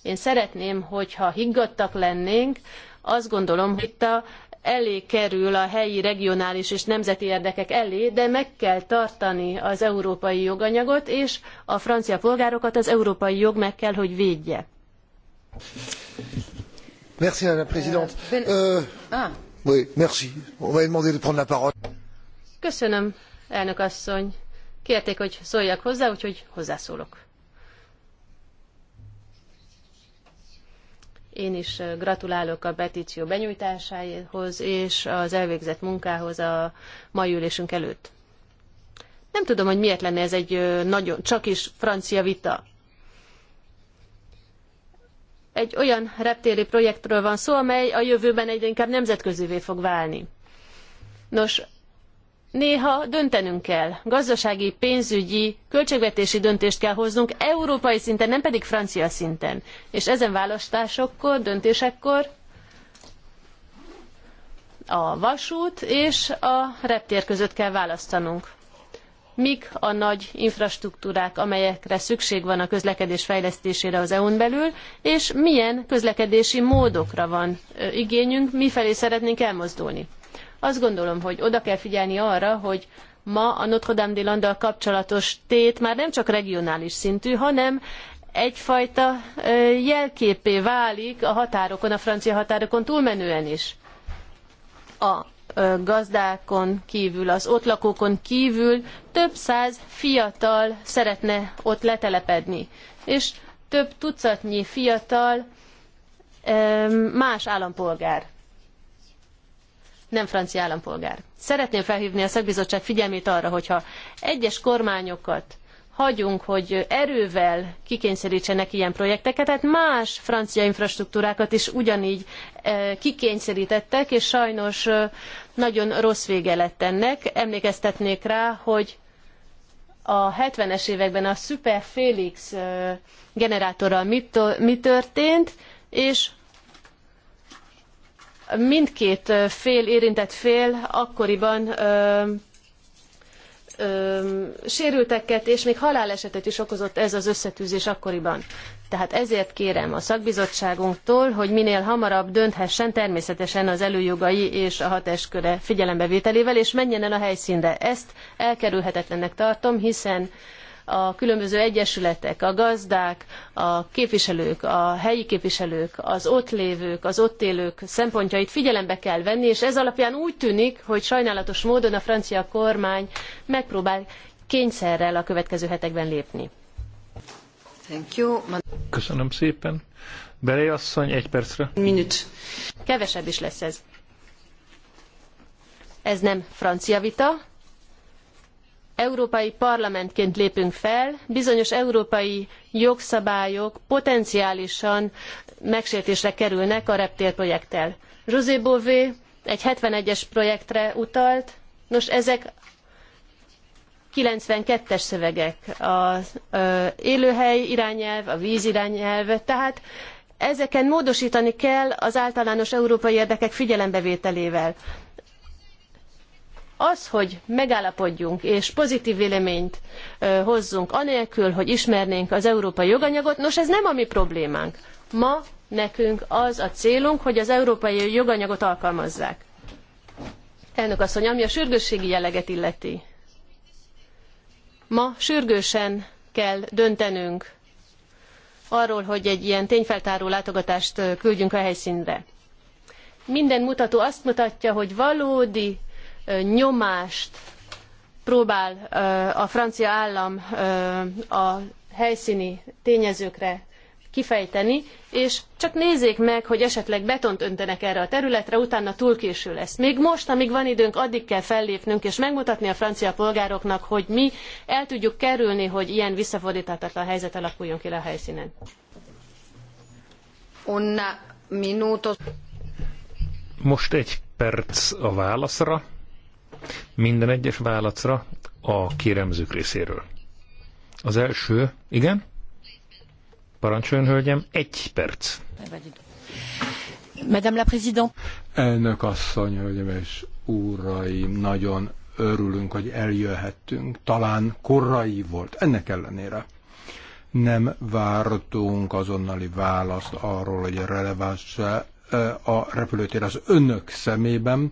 Én szeretném, hogyha higgadtak lennénk, azt gondolom, hogy itt a elé kerül a helyi, regionális és nemzeti érdekek elé, de meg kell tartani az európai joganyagot, és a francia polgárokat az európai jog meg kell, hogy védje. Merci, Madame la Présidente. Euh, euh ah. Oui, merci. On m'a demandé de prendre la parole. Köszönöm, elnök asszony. Kérték, hogy szóljak hozzá, úgyhogy hozzászólok. Én is gratulálok a petíció benyújtásához és az elvégzett munkához a mai ülésünk előtt. Nem tudom, hogy miért lenne ez egy nagyon, csak is francia vita. Egy olyan reptéri projektről van szó, amely a jövőben egyre inkább nemzetközévé fog válni. Nos, néha döntenünk kell. Gazdasági, pénzügyi, költségvetési döntést kell hoznunk európai szinten, nem pedig francia szinten. És ezen választásokkor, döntésekkor a vasút és a reptér között kell választanunk. Mik a nagy infrastruktúrák, amelyekre szükség van a közlekedés fejlesztésére az EU-n belül, és milyen közlekedési módokra van igényünk, mifelé szeretnénk elmozdulni. Azt gondolom, hogy oda kell figyelni arra, hogy ma a Notre Dame de Landal kapcsolatos tét már nem csak regionális szintű, hanem egyfajta jelképé válik a határokon, a francia határokon túlmenően is. A gazdákon kívül, az ott lakókon kívül több száz fiatal szeretne ott letelepedni, és több tucatnyi fiatal más állampolgár nem francia állampolgár. Szeretném felhívni a szakbizottság figyelmét arra, hogyha egyes kormányokat hagyunk, hogy erővel kikényszerítsenek ilyen projekteket, tehát más francia infrastruktúrákat is ugyanígy eh, kikényszerítettek, és sajnos eh, nagyon rossz vége lett ennek. Emlékeztetnék rá, hogy a 70-es években a Super Felix eh, generátorral mi történt, és mindkét fél, érintett fél akkoriban ö, ö, sérülteket és még halálesetet is okozott ez az összetűzés akkoriban. Tehát ezért kérem a szakbizottságunktól, hogy minél hamarabb dönthessen természetesen az előjogai és a hatásköre figyelembevételével, és menjen el a helyszínre. Ezt elkerülhetetlennek tartom, hiszen a különböző egyesületek, a gazdák, a képviselők, a helyi képviselők, az ott lévők, az ott élők szempontjait figyelembe kell venni, és ez alapján úgy tűnik, hogy sajnálatos módon a francia kormány megpróbál kényszerrel a következő hetekben lépni. Köszönöm szépen. Belé asszony, egy percre. Minut. Kevesebb is lesz ez. Ez nem francia vita, Európai Parlamentként lépünk fel, bizonyos európai jogszabályok potenciálisan megsértésre kerülnek a reptér projekttel. José Bové egy 71-es projektre utalt, nos ezek 92-es szövegek, az élőhely irányelv, a víz irányelv, tehát ezeken módosítani kell az általános európai érdekek figyelembevételével. Az, hogy megállapodjunk és pozitív véleményt hozzunk, anélkül, hogy ismernénk az európai joganyagot, nos ez nem a mi problémánk. Ma nekünk az a célunk, hogy az európai joganyagot alkalmazzák. Elnök asszony, ami a sürgősségi jelleget illeti. Ma sürgősen kell döntenünk arról, hogy egy ilyen tényfeltáró látogatást küldjünk a helyszínre. Minden mutató azt mutatja, hogy valódi nyomást próbál a francia állam a helyszíni tényezőkre kifejteni, és csak nézzék meg, hogy esetleg betont öntenek erre a területre, utána túl késő lesz. Még most, amíg van időnk, addig kell fellépnünk, és megmutatni a francia polgároknak, hogy mi el tudjuk kerülni, hogy ilyen visszafordíthatatlan helyzet alakuljon ki a helyszínen. Most egy perc a válaszra minden egyes válaszra a kéremzők részéről. Az első, igen? Parancsoljon, hölgyem, egy perc. Madame la Présidente. Elnök asszony, hölgyem és úraim, nagyon örülünk, hogy eljöhettünk. Talán korai volt, ennek ellenére. Nem vártunk azonnali választ arról, hogy releváns a repülőtér az önök szemében,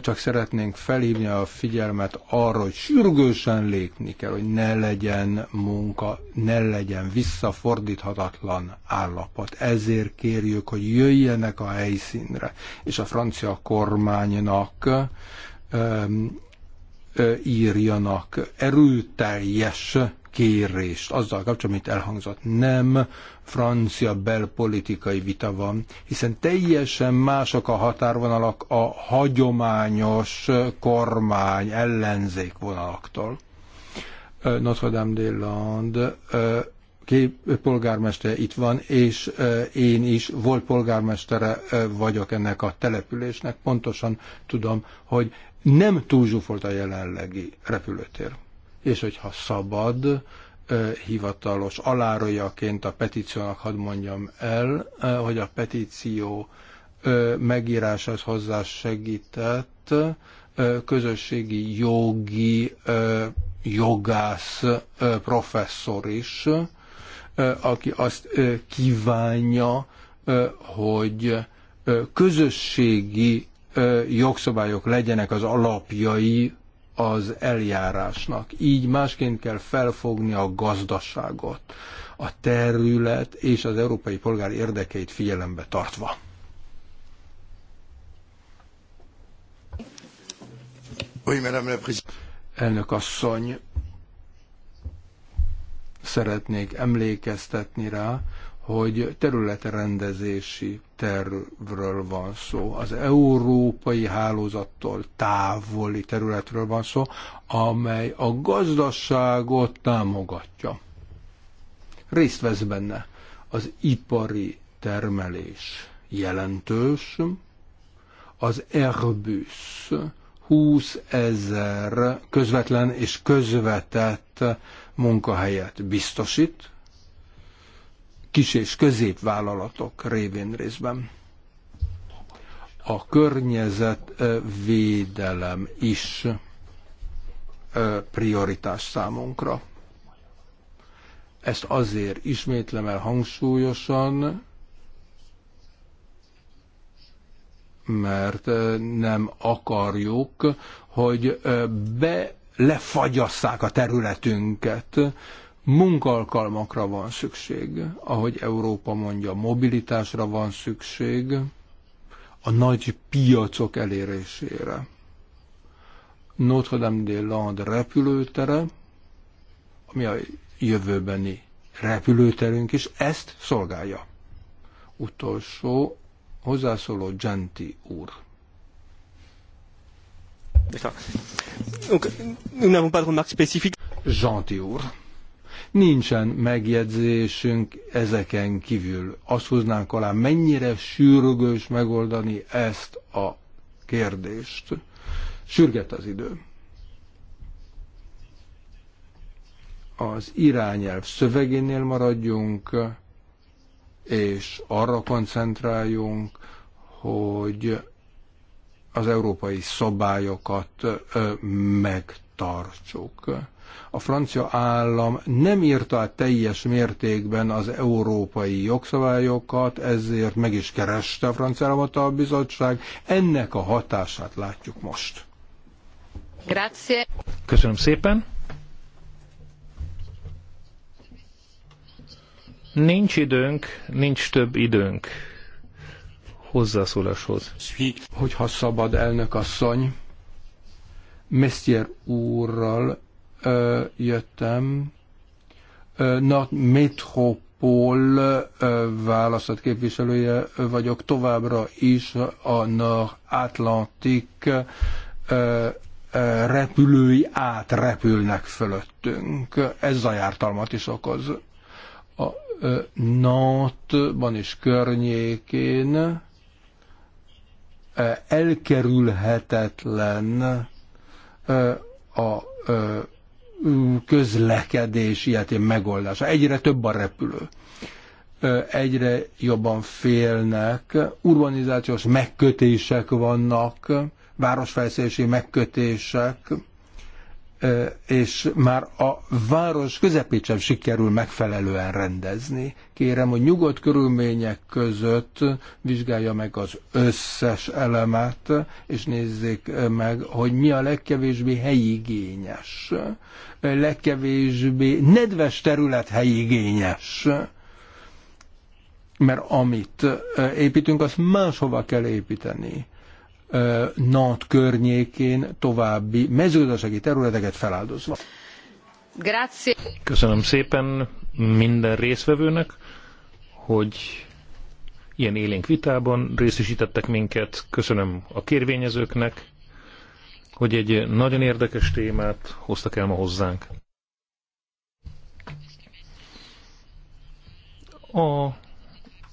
csak szeretnénk felhívni a figyelmet arra, hogy sürgősen lépni kell, hogy ne legyen munka, ne legyen visszafordíthatatlan állapot. Ezért kérjük, hogy jöjjenek a helyszínre, és a francia kormánynak írjanak erőteljes kérést azzal kapcsolatban, amit elhangzott. Nem francia belpolitikai vita van, hiszen teljesen mások a határvonalak a hagyományos kormány ellenzék vonalaktól. Notre Dame de Land kép, polgármester itt van, és én is volt polgármestere vagyok ennek a településnek, pontosan tudom, hogy nem túl zsúfolt a jelenlegi repülőtér. És hogyha szabad, hivatalos alárójaként a petíciónak hadd mondjam el, hogy a petíció megíráshoz segített közösségi jogi jogász professzor is, aki azt kívánja, hogy közösségi jogszabályok legyenek az alapjai az eljárásnak. Így másként kell felfogni a gazdaságot, a terület és az európai polgár érdekeit figyelembe tartva. Oui, madame Elnök asszony, szeretnék emlékeztetni rá, hogy területrendezési tervről van szó, az európai hálózattól távoli területről van szó, amely a gazdaságot támogatja. Részt vesz benne az ipari termelés jelentős, az Airbus 20 ezer közvetlen és közvetett munkahelyet biztosít, kis- és középvállalatok révén részben. A környezetvédelem is prioritás számunkra. Ezt azért ismétlem el hangsúlyosan, mert nem akarjuk, hogy be lefagyasszák a területünket, munkalkalmakra van szükség, ahogy Európa mondja, mobilitásra van szükség, a nagy piacok elérésére. Notre Dame des Landes repülőtere, ami a jövőbeni repülőterünk is, ezt szolgálja. Utolsó hozzászóló Genti úr. Donc, nous n'avons pas de remarques spécifiques. Gentil úr Nincsen megjegyzésünk ezeken kívül. Azt húznánk alá, mennyire sürgős megoldani ezt a kérdést. Sürget az idő. Az irányelv szövegénél maradjunk, és arra koncentráljunk, hogy az európai szabályokat megtartsuk a francia állam nem írta át teljes mértékben az európai jogszabályokat, ezért meg is kereste a francia államot a bizottság. Ennek a hatását látjuk most. Grazie. Köszönöm szépen. Nincs időnk, nincs több időnk hozzászóláshoz. Hogyha szabad, elnök asszony, Mestier úrral ö, jöttem. Ö, na, Metropol választott képviselője vagyok továbbra is a Atlantik repülői átrepülnek fölöttünk. Ez zajártalmat is okoz. A Nantban és környékén elkerülhetetlen a közlekedés ilyetén megoldása. Egyre több a repülő. Egyre jobban félnek, urbanizációs megkötések vannak, városfejlesztési megkötések, és már a város közepét sem sikerül megfelelően rendezni. Kérem, hogy nyugodt körülmények között vizsgálja meg az összes elemet, és nézzék meg, hogy mi a legkevésbé helyigényes, legkevésbé nedves terület helyigényes. Mert amit építünk, azt máshova kell építeni NAT környékén további mezőgazdasági területeket feláldozva. Grazie. Köszönöm szépen minden részvevőnek, hogy ilyen élénk vitában részesítettek minket. Köszönöm a kérvényezőknek, hogy egy nagyon érdekes témát hoztak el ma hozzánk. A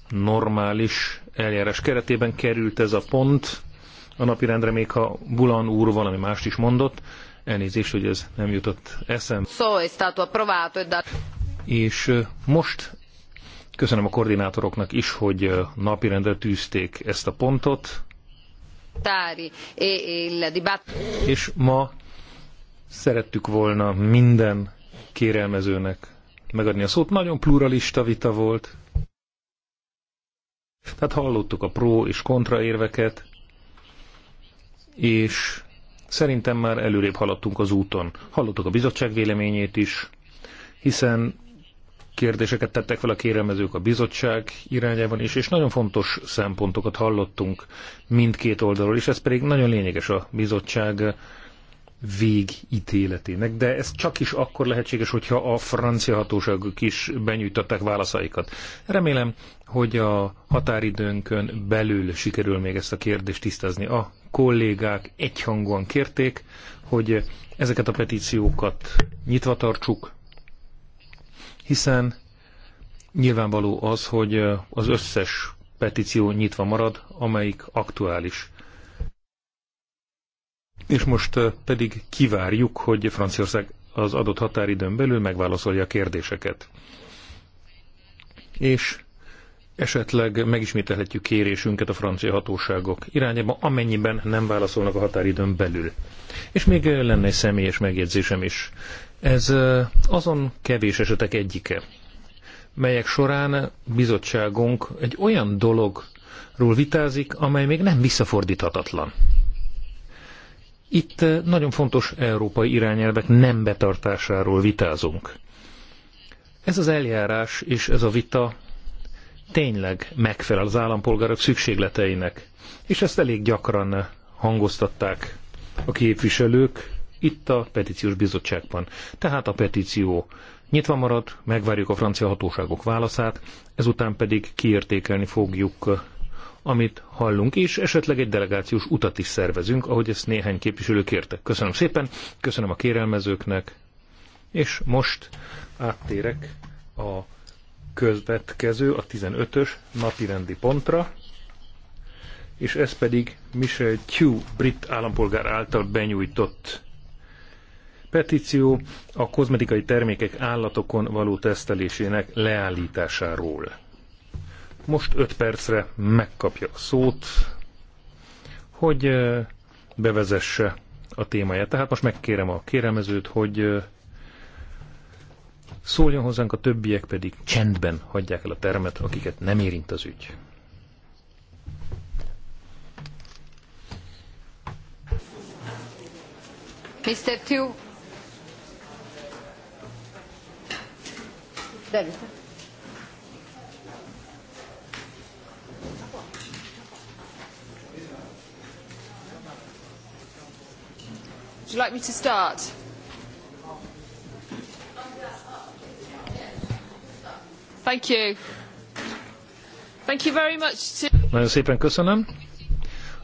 normális eljárás keretében került ez a pont a napirendre, még ha Bulan úr valami mást is mondott. Elnézést, hogy ez nem jutott eszem. So è stato approvato e da... És most köszönöm a koordinátoroknak is, hogy napirendre tűzték ezt a pontot. Tári, e, e, dibat... És ma szerettük volna minden kérelmezőnek megadni a szót. Nagyon pluralista vita volt. Tehát hallottuk a pró és kontra érveket, és szerintem már előrébb haladtunk az úton. Hallottuk a bizottság véleményét is, hiszen kérdéseket tettek fel a kérelmezők a bizottság irányában is, és nagyon fontos szempontokat hallottunk mindkét oldalról, és ez pedig nagyon lényeges a bizottság végítéletének, de ez csak is akkor lehetséges, hogyha a francia hatóságok is benyújtották válaszaikat. Remélem, hogy a határidőnkön belül sikerül még ezt a kérdést tisztázni. A kollégák egyhangúan kérték, hogy ezeket a petíciókat nyitva tartsuk, hiszen nyilvánvaló az, hogy az összes petíció nyitva marad, amelyik aktuális. És most pedig kivárjuk, hogy Franciaország az adott határidőn belül megválaszolja a kérdéseket. És esetleg megismételhetjük kérésünket a francia hatóságok irányába, amennyiben nem válaszolnak a határidőn belül. És még lenne egy személyes megjegyzésem is. Ez azon kevés esetek egyike, melyek során bizottságunk egy olyan dologról vitázik, amely még nem visszafordíthatatlan. Itt eh, nagyon fontos európai irányelvek nem betartásáról vitázunk. Ez az eljárás és ez a vita tényleg megfelel az állampolgárok szükségleteinek, és ezt elég gyakran hangoztatták a képviselők itt a petíciós bizottságban. Tehát a petíció nyitva marad, megvárjuk a francia hatóságok válaszát, ezután pedig kiértékelni fogjuk amit hallunk, és esetleg egy delegációs utat is szervezünk, ahogy ezt néhány képviselő kérte. Köszönöm szépen, köszönöm a kérelmezőknek, és most áttérek a közvetkező, a 15-ös rendi pontra, és ez pedig Michel Q. brit állampolgár által benyújtott petíció a kozmetikai termékek állatokon való tesztelésének leállításáról most 5 percre megkapja a szót, hogy bevezesse a témáját. Tehát most megkérem a kérelmezőt, hogy szóljon hozzánk, a többiek pedig csendben hagyják el a termet, akiket nem érint az ügy. Mr. Tew. There you like me to start? Thank you. Thank you very much to... Nagyon szépen köszönöm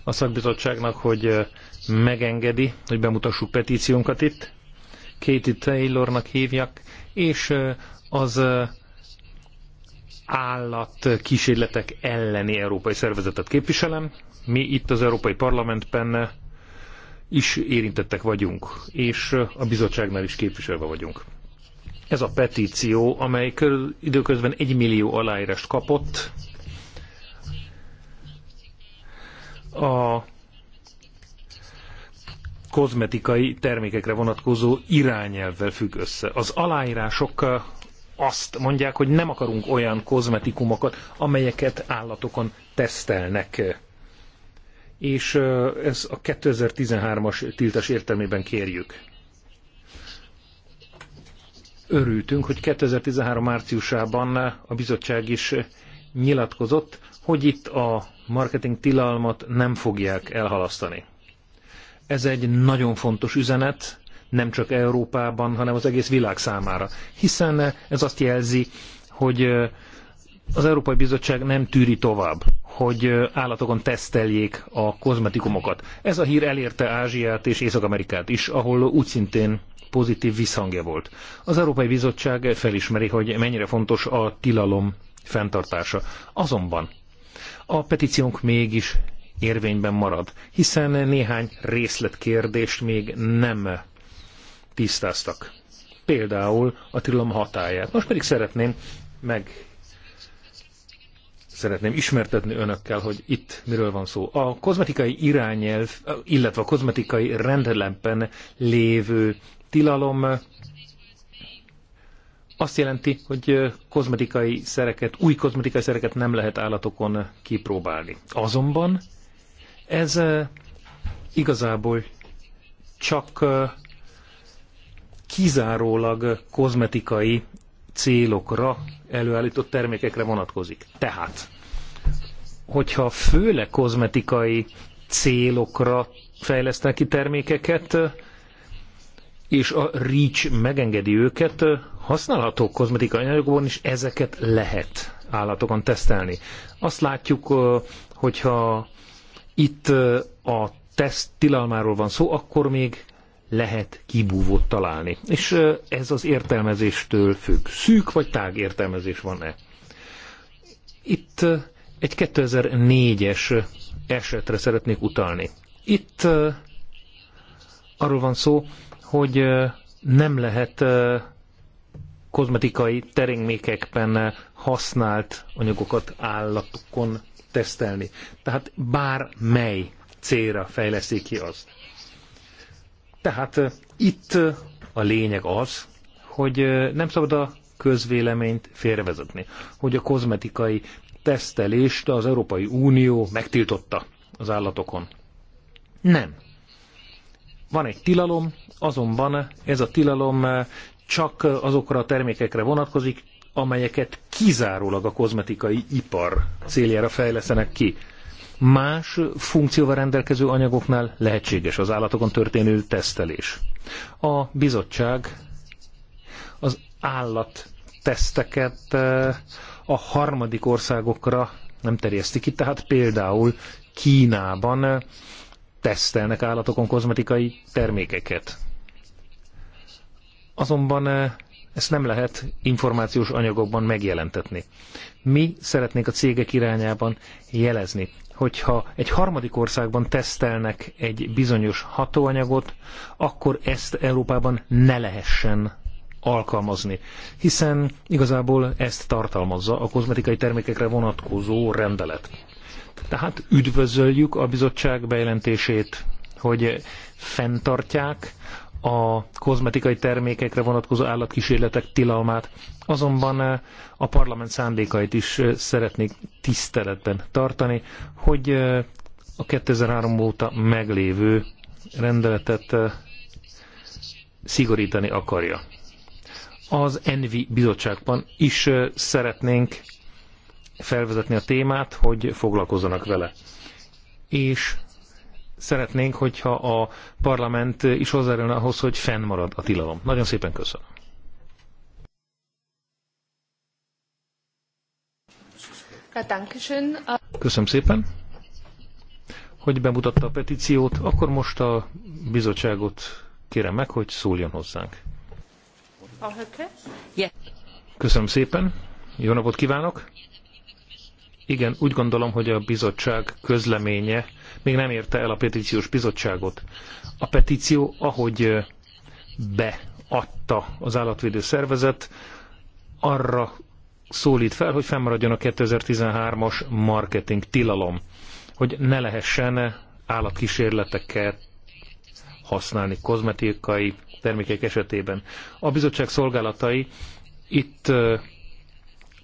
a szakbizottságnak, hogy eh, megengedi, hogy bemutassuk petíciónkat itt. Katie Taylornak hívjak, és eh, az eh, állatkísérletek elleni európai szervezetet képviselem. Mi itt az Európai Parlamentben is érintettek vagyunk, és a bizottságnál is képviselve vagyunk. Ez a petíció, amely körül, időközben egy millió aláírást kapott, a kozmetikai termékekre vonatkozó irányelvvel függ össze. Az aláírások azt mondják, hogy nem akarunk olyan kozmetikumokat, amelyeket állatokon tesztelnek és ez a 2013-as tiltás értelmében kérjük. Örültünk, hogy 2013 márciusában a bizottság is nyilatkozott, hogy itt a marketing tilalmat nem fogják elhalasztani. Ez egy nagyon fontos üzenet, nem csak Európában, hanem az egész világ számára. Hiszen ez azt jelzi, hogy az Európai Bizottság nem tűri tovább, hogy állatokon teszteljék a kozmetikumokat. Ez a hír elérte Ázsiát és Észak-Amerikát is, ahol úgy szintén pozitív visszhangja volt. Az Európai Bizottság felismeri, hogy mennyire fontos a tilalom fenntartása. Azonban a petíciónk mégis érvényben marad, hiszen néhány részletkérdést még nem tisztáztak. Például a tilalom hatáját. Most pedig szeretném meg szeretném ismertetni önökkel, hogy itt miről van szó. A kozmetikai irányelv, illetve a kozmetikai rendelemben lévő tilalom azt jelenti, hogy kozmetikai szereket, új kozmetikai szereket nem lehet állatokon kipróbálni. Azonban ez eh, igazából csak eh, kizárólag kozmetikai célokra előállított termékekre vonatkozik. Tehát, hogyha főleg kozmetikai célokra fejlesztenek ki termékeket, és a REACH megengedi őket, használható kozmetikai anyagokban is ezeket lehet állatokon tesztelni. Azt látjuk, hogyha itt a teszt tilalmáról van szó, akkor még lehet kibúvót találni. És ez az értelmezéstől függ. Szűk vagy tág értelmezés van-e? Itt egy 2004-es esetre szeretnék utalni. Itt arról van szó, hogy nem lehet kozmetikai termékekben használt anyagokat állatokon tesztelni. Tehát bármely célra fejleszik ki azt. Tehát itt a lényeg az, hogy nem szabad a közvéleményt félrevezetni, hogy a kozmetikai tesztelést az Európai Unió megtiltotta az állatokon. Nem. Van egy tilalom, azonban ez a tilalom csak azokra a termékekre vonatkozik, amelyeket kizárólag a kozmetikai ipar céljára fejlesztenek ki más funkcióval rendelkező anyagoknál lehetséges az állatokon történő tesztelés. A bizottság az állat teszteket eh, a harmadik országokra nem terjeszti ki, tehát például Kínában eh, tesztelnek állatokon kozmetikai termékeket. Azonban eh, ezt nem lehet információs anyagokban megjelentetni. Mi szeretnénk a cégek irányában jelezni, hogyha egy harmadik országban tesztelnek egy bizonyos hatóanyagot, akkor ezt Európában ne lehessen alkalmazni, hiszen igazából ezt tartalmazza a kozmetikai termékekre vonatkozó rendelet. Tehát üdvözöljük a bizottság bejelentését, hogy fenntartják a kozmetikai termékekre vonatkozó állatkísérletek tilalmát, azonban eh, a parlament szándékait is eh, szeretnék tiszteletben tartani, hogy eh, a 2003 óta meglévő rendeletet szigorítani akarja. Az Envi bizottságban is szeretnénk felvezetni a témát, hogy foglalkozzanak vele. És szeretnénk, hogyha a parlament is hozzájárulna ahhoz, hogy fennmarad a tilalom. Nagyon szépen köszönöm. Köszönöm szépen, hogy bemutatta a petíciót. Akkor most a bizottságot kérem meg, hogy szóljon hozzánk. Köszönöm szépen. Jó napot kívánok! Igen, úgy gondolom, hogy a bizottság közleménye még nem érte el a petíciós bizottságot. A petíció, ahogy beadta az állatvédő szervezet, arra szólít fel, hogy fennmaradjon a 2013-as marketing tilalom, hogy ne lehessen állatkísérleteket használni kozmetikai termékek esetében. A bizottság szolgálatai itt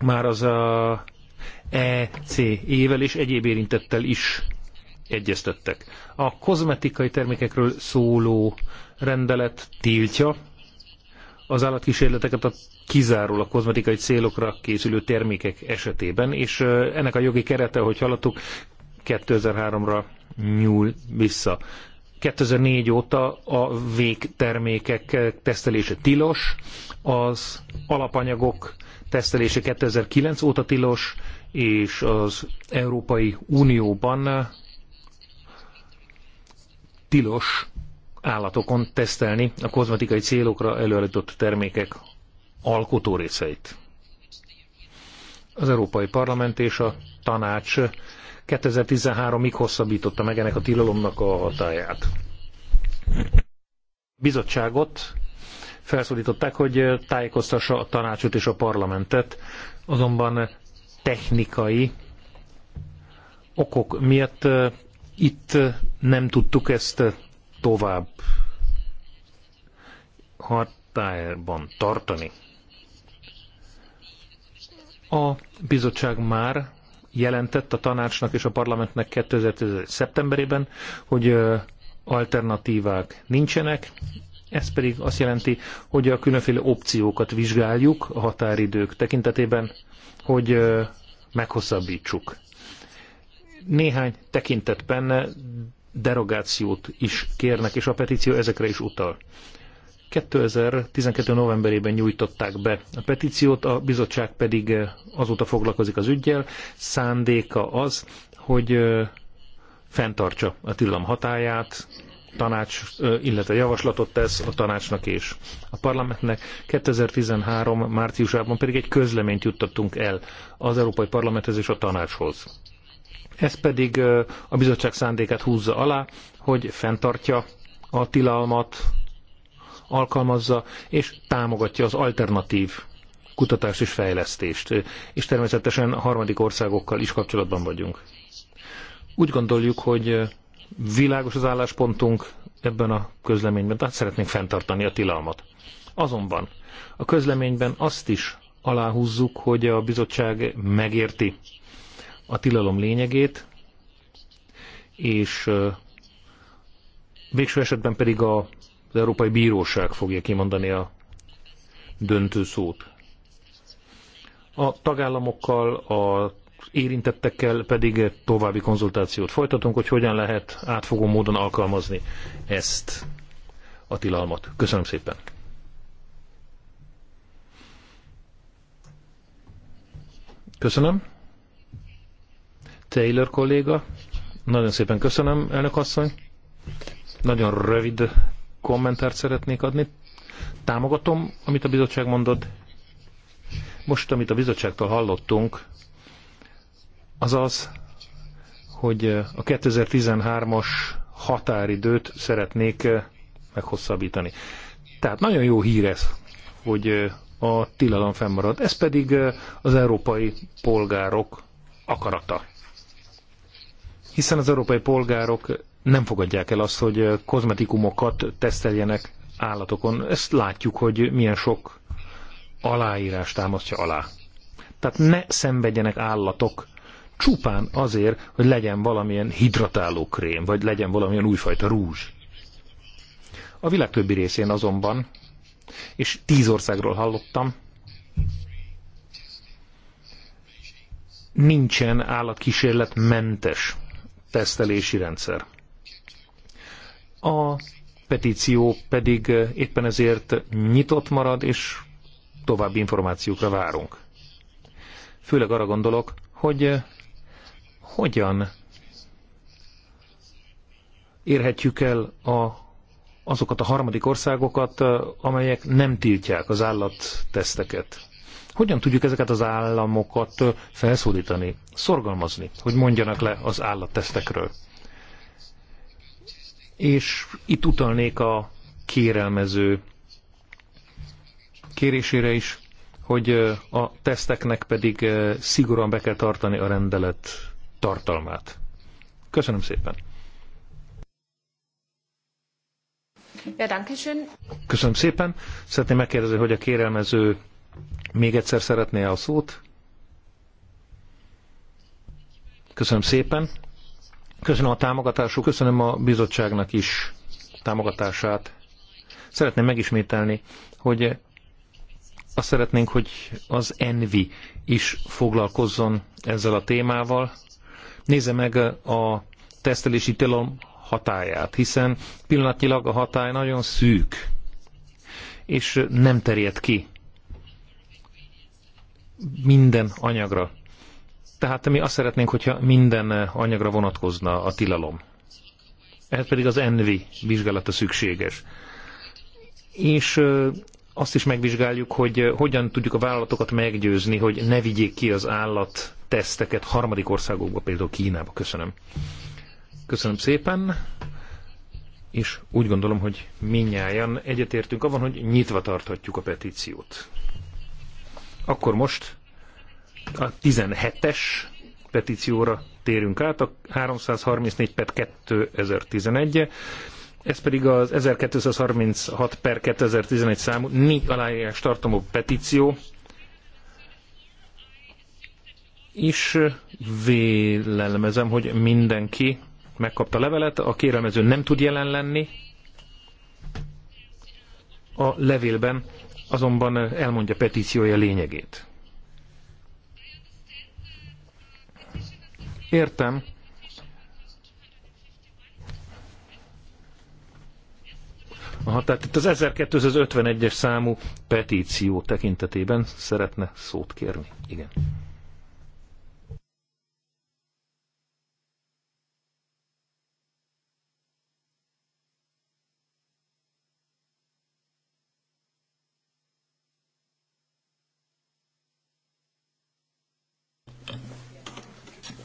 már az a ECE-vel és egyéb érintettel is egyeztettek. A kozmetikai termékekről szóló rendelet tiltja az állatkísérleteket a kizárólag kozmetikai célokra készülő termékek esetében, és ennek a jogi kerete, hogy hallottuk, 2003-ra nyúl vissza. 2004 óta a végtermékek tesztelése tilos, az alapanyagok tesztelése 2009 óta tilos, és az Európai Unióban tilos állatokon tesztelni a kozmetikai célokra előállított termékek részeit. Az Európai Parlament és a tanács 2013-ig hosszabbította meg ennek a tilalomnak a hatáját. Bizottságot felszólították, hogy tájékoztassa a tanácsot és a parlamentet, azonban technikai okok miatt itt nem tudtuk ezt tovább határban tartani. A bizottság már jelentett a tanácsnak és a parlamentnek 2010. szeptemberében, hogy alternatívák nincsenek, ez pedig azt jelenti, hogy a különféle opciókat vizsgáljuk a határidők tekintetében, hogy meghosszabbítsuk. Néhány tekintetben derogációt is kérnek, és a petíció ezekre is utal. 2012. novemberében nyújtották be a petíciót, a bizottság pedig azóta foglalkozik az ügyjel. Szándéka az, hogy fenntartsa a tilalom hatáját, tanács, illetve javaslatot tesz a tanácsnak és a parlamentnek. 2013 márciusában pedig egy közleményt juttattunk el az Európai Parlamenthez és a tanácshoz. Ez pedig a bizottság szándékát húzza alá, hogy fenntartja a tilalmat, alkalmazza és támogatja az alternatív kutatást és fejlesztést. És természetesen a harmadik országokkal is kapcsolatban vagyunk. Úgy gondoljuk, hogy Világos az álláspontunk ebben a közleményben, tehát szeretnénk fenntartani a tilalmat. Azonban a közleményben azt is aláhúzzuk, hogy a bizottság megérti a tilalom lényegét, és végső esetben pedig a, az Európai Bíróság fogja kimondani a döntő szót. A tagállamokkal, a érintettekkel pedig további konzultációt folytatunk, hogy hogyan lehet átfogó módon alkalmazni ezt a tilalmat. Köszönöm szépen! Köszönöm. Taylor kolléga, nagyon szépen köszönöm, elnök asszony. Nagyon rövid kommentárt szeretnék adni. Támogatom, amit a bizottság mondott. Most, amit a bizottságtól hallottunk, az az, hogy a 2013-as határidőt szeretnék meghosszabbítani. Tehát nagyon jó hír ez, hogy a tilalom fennmarad. Ez pedig az európai polgárok akarata. Hiszen az európai polgárok nem fogadják el azt, hogy kozmetikumokat teszteljenek állatokon. Ezt látjuk, hogy milyen sok aláírás támasztja alá. Tehát ne szenvedjenek állatok csupán azért, hogy legyen valamilyen hidratáló krém, vagy legyen valamilyen újfajta rúzs. A világ többi részén azonban, és tíz országról hallottam, nincsen állatkísérletmentes tesztelési rendszer. A petíció pedig éppen ezért nyitott marad, és további információkra várunk. Főleg arra gondolok, hogy hogyan érhetjük el a, azokat a harmadik országokat, amelyek nem tiltják az állatteszteket? Hogyan tudjuk ezeket az államokat felszólítani, szorgalmazni, hogy mondjanak le az állattesztekről? És itt utalnék a kérelmező kérésére is, hogy a teszteknek pedig szigorúan be kell tartani a rendelet tartalmát. Köszönöm szépen! Ja, dankeschön. Köszönöm szépen. Szeretném megkérdezni, hogy a kérelmező még egyszer szeretné a szót? Köszönöm szépen. Köszönöm a támogatásuk, köszönöm a bizottságnak is támogatását. Szeretném megismételni, hogy azt szeretnénk, hogy az Envi is foglalkozzon ezzel a témával, nézze meg a tesztelési tilalom hatáját, hiszen pillanatnyilag a hatály nagyon szűk, és nem terjed ki minden anyagra. Tehát mi azt szeretnénk, hogyha minden anyagra vonatkozna a tilalom. Ehhez pedig az envi vizsgálata szükséges. És azt is megvizsgáljuk, hogy hogyan tudjuk a vállalatokat meggyőzni, hogy ne vigyék ki az állat teszteket harmadik országokba, például Kínába. Köszönöm. Köszönöm szépen, és úgy gondolom, hogy minnyáján egyetértünk abban, hogy nyitva tarthatjuk a petíciót. Akkor most a 17-es petícióra térünk át, a 334 per 2011 -e. Ez pedig az 1236 per 2011 számú négy aláírás tartomó petíció, is vélelmezem, hogy mindenki megkapta a levelet, a kérelmező nem tud jelen lenni. A levélben azonban elmondja petíciója lényegét. Értem. Aha, tehát itt az 1251-es számú petíció tekintetében szeretne szót kérni. Igen.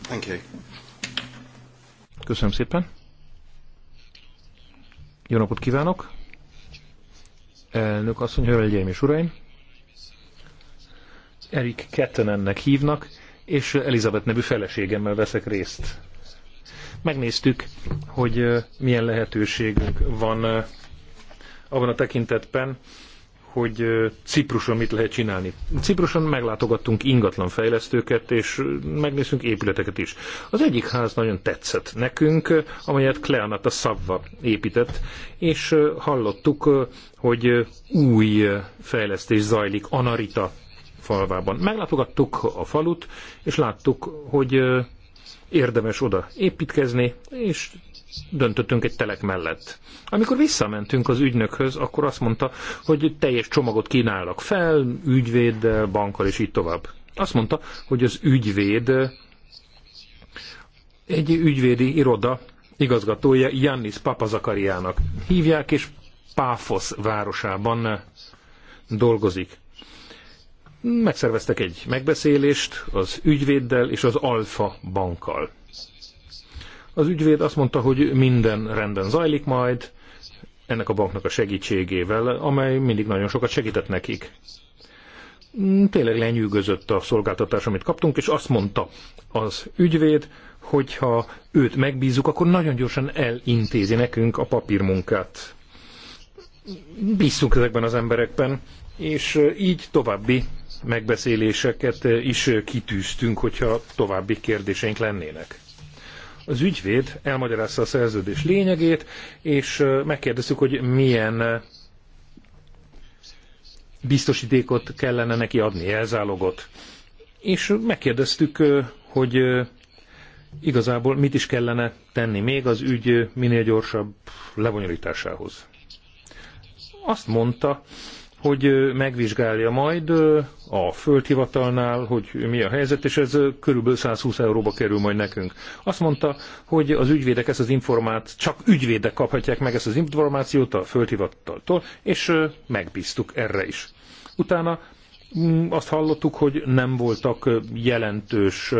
Thank you. Köszönöm szépen. Jó napot kívánok! Elnök asszony, hölgyeim és uraim! Erik Kettenennek hívnak, és Elizabeth nevű feleségemmel veszek részt. Megnéztük, hogy milyen lehetőségünk van abban a tekintetben, hogy Cipruson mit lehet csinálni. Cipruson meglátogattunk ingatlanfejlesztőket, és megnéztünk épületeket is. Az egyik ház nagyon tetszett nekünk, amelyet Kleanata Szavva épített, és hallottuk, hogy új fejlesztés zajlik Anarita falvában. Meglátogattuk a falut, és láttuk, hogy érdemes oda építkezni, és döntöttünk egy telek mellett. Amikor visszamentünk az ügynökhöz, akkor azt mondta, hogy teljes csomagot kínálnak fel, ügyvéd, bankkal és így tovább. Azt mondta, hogy az ügyvéd, egy ügyvédi iroda igazgatója Jannis Papazakariának hívják, és Páfos városában dolgozik. Megszerveztek egy megbeszélést az ügyvéddel és az Alfa bankkal. Az ügyvéd azt mondta, hogy minden rendben zajlik majd, ennek a banknak a segítségével, amely mindig nagyon sokat segített nekik. Mm, tényleg lenyűgözött a szolgáltatás, amit kaptunk, és azt mondta az ügyvéd, hogyha őt megbízuk, akkor nagyon gyorsan elintézi nekünk a papírmunkát. Bízzunk ezekben az emberekben, és így további megbeszéléseket is kitűztünk, hogyha további kérdéseink lennének. Az ügyvéd elmagyarázza a szerződés lényegét, és megkérdeztük, hogy milyen biztosítékot kellene neki adni, elzálogot. És megkérdeztük, hogy igazából mit is kellene tenni még az ügy minél gyorsabb lebonyolításához. Azt mondta, hogy megvizsgálja majd a földhivatalnál, hogy mi a helyzet, és ez körülbelül 120 euróba kerül majd nekünk. Azt mondta, hogy az ügyvédek ezt az informát, csak ügyvédek kaphatják meg ezt az információt a földhivataltól, és megbíztuk erre is. Utána mm, azt hallottuk, hogy nem voltak jelentős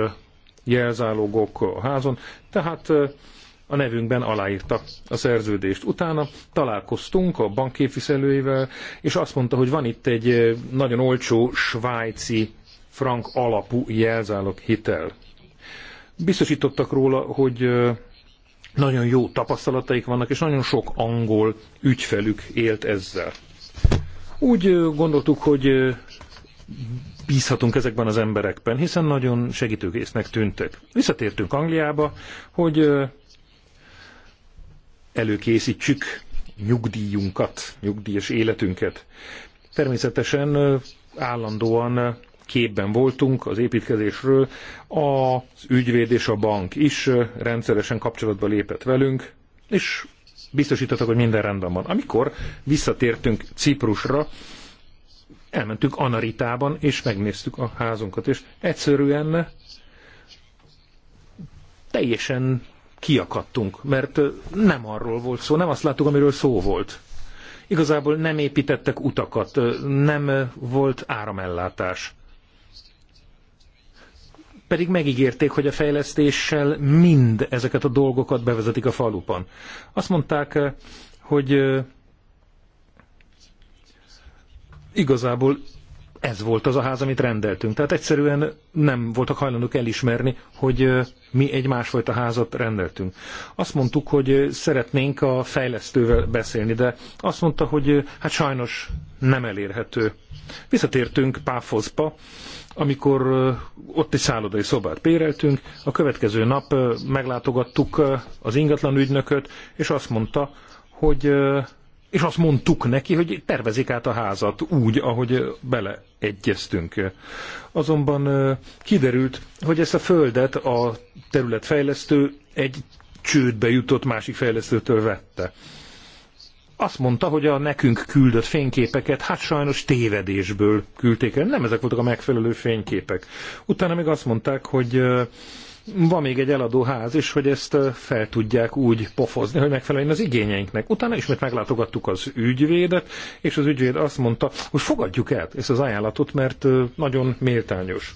jelzálogok a házon, tehát a nevünkben aláírta a szerződést. Utána találkoztunk a bank és azt mondta, hogy van itt egy eh, nagyon olcsó svájci frank alapú jelzálog hitel. Biztosítottak róla, hogy eh, nagyon jó tapasztalataik vannak, és nagyon sok angol ügyfelük élt ezzel. Úgy eh, gondoltuk, hogy bízhatunk ezekben az emberekben, hiszen nagyon segítőkésznek tűntek. Visszatértünk Angliába, hogy előkészítsük nyugdíjunkat, nyugdíjas életünket. Természetesen állandóan képben voltunk az építkezésről, az ügyvéd és a bank is rendszeresen kapcsolatba lépett velünk, és biztosítottak, hogy minden rendben van. Amikor visszatértünk Ciprusra, elmentünk Anaritában, és megnéztük a házunkat, és egyszerűen teljesen kiakadtunk, mert nem arról volt szó, nem azt láttuk, amiről szó volt. Igazából nem építettek utakat, nem volt áramellátás. Pedig megígérték, hogy a fejlesztéssel mind ezeket a dolgokat bevezetik a falupan. Azt mondták, hogy igazából ez volt az a ház, amit rendeltünk. Tehát egyszerűen nem voltak hajlandók elismerni, hogy mi egy másfajta házat rendeltünk. Azt mondtuk, hogy szeretnénk a fejlesztővel beszélni, de azt mondta, hogy hát sajnos nem elérhető. Visszatértünk Páfoszba, amikor ott egy szállodai szobát péreltünk. a következő nap meglátogattuk az ingatlan ügynököt, és azt mondta, hogy és azt mondtuk neki, hogy tervezik át a házat úgy, ahogy beleegyeztünk. Azonban kiderült, hogy ezt a földet a területfejlesztő egy csődbe jutott másik fejlesztőtől vette. Azt mondta, hogy a nekünk küldött fényképeket, hát sajnos tévedésből küldték el. Nem ezek voltak a megfelelő fényképek. Utána még azt mondták, hogy van még egy eladó ház és hogy ezt fel tudják úgy pofozni, hogy megfeleljen az igényeinknek. Utána ismét meglátogattuk az ügyvédet, és az ügyvéd azt mondta, hogy fogadjuk el ezt az ajánlatot, mert nagyon méltányos.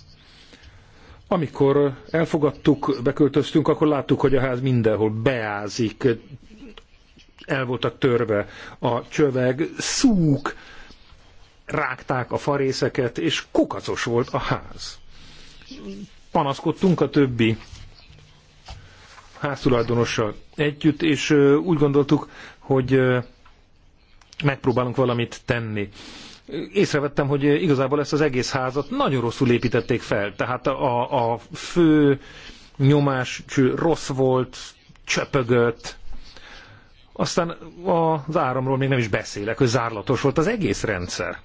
Amikor elfogadtuk, beköltöztünk, akkor láttuk, hogy a ház mindenhol beázik, el voltak törve a csöveg, szúk, rágták a farészeket, és kukacos volt a ház panaszkodtunk a többi háztulajdonossal együtt, és úgy gondoltuk, hogy megpróbálunk valamit tenni. Észrevettem, hogy igazából ezt az egész házat nagyon rosszul építették fel. Tehát a, a fő nyomás rossz volt, csöpögött, aztán az áramról még nem is beszélek, hogy zárlatos volt az egész rendszer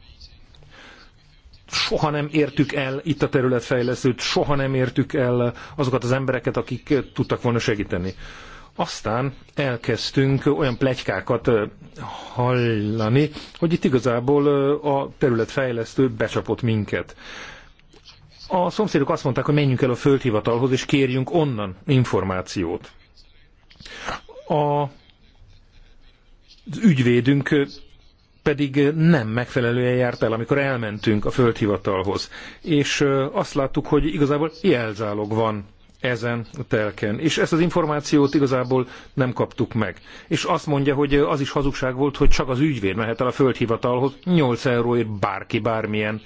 soha nem értük el itt a területfejlesztőt, soha nem értük el azokat az embereket, akik tudtak volna segíteni. Aztán elkezdtünk olyan plegykákat hallani, hogy itt igazából a területfejlesztő becsapott minket. A szomszédok azt mondták, hogy menjünk el a földhivatalhoz, és kérjünk onnan információt. A az ügyvédünk pedig nem megfelelően járt el, amikor elmentünk a földhivatalhoz. És azt láttuk, hogy igazából jelzálog van ezen a telken. És ezt az információt igazából nem kaptuk meg. És azt mondja, hogy az is hazugság volt, hogy csak az ügyvéd mehet el a földhivatalhoz, 8 euróért bárki bármilyen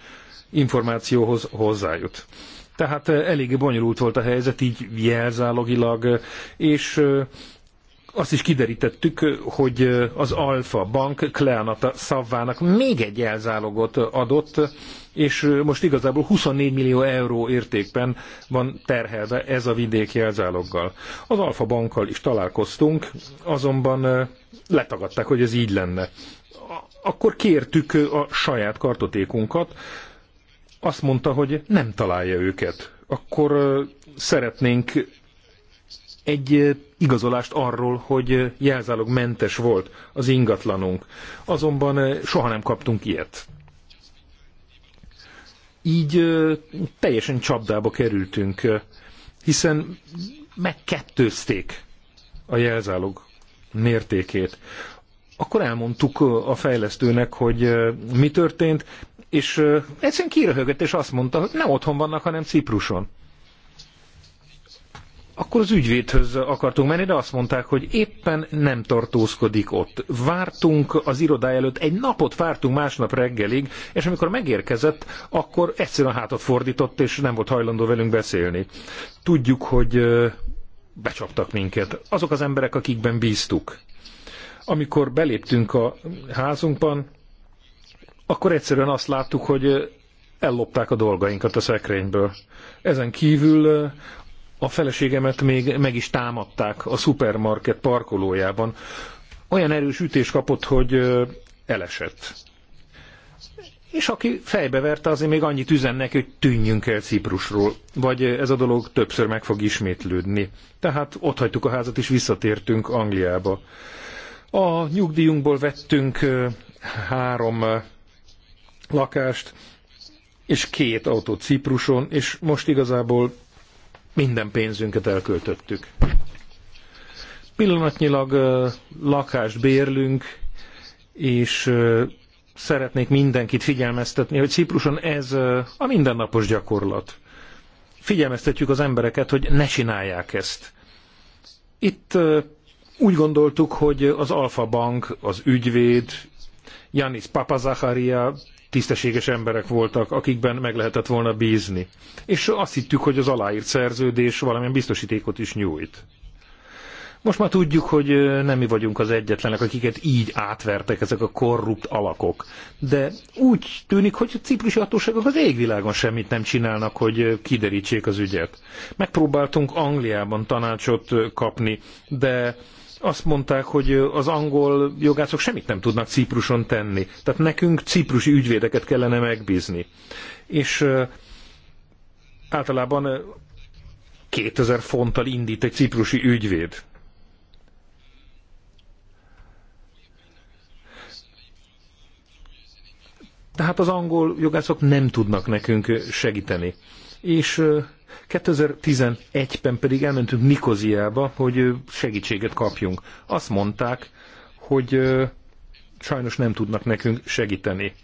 információhoz hozzájut. Tehát eléggé bonyolult volt a helyzet, így jelzálogilag, és azt is kiderítettük, hogy az Alfa Bank Kleanata Szavvának még egy elzálogot adott, és most igazából 24 millió euró értékben van terhelve ez a vidéki jelzáloggal. Az Alfa Bankkal is találkoztunk, azonban letagadták, hogy ez így lenne. Akkor kértük a saját kartotékunkat, azt mondta, hogy nem találja őket. Akkor szeretnénk egy igazolást arról, hogy jelzálogmentes volt az ingatlanunk. Azonban soha nem kaptunk ilyet. Így teljesen csapdába kerültünk, hiszen megkettőzték a jelzálog mértékét. Akkor elmondtuk a fejlesztőnek, hogy mi történt, és egyszerűen kiröhögött, és azt mondta, hogy nem otthon vannak, hanem Cipruson. Akkor az ügyvédhöz akartunk menni, de azt mondták, hogy éppen nem tartózkodik ott. Vártunk az irodája előtt, egy napot vártunk másnap reggelig, és amikor megérkezett, akkor egyszerűen hátat fordított, és nem volt hajlandó velünk beszélni. Tudjuk, hogy becsaptak minket. Azok az emberek, akikben bíztuk. Amikor beléptünk a házunkban, akkor egyszerűen azt láttuk, hogy ellopták a dolgainkat a szekrényből. Ezen kívül a feleségemet még meg is támadták a szupermarket parkolójában. Olyan erős ütés kapott, hogy elesett. És aki fejbe verte, azért még annyit üzen neki, hogy tűnjünk el Ciprusról. Vagy ez a dolog többször meg fog ismétlődni. Tehát ott hagytuk a házat, és visszatértünk Angliába. A nyugdíjunkból vettünk három lakást, és két autót Cipruson, és most igazából minden pénzünket elköltöttük. Pillanatnyilag lakást bérlünk, és szeretnék mindenkit figyelmeztetni, hogy Cipruson ez a mindennapos gyakorlat. Figyelmeztetjük az embereket, hogy ne csinálják ezt. Itt úgy gondoltuk, hogy az Alfa Bank, az ügyvéd, Janis Papazaharia tisztességes emberek voltak, akikben meg lehetett volna bízni. És azt hittük, hogy az aláírt szerződés valamilyen biztosítékot is nyújt. Most már tudjuk, hogy nem mi vagyunk az egyetlenek, akiket így átvertek ezek a korrupt alakok. De úgy tűnik, hogy a ciprusi hatóságok az égvilágon semmit nem csinálnak, hogy kiderítsék az ügyet. Megpróbáltunk Angliában tanácsot kapni, de azt mondták, hogy az angol jogászok semmit nem tudnak Cipruson tenni. Tehát nekünk ciprusi ügyvédeket kellene megbízni. És általában 2000 fonttal indít egy ciprusi ügyvéd. Tehát az angol jogászok nem tudnak nekünk segíteni. És 2011-ben pedig elmentünk Nikoziába, hogy segítséget kapjunk. Azt mondták, hogy sajnos nem tudnak nekünk segíteni.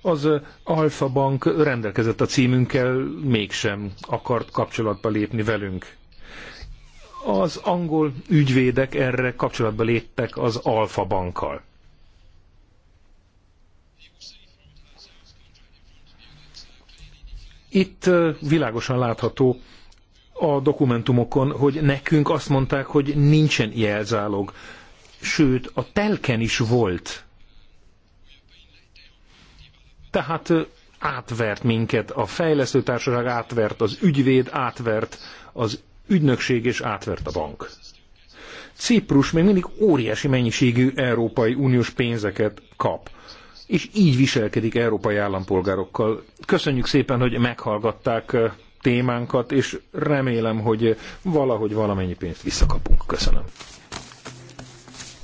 Az Alfa Bank rendelkezett a címünkkel, mégsem akart kapcsolatba lépni velünk. Az angol ügyvédek erre kapcsolatba léptek az Alfa Bankkal. Itt világosan látható a dokumentumokon, hogy nekünk azt mondták, hogy nincsen jelzálog. Sőt, a telken is volt. Tehát átvert minket a fejlesztőtársaság, átvert az ügyvéd, átvert az ügynökség és átvert a bank. Ciprus még mindig óriási mennyiségű Európai Uniós pénzeket kap és így viselkedik európai állampolgárokkal. Köszönjük szépen, hogy meghallgatták eh, témánkat, és remélem, hogy valahogy valamennyi pénzt visszakapunk. Köszönöm.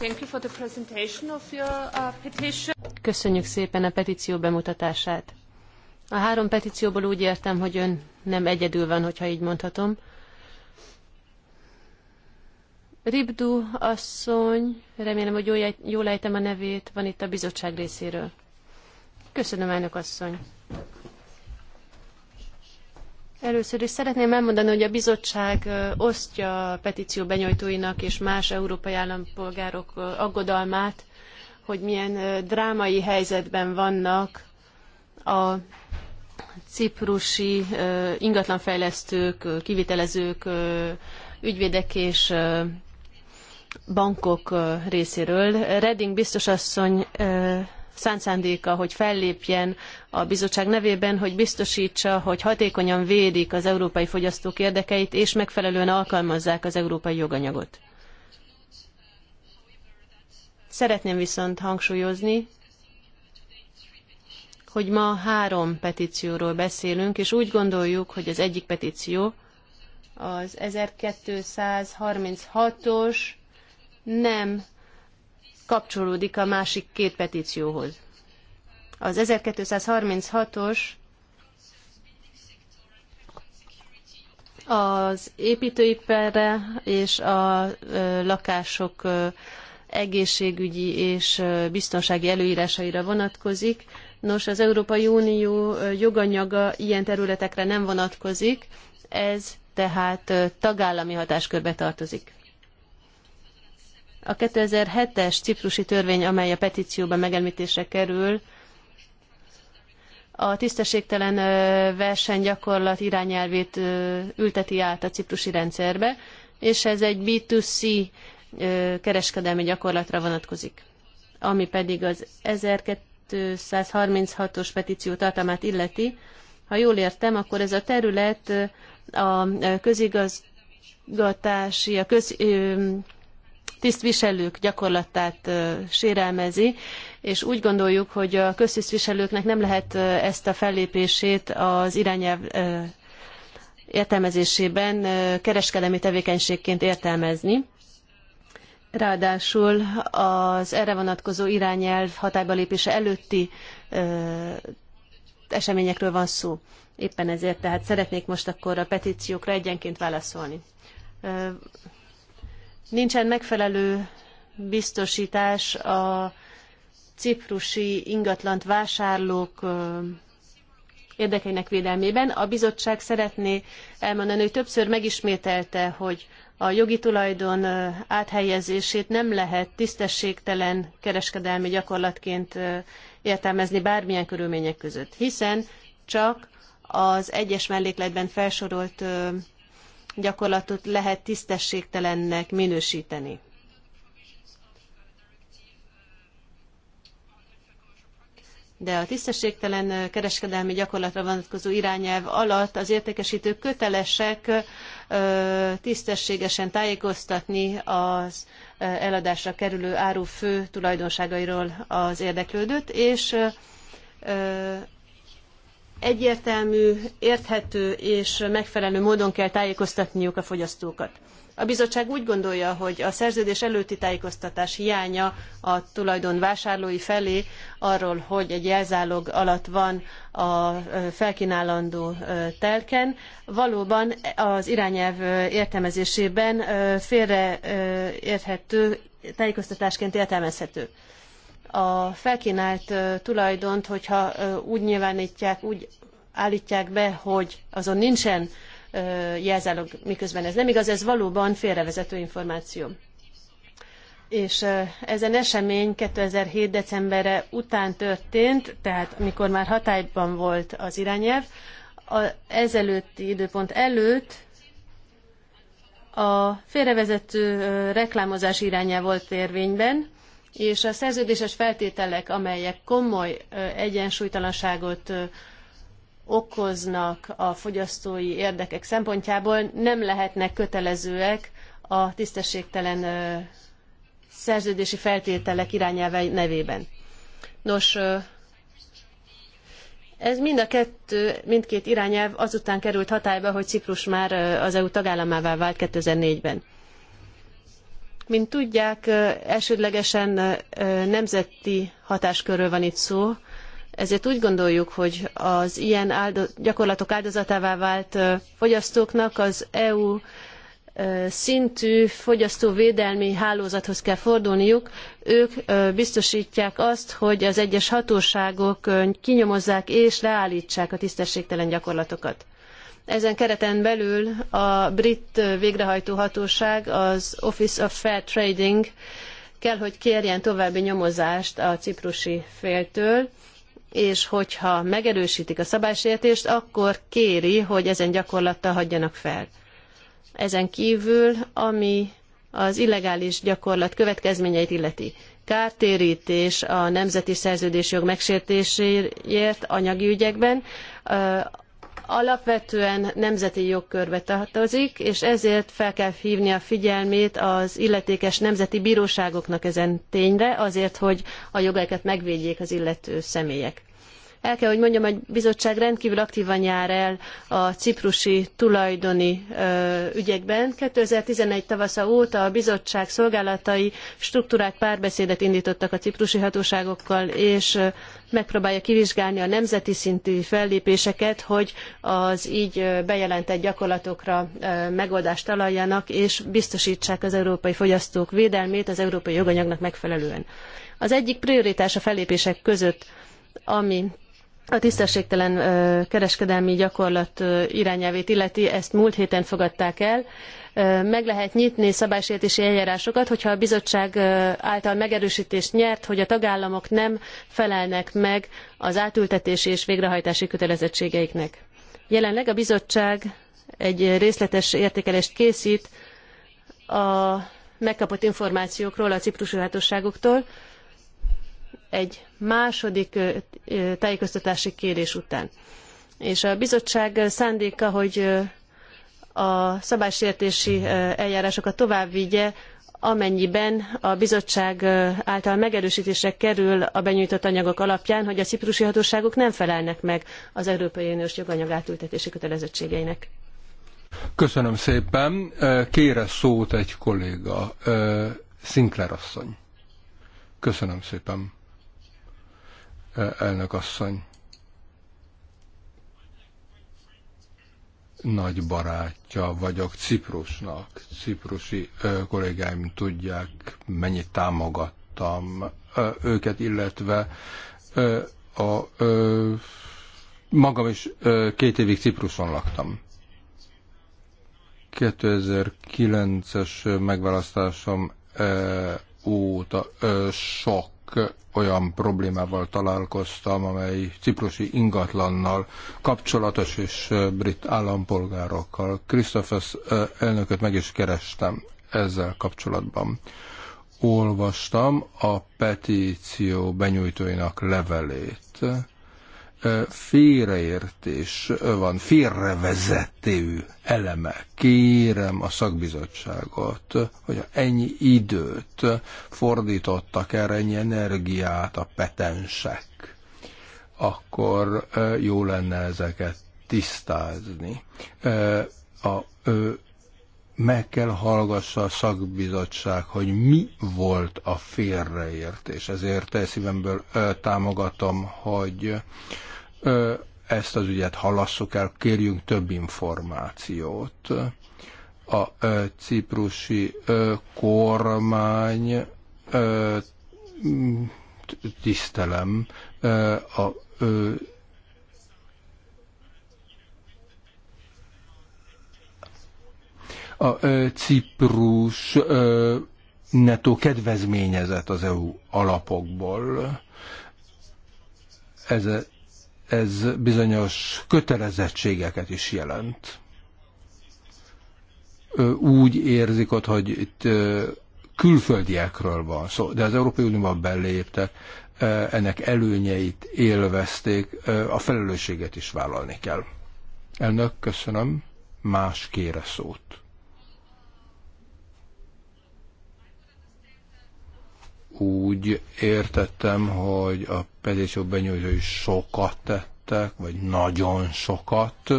Uh, Köszönjük szépen a petíció bemutatását. A három petícióból úgy értem, hogy ön nem egyedül van, hogyha így mondhatom. Ribdu asszony, remélem, hogy jól, ejtem a nevét, van itt a bizottság részéről. Köszönöm, elnök asszony. Először is szeretném elmondani, hogy a bizottság osztja a petíció benyújtóinak és más európai állampolgárok aggodalmát, hogy milyen drámai helyzetben vannak a ciprusi ingatlanfejlesztők, kivitelezők, ügyvédek és bankok részéről. Redding biztosasszony szánt szándéka, hogy fellépjen a bizottság nevében, hogy biztosítsa, hogy hatékonyan védik az európai fogyasztók érdekeit, és megfelelően alkalmazzák az európai joganyagot. Szeretném viszont hangsúlyozni, hogy ma három petícióról beszélünk, és úgy gondoljuk, hogy az egyik petíció az 1236-os nem kapcsolódik a másik két petícióhoz. Az 1236-os az építőiparra és a lakások egészségügyi és biztonsági előírásaira vonatkozik. Nos, az Európai Unió joganyaga ilyen területekre nem vonatkozik, ez tehát tagállami hatáskörbe tartozik. A 2007-es ciprusi törvény, amely a petícióban megemlítésre kerül, a tisztességtelen versenygyakorlat irányelvét ülteti át a ciprusi rendszerbe, és ez egy B2C kereskedelmi gyakorlatra vonatkozik, ami pedig az 1236-os petíció tartalmát illeti. Ha jól értem, akkor ez a terület a közigazgatási, a köz, tisztviselők gyakorlatát sérelmezi, és úgy gondoljuk, hogy a köztisztviselőknek nem lehet ezt a fellépését az irányelv értelmezésében kereskedelmi tevékenységként értelmezni. Ráadásul az erre vonatkozó irányelv hatályba lépése előtti eseményekről van szó. Éppen ezért tehát szeretnék most akkor a petíciókra egyenként válaszolni. Nincsen megfelelő biztosítás a ciprusi ingatlant vásárlók érdekeinek védelmében. A bizottság szeretné elmondani, hogy többször megismételte, hogy a jogi tulajdon áthelyezését nem lehet tisztességtelen kereskedelmi gyakorlatként értelmezni bármilyen körülmények között, hiszen csak az egyes mellékletben felsorolt gyakorlatot lehet tisztességtelennek minősíteni. de a tisztességtelen kereskedelmi gyakorlatra vonatkozó irányelv alatt az értékesítők kötelesek tisztességesen tájékoztatni az eladásra kerülő áru fő tulajdonságairól az érdeklődőt, és egyértelmű, érthető és megfelelő módon kell tájékoztatniuk a fogyasztókat. A bizottság úgy gondolja, hogy a szerződés előtti tájékoztatás hiánya a tulajdon vásárlói felé arról, hogy egy jelzálog alatt van a felkínálandó telken, valóban az irányelv értelmezésében félreérthető, tájékoztatásként értelmezhető a felkínált tulajdont, hogyha úgy nyilvánítják, úgy állítják be, hogy azon nincsen jelzálog, miközben ez nem igaz, ez valóban félrevezető információ. És ezen esemény 2007. decemberre után történt, tehát amikor már hatályban volt az irányelv, a ezelőtti időpont előtt a félrevezető reklámozás irányelv volt érvényben, és a szerződéses feltételek, amelyek komoly egyensúlytalanságot okoznak a fogyasztói érdekek szempontjából, nem lehetnek kötelezőek a tisztességtelen szerződési feltételek irányelvei nevében. Nos, ez mind a kettő, mindkét irányelv azután került hatályba, hogy Ciprus már az EU tagállamává vált 2004-ben. Mint tudják, elsődlegesen nemzeti hatáskörről van itt szó, ezért úgy gondoljuk, hogy az ilyen gyakorlatok áldozatává vált fogyasztóknak az EU szintű fogyasztóvédelmi hálózathoz kell fordulniuk. Ők biztosítják azt, hogy az egyes hatóságok kinyomozzák és leállítsák a tisztességtelen gyakorlatokat. Ezen kereten belül a brit végrehajtó hatóság, az Office of Fair Trading kell, hogy kérjen további nyomozást a ciprusi féltől, és hogyha megerősítik a szabálysértést, akkor kéri, hogy ezen gyakorlattal hagyjanak fel. Ezen kívül, ami az illegális gyakorlat következményeit illeti. Kártérítés a nemzeti szerződésjog megsértéséért anyagi ügyekben, alapvetően nemzeti jogkörbe tartozik, és ezért fel kell hívni a figyelmét az illetékes nemzeti bíróságoknak ezen tényre, azért, hogy a jogaikat megvédjék az illető személyek. El kell, hogy mondjam, hogy bizottság rendkívül aktívan jár el a ciprusi tulajdoni ügyekben. 2011 tavasza óta a bizottság szolgálatai struktúrát párbeszédet indítottak a ciprusi hatóságokkal, és megpróbálja kivizsgálni a nemzeti szintű fellépéseket, hogy az így bejelentett gyakorlatokra megoldást találjanak, és biztosítsák az európai fogyasztók védelmét az európai joganyagnak megfelelően. Az egyik prioritás a fellépések között, ami a tisztességtelen kereskedelmi gyakorlat irányelvét illeti, ezt múlt héten fogadták el. Meg lehet nyitni szabálysértési eljárásokat, hogyha a bizottság által megerősítést nyert, hogy a tagállamok nem felelnek meg az átültetési és végrehajtási kötelezettségeiknek. Jelenleg a bizottság egy részletes értékelést készít a megkapott információkról a ciprusi hatóságoktól, egy második tájékoztatási kérés után. És a bizottság szándéka, hogy a szabálysértési eljárásokat tovább vigye, amennyiben a bizottság által megerősítésre kerül a benyújtott anyagok alapján, hogy a ciprusi hatóságok nem felelnek meg az Európai Uniós joganyag átültetési kötelezettségeinek. Köszönöm szépen. Kére szót egy kolléga, Sinclair asszony. Köszönöm szépen elnök asszony. Nagy barátja vagyok Ciprusnak. Ciprusi kollégáim tudják, mennyit támogattam őket, illetve a, magam is két évig Cipruson laktam. 2009-es megválasztásom óta sok olyan problémával találkoztam, amely ciprusi ingatlannal kapcsolatos és brit állampolgárokkal. Christophers elnököt meg is kerestem ezzel kapcsolatban. Olvastam a petíció benyújtóinak levelét félreértés van, félrevezető eleme. Kérem a szakbizottságot, hogy ennyi időt fordítottak erre, ennyi energiát a petensek, akkor jó lenne ezeket tisztázni. A meg kell hallgassa a szakbizottság, hogy mi volt a félreértés. Ezért szívemből támogatom, hogy ezt az ügyet halasszuk el, kérjünk több információt. A ciprusi kormány tisztelem a A Ciprus netó kedvezményezett az EU alapokból. Ez, ez bizonyos kötelezettségeket is jelent. Úgy érzik ott, hogy itt külföldiekről van szó, de az Európai Unióban beléptek, ennek előnyeit élvezték, a felelősséget is vállalni kell. Elnök, köszönöm. Más kére szót. úgy értettem, hogy a petíció benyújtói sokat tettek, vagy nagyon sokat.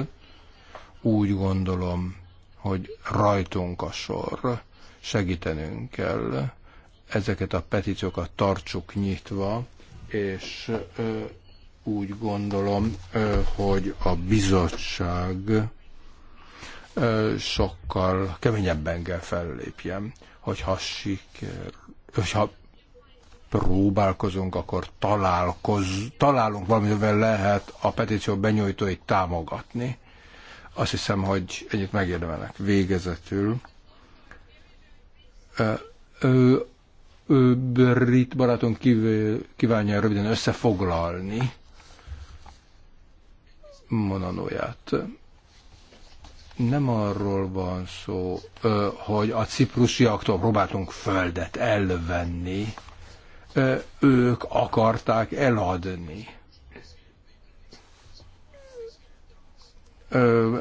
Úgy gondolom, hogy rajtunk a sor, segítenünk kell. Ezeket a petíciókat tartsuk nyitva, és ö, úgy gondolom, ö, hogy a bizottság ö, sokkal keményebben kell fellépjen, hogyha siker, hogyha próbálkozunk, akkor találkoz, találunk valamivel lehet a petíció benyújtóit támogatni. Azt hiszem, hogy ennyit megérdemelnek. Végezetül ö, ö, ö, brit barátunk kívül, kívánja röviden összefoglalni monanóját. Nem arról van szó, hogy a ciprusiaktól próbáltunk földet elvenni, ők akarták eladni.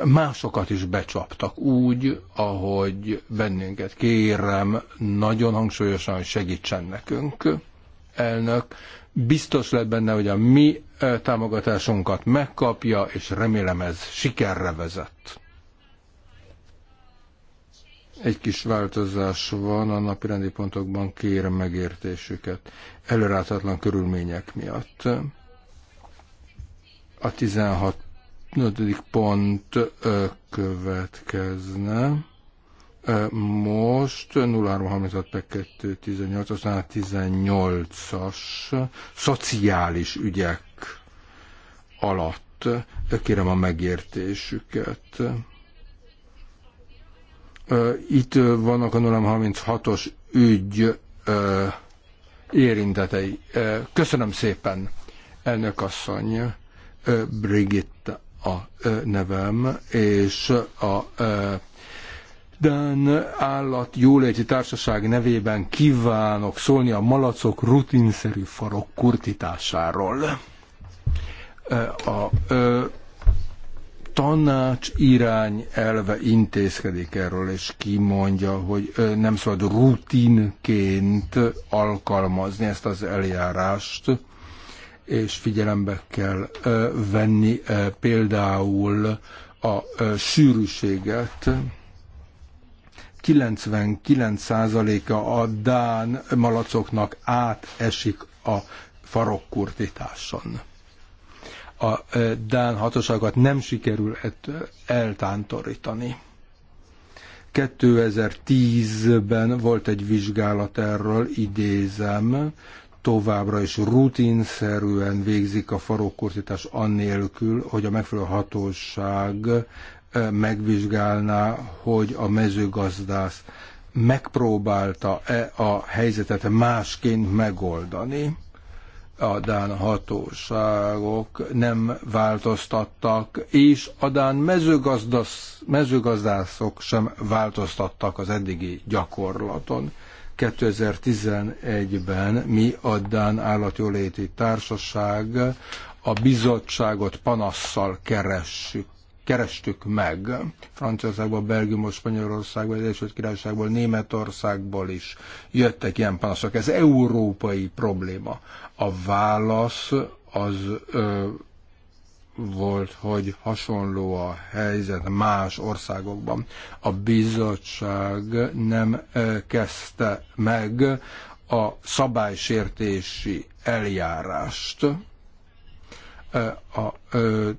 másokat is becsaptak úgy, ahogy bennünket. Kérem, nagyon hangsúlyosan, hogy segítsen nekünk, elnök. Biztos lett benne, hogy a mi támogatásunkat megkapja, és remélem ez sikerre vezet. Egy kis változás van a napirendi pontokban, kérem megértésüket előráthatlan körülmények miatt. A 16. pont következne. Most 0336-218, aztán a 18-as szociális ügyek alatt. Kérem a megértésüket. Itt vannak a 036-os ügy érintetei. Köszönöm szépen, elnök asszony, Brigitta a nevem, és a Dán állat jóléti társaság nevében kívánok szólni a malacok rutinszerű farok kurtításáról. A, a, tanács irány elve intézkedik erről, és kimondja, hogy nem szabad rutinként alkalmazni ezt az eljárást, és figyelembe kell venni például a sűrűséget, 99%-a a dán malacoknak átesik a farokkurtításon a Dán hatóságokat nem sikerül e-, eltántorítani. 2010-ben volt egy vizsgálat erről, idézem, továbbra is rutinszerűen végzik a farokkortítás annélkül, hogy a megfelelő hatóság megvizsgálná, hogy a mezőgazdász megpróbálta-e a helyzetet másként megoldani a Dán hatóságok nem változtattak, és a Dán mezőgazdászok sem változtattak az eddigi gyakorlaton. 2011-ben mi a Dán Állatjóléti Társaság a bizottságot panasszal keressük kerestük meg Franciaországból, Belgiumból, Spanyolországból, az Egyesült Királyságból, Németországból is jöttek ilyen panaszok. Ez európai probléma. A válasz az ö, volt, hogy hasonló a helyzet más országokban. A bizottság nem ö, kezdte meg a szabálysértési eljárást a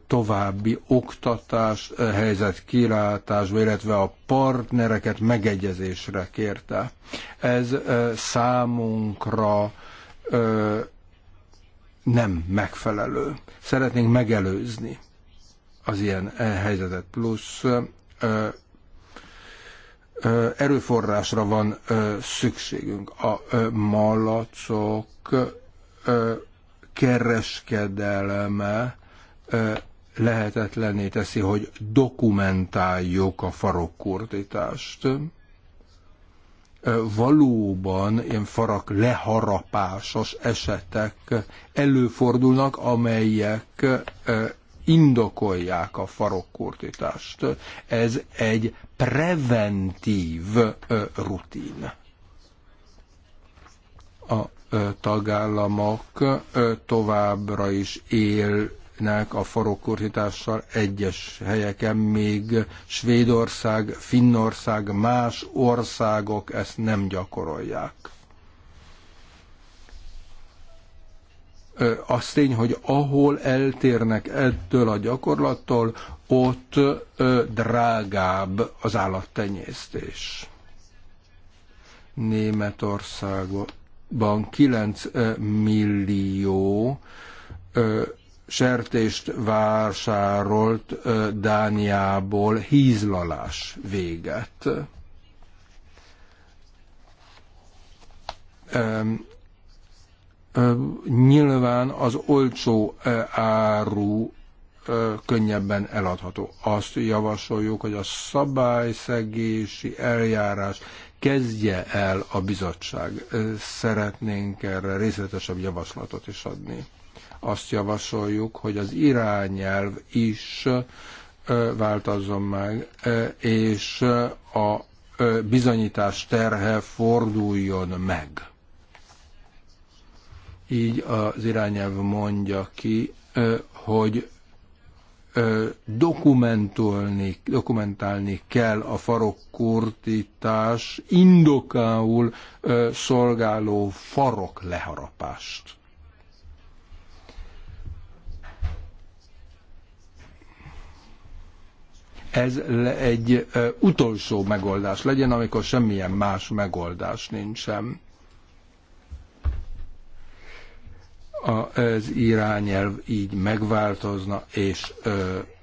további oktatás, helyzet kilátásba, illetve a partnereket megegyezésre kérte. Ez számunkra nem megfelelő. Szeretnénk megelőzni az ilyen e, helyzetet, plusz erőforrásra van szükségünk. A malacok kereskedelme lehetetlené teszi, hogy dokumentáljuk a farokkurtítást. Valóban ilyen farak leharapásos esetek előfordulnak, amelyek indokolják a farokkurtítást. Ez egy preventív rutin. A tagállamok továbbra is élnek a forrókurtítással egyes helyeken, még Svédország, Finnország, más országok ezt nem gyakorolják. az tény, hogy ahol eltérnek ettől a gyakorlattól, ott drágább az állattenyésztés. Németországot Ban 9 millió sertést vásárolt Dániából hízlalás véget. Nyilván az olcsó áru könnyebben eladható. Azt javasoljuk, hogy a szabályszegési eljárás kezdje el a bizottság. Szeretnénk erre részletesebb javaslatot is adni. Azt javasoljuk, hogy az irányelv is változzon meg, és a bizonyítás terhe forduljon meg. Így az irányelv mondja ki, hogy dokumentolni, dokumentálni kell a farokkurtítás indokául szolgáló farok leharapást. ez egy utolsó megoldás legyen, amikor semmilyen más megoldás nincsen. az irányelv így megváltozna, és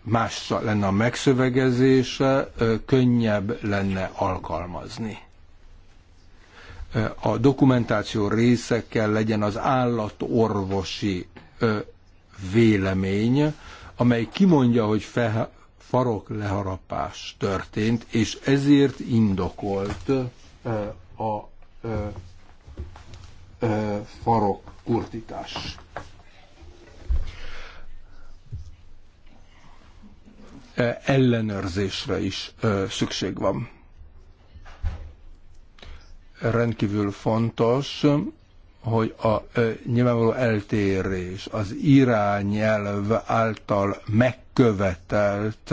más lenne a megszövegezése, könnyebb lenne alkalmazni. A dokumentáció részekkel legyen az állatorvosi vélemény, amely kimondja, hogy fe, farok leharapás történt, és ezért indokolt a farok kurtítás. E, ellenőrzésre is e, szükség van. Rendkívül fontos, hogy a e, nyilvánvaló eltérés az irányelv által megkövetelt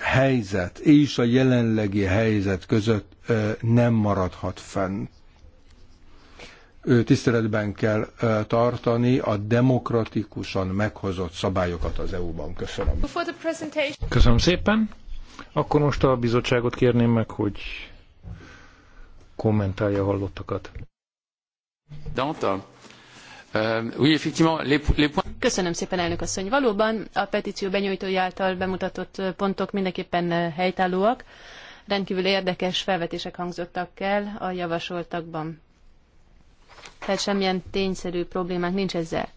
helyzet és a jelenlegi helyzet között nem maradhat fent tiszteletben kell tartani a demokratikusan meghozott szabályokat az EU-ban. Köszönöm. Köszönöm szépen. Akkor most a bizottságot kérném meg, hogy kommentálja hallottakat. Euh, Köszönöm szépen, elnök asszony. Valóban a petíció benyújtója által bemutatott pontok mindenképpen helytállóak. Rendkívül érdekes felvetések hangzottak el a javasoltakban tehát semmilyen tényszerű problémák nincs ezzel.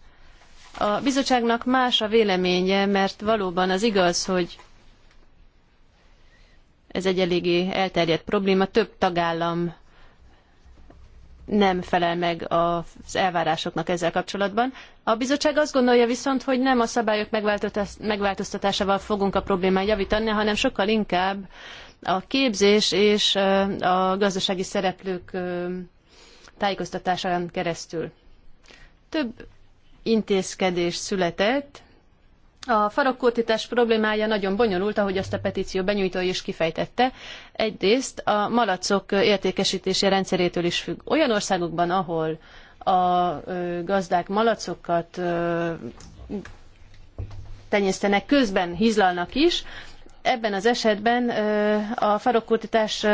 A bizottságnak más a véleménye, mert valóban az igaz, hogy ez egy eléggé elterjedt probléma. Több tagállam nem felel meg az elvárásoknak ezzel kapcsolatban. A bizottság azt gondolja viszont, hogy nem a szabályok megváltoztatásával fogunk a problémát javítani, hanem sokkal inkább a képzés és a gazdasági szereplők tájékoztatásán keresztül. Több intézkedés született. A farokkortítás problémája nagyon bonyolult, ahogy azt a petíció benyújtója is kifejtette. Egyrészt a malacok értékesítési rendszerétől is függ. Olyan országokban, ahol a gazdák malacokat tenyésztenek, közben hizlalnak is, ebben az esetben a farokkurtítás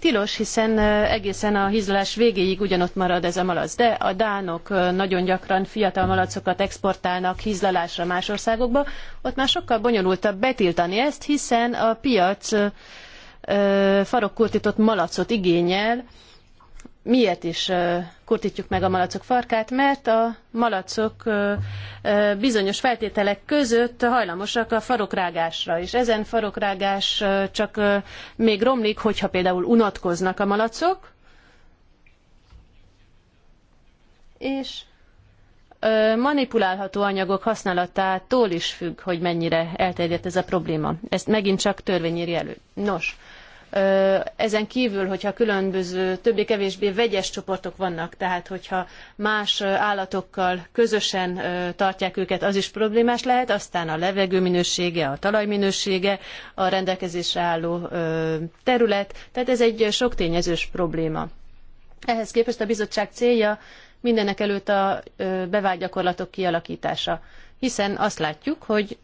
tilos, hiszen egészen a hízlás végéig ugyanott marad ez a malac. De a dánok nagyon gyakran fiatal malacokat exportálnak hízlalásra más országokba, ott már sokkal bonyolultabb betiltani ezt, hiszen a piac farokkurtított malacot igényel, miért is kurtítjuk meg a malacok farkát, mert a malacok bizonyos feltételek között hajlamosak a farokrágásra, és ezen farokrágás csak még romlik, hogyha például unatkoznak a malacok, és manipulálható anyagok használatától is függ, hogy mennyire elterjedt ez a probléma. Ezt megint csak törvény írja elő. Nos, ezen kívül, hogyha különböző, többé-kevésbé vegyes csoportok vannak, tehát hogyha más állatokkal közösen tartják őket, az is problémás lehet, aztán a levegő minősége, a talaj minősége, a rendelkezésre álló terület, tehát ez egy sok tényezős probléma. Ehhez képest a bizottság célja mindenekelőtt a bevált gyakorlatok kialakítása, hiszen azt látjuk, hogy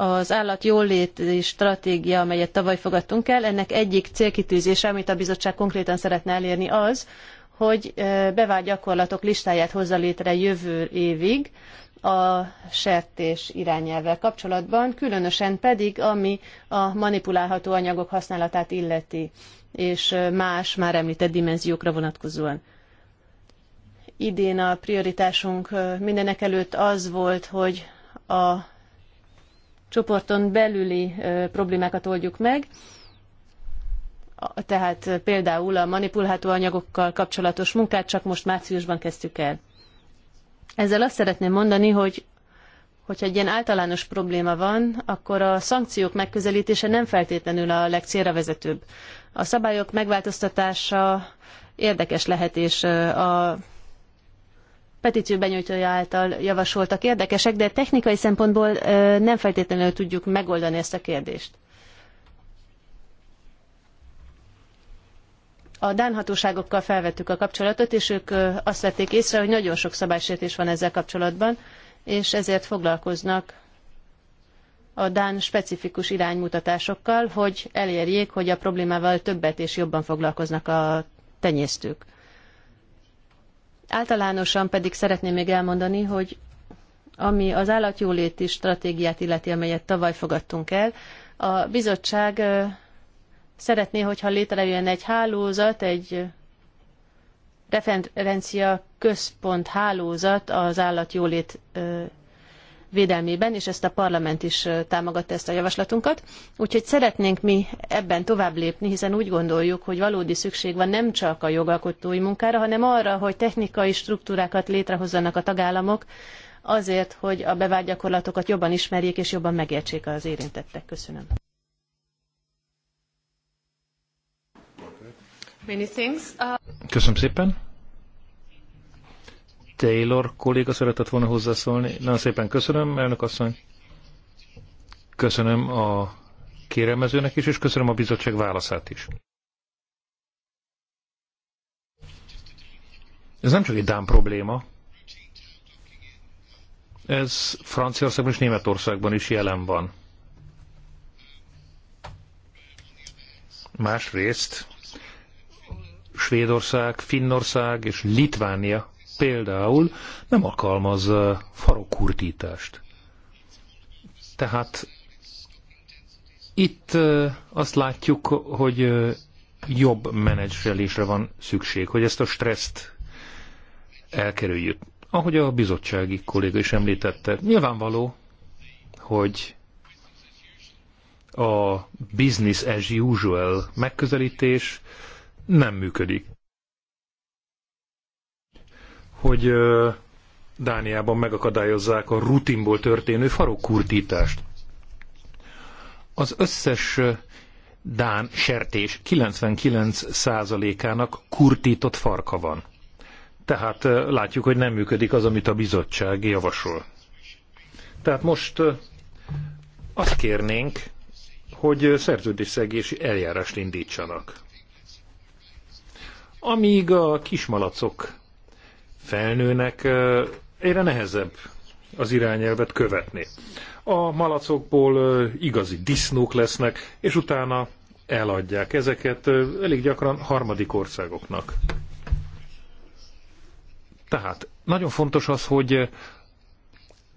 az állatjóléti jóléti stratégia, amelyet tavaly fogadtunk el, ennek egyik célkitűzése, amit a bizottság konkrétan szeretne elérni az, hogy bevált gyakorlatok listáját hozza létre jövő évig a sertés irányelvvel kapcsolatban, különösen pedig, ami a manipulálható anyagok használatát illeti, és más már említett dimenziókra vonatkozóan idén a prioritásunk mindenekelőtt az volt, hogy a csoporton belüli problémákat oldjuk meg, tehát például a manipulható anyagokkal kapcsolatos munkát csak most márciusban kezdtük el. Ezzel azt szeretném mondani, hogy hogyha egy ilyen általános probléma van, akkor a szankciók megközelítése nem feltétlenül a legcélra vezetőbb. A szabályok megváltoztatása érdekes lehet, és a petíció benyújtója által javasoltak érdekesek, de technikai szempontból nem feltétlenül tudjuk megoldani ezt a kérdést. A Dán hatóságokkal felvettük a kapcsolatot, és ők azt vették észre, hogy nagyon sok szabálysértés van ezzel kapcsolatban, és ezért foglalkoznak a Dán specifikus iránymutatásokkal, hogy elérjék, hogy a problémával többet és jobban foglalkoznak a tenyésztők. Általánosan pedig szeretném még elmondani, hogy ami az állatjóléti stratégiát illeti, amelyet tavaly fogadtunk el, a bizottság szeretné, hogyha létrejön egy hálózat, egy referencia központ hálózat az állatjólét védelmében, és ezt a parlament is támogatta ezt a javaslatunkat. Úgyhogy szeretnénk mi ebben tovább lépni, hiszen úgy gondoljuk, hogy valódi szükség van nem csak a jogalkotói munkára, hanem arra, hogy technikai struktúrákat létrehozzanak a tagállamok, azért, hogy a bevált gyakorlatokat jobban ismerjék és jobban megértsék az érintettek. Köszönöm. Uh- Köszönöm szépen. Taylor kolléga szeretett volna hozzászólni. Nagyon szépen köszönöm, elnök asszony. Köszönöm a kérelmezőnek is, és köszönöm a bizottság válaszát is. Ez nem csak egy dán probléma, ez Franciaországban és Németországban is jelen van. Másrészt Svédország, Finnország és Litvánia például nem alkalmaz farokkurtítást. Tehát itt azt látjuk, hogy jobb menedzselésre van szükség, hogy ezt a stresszt elkerüljük. Ahogy a bizottsági kolléga is említette, nyilvánvaló, hogy a business as usual megközelítés nem működik hogy Dániában megakadályozzák a rutinból történő farokkurtítást. Az összes Dán sertés 99%-ának kurtított farka van. Tehát látjuk, hogy nem működik az, amit a bizottság javasol. Tehát most azt kérnénk, hogy szerződésszegési eljárást indítsanak. Amíg a kismalacok felnőnek, egyre nehezebb az irányelvet követni. A malacokból igazi disznók lesznek, és utána eladják ezeket elég gyakran harmadik országoknak. Tehát nagyon fontos az, hogy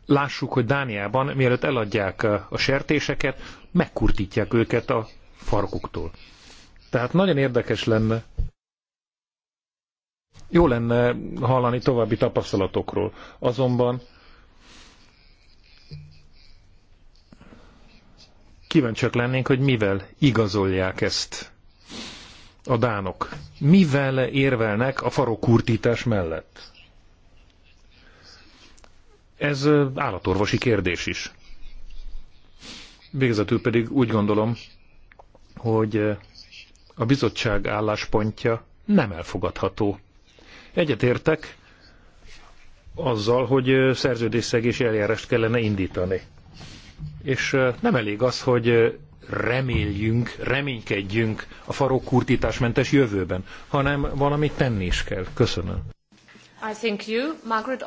lássuk, hogy Dániában, mielőtt eladják a sertéseket, megkurtítják őket a farkuktól. Tehát nagyon érdekes lenne jó lenne hallani további tapasztalatokról. Azonban kíváncsiak lennénk, hogy mivel igazolják ezt a dánok. Mivel érvelnek a farokurtítás mellett? Ez állatorvosi kérdés is. Végezetül pedig úgy gondolom, hogy a bizottság álláspontja nem elfogadható. Egyetértek azzal, hogy szerződésszegési eljárást kellene indítani. És nem elég az, hogy reméljünk, reménykedjünk a farok jövőben, hanem valamit tenni is kell. Köszönöm. I thank you, Margaret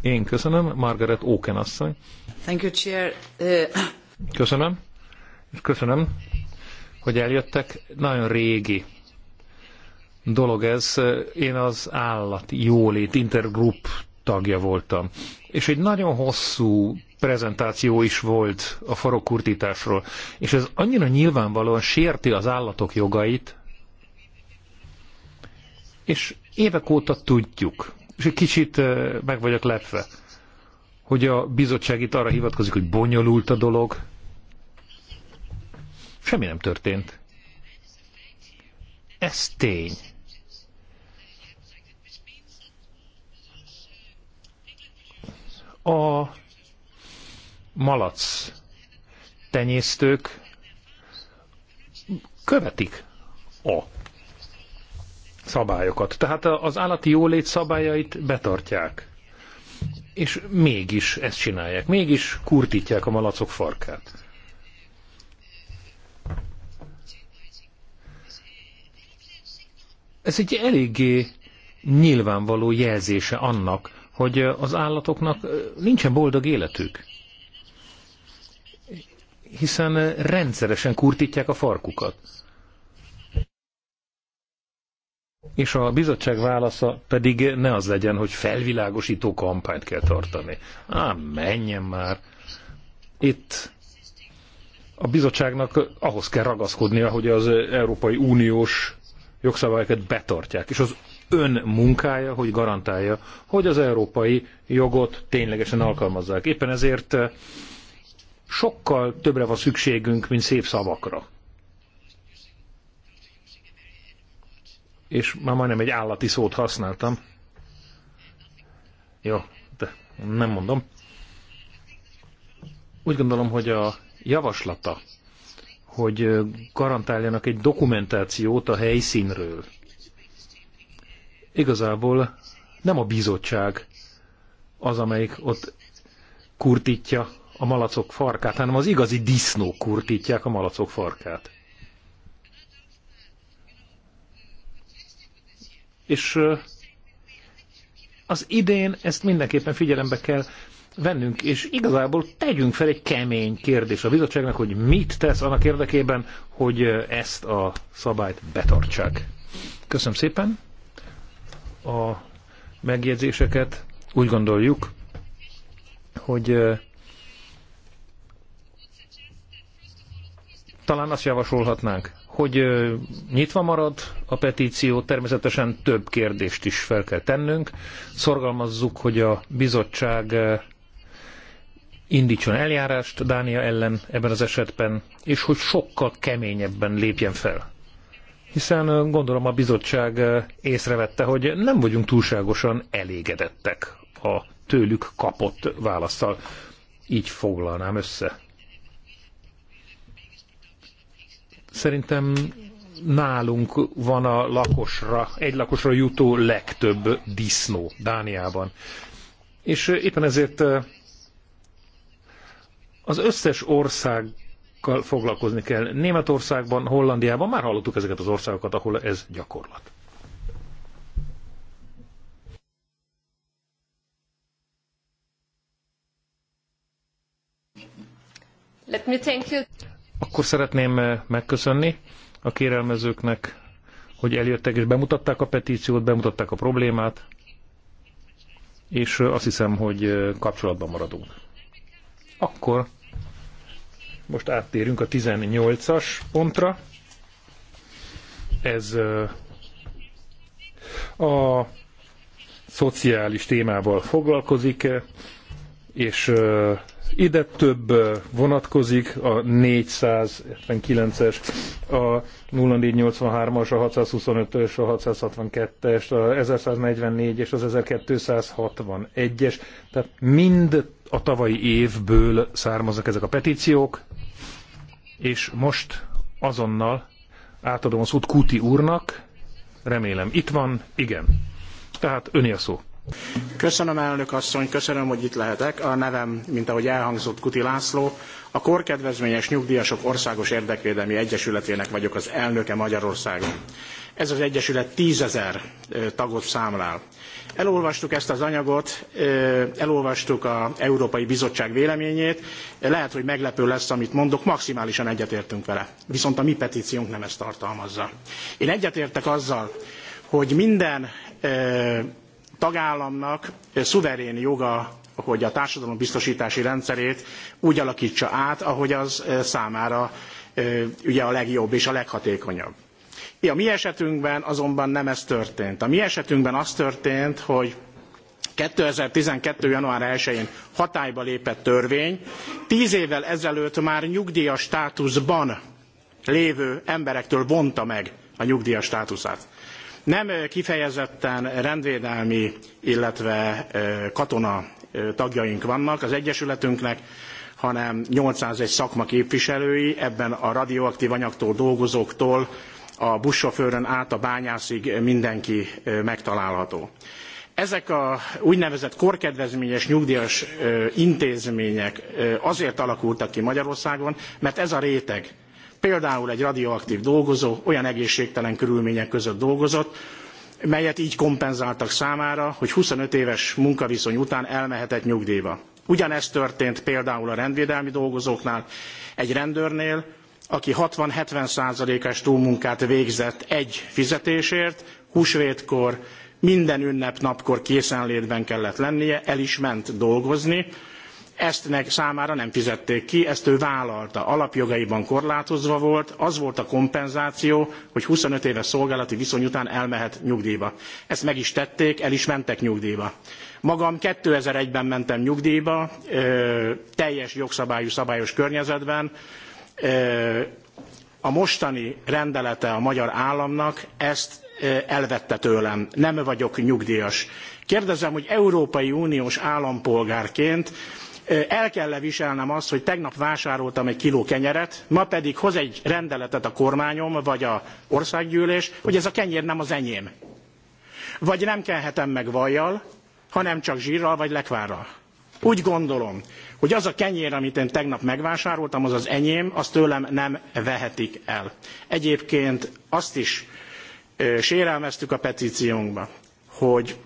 Én köszönöm, Margaret Oken asszony. Thank you, Chair. Uh, köszönöm, és köszönöm, hogy eljöttek. Nagyon régi dolog ez. Én az állat jólét intergroup tagja voltam. És egy nagyon hosszú prezentáció is volt a farokkurtításról. És ez annyira nyilvánvalóan sérti az állatok jogait, és évek óta tudjuk, és egy kicsit eh, meg vagyok lepve, hogy a bizottság itt arra hivatkozik, hogy bonyolult a dolog. Semmi nem történt. Ez tény. A malac tenyésztők követik a szabályokat. Tehát az állati jólét szabályait betartják. És mégis ezt csinálják. Mégis kurtítják a malacok farkát. Ez egy eléggé nyilvánvaló jelzése annak, hogy az állatoknak nincsen boldog életük, hiszen rendszeresen kurtítják a farkukat. És a bizottság válasza pedig ne az legyen, hogy felvilágosító kampányt kell tartani. Á, menjen már! Itt a bizottságnak ahhoz kell ragaszkodnia, hogy az Európai Uniós jogszabályokat betartják, és az ön munkája, hogy garantálja, hogy az európai jogot ténylegesen alkalmazzák. Éppen ezért eh, sokkal többre van szükségünk, mint szép szavakra. És már majdnem egy állati szót használtam. Jó, de nem mondom. Úgy gondolom, hogy a javaslata, hogy eh, garantáljanak egy dokumentációt a helyszínről, igazából nem a bizottság az, amelyik ott kurtítja a malacok farkát, hanem az igazi disznók kurtítják a malacok farkát. És az idén ezt mindenképpen figyelembe kell vennünk, és igazából tegyünk fel egy kemény kérdés a bizottságnak, hogy mit tesz annak érdekében, hogy ezt a szabályt betartsák. Köszönöm szépen! a megjegyzéseket. Úgy gondoljuk, hogy talán azt javasolhatnánk, hogy nyitva marad a petíció, természetesen több kérdést is fel kell tennünk. Szorgalmazzuk, hogy a bizottság indítson eljárást Dánia ellen ebben az esetben, és hogy sokkal keményebben lépjen fel hiszen gondolom a bizottság észrevette, hogy nem vagyunk túlságosan elégedettek a tőlük kapott válaszsal. Így foglalnám össze. Szerintem nálunk van a lakosra, egy lakosra jutó legtöbb disznó Dániában. És éppen ezért az összes ország problémákkal foglalkozni kell. Németországban, Hollandiában már hallottuk ezeket az országokat, ahol ez gyakorlat. Let me thank you. Akkor szeretném eh, megköszönni a kérelmezőknek, hogy eljöttek és bemutatták a petíciót, bemutatták a problémát, és eh, azt hiszem, hogy eh, kapcsolatban maradunk. Akkor most áttérünk a 18-as pontra. Ez a szociális témával foglalkozik, és ide több vonatkozik, a 479-es, a 0483-as, a 625-ös, a 662-es, a 1144 és az 1261-es, tehát mind a tavalyi évből származnak ezek a petíciók, és most azonnal átadom a szót Kuti úrnak. Remélem itt van, igen. Tehát öné a szó. Köszönöm, elnök asszony, köszönöm, hogy itt lehetek. A nevem, mint ahogy elhangzott, Kuti László. A Korkedvezményes Nyugdíjasok Országos Érdekvédelmi Egyesületének vagyok az elnöke Magyarországon. Ez az Egyesület tízezer tagot számlál. Elolvastuk ezt az anyagot, elolvastuk az Európai Bizottság véleményét. Lehet, hogy meglepő lesz, amit mondok, maximálisan egyetértünk vele. Viszont a mi petíciónk nem ezt tartalmazza. Én egyetértek azzal, hogy minden tagállamnak szuverén joga hogy a biztosítási rendszerét úgy alakítsa át, ahogy az számára ugye a legjobb és a leghatékonyabb. A mi esetünkben azonban nem ez történt. A mi esetünkben az történt, hogy 2012. január 1-én hatályba lépett törvény, tíz évvel ezelőtt már nyugdíjas státuszban lévő emberektől vonta meg a nyugdíjas státuszát. Nem kifejezetten rendvédelmi, illetve katona tagjaink vannak az Egyesületünknek, hanem 801 szakma képviselői, ebben a radioaktív anyagtól dolgozóktól a buszsofőrön át a bányászig mindenki megtalálható. Ezek a úgynevezett korkedvezményes nyugdíjas intézmények azért alakultak ki Magyarországon, mert ez a réteg, például egy radioaktív dolgozó olyan egészségtelen körülmények között dolgozott, melyet így kompenzáltak számára, hogy 25 éves munkaviszony után elmehetett nyugdíjba. Ugyanezt történt például a rendvédelmi dolgozóknál, egy rendőrnél, aki 60-70 százalékos túlmunkát végzett egy fizetésért, húsvétkor, minden ünnepnapkor készenlétben kellett lennie, el is ment dolgozni, ezt meg számára nem fizették ki, ezt ő vállalta. Alapjogaiban korlátozva volt, az volt a kompenzáció, hogy 25 éves szolgálati viszony után elmehet nyugdíjba. Ezt meg is tették, el is mentek nyugdíjba. Magam 2001-ben mentem nyugdíjba, teljes jogszabályú szabályos környezetben, a mostani rendelete a magyar államnak ezt elvette tőlem. Nem vagyok nyugdíjas. Kérdezem, hogy Európai Uniós állampolgárként el kell -e viselnem azt, hogy tegnap vásároltam egy kiló kenyeret, ma pedig hoz egy rendeletet a kormányom vagy a országgyűlés, hogy ez a kenyér nem az enyém. Vagy nem kenhetem meg vajjal, hanem csak zsírral vagy lekvárral. Úgy gondolom, hogy az a kenyér, amit én tegnap megvásároltam, az az enyém, azt tőlem nem vehetik el. Egyébként azt is sérelmeztük a petíciónkba, hogy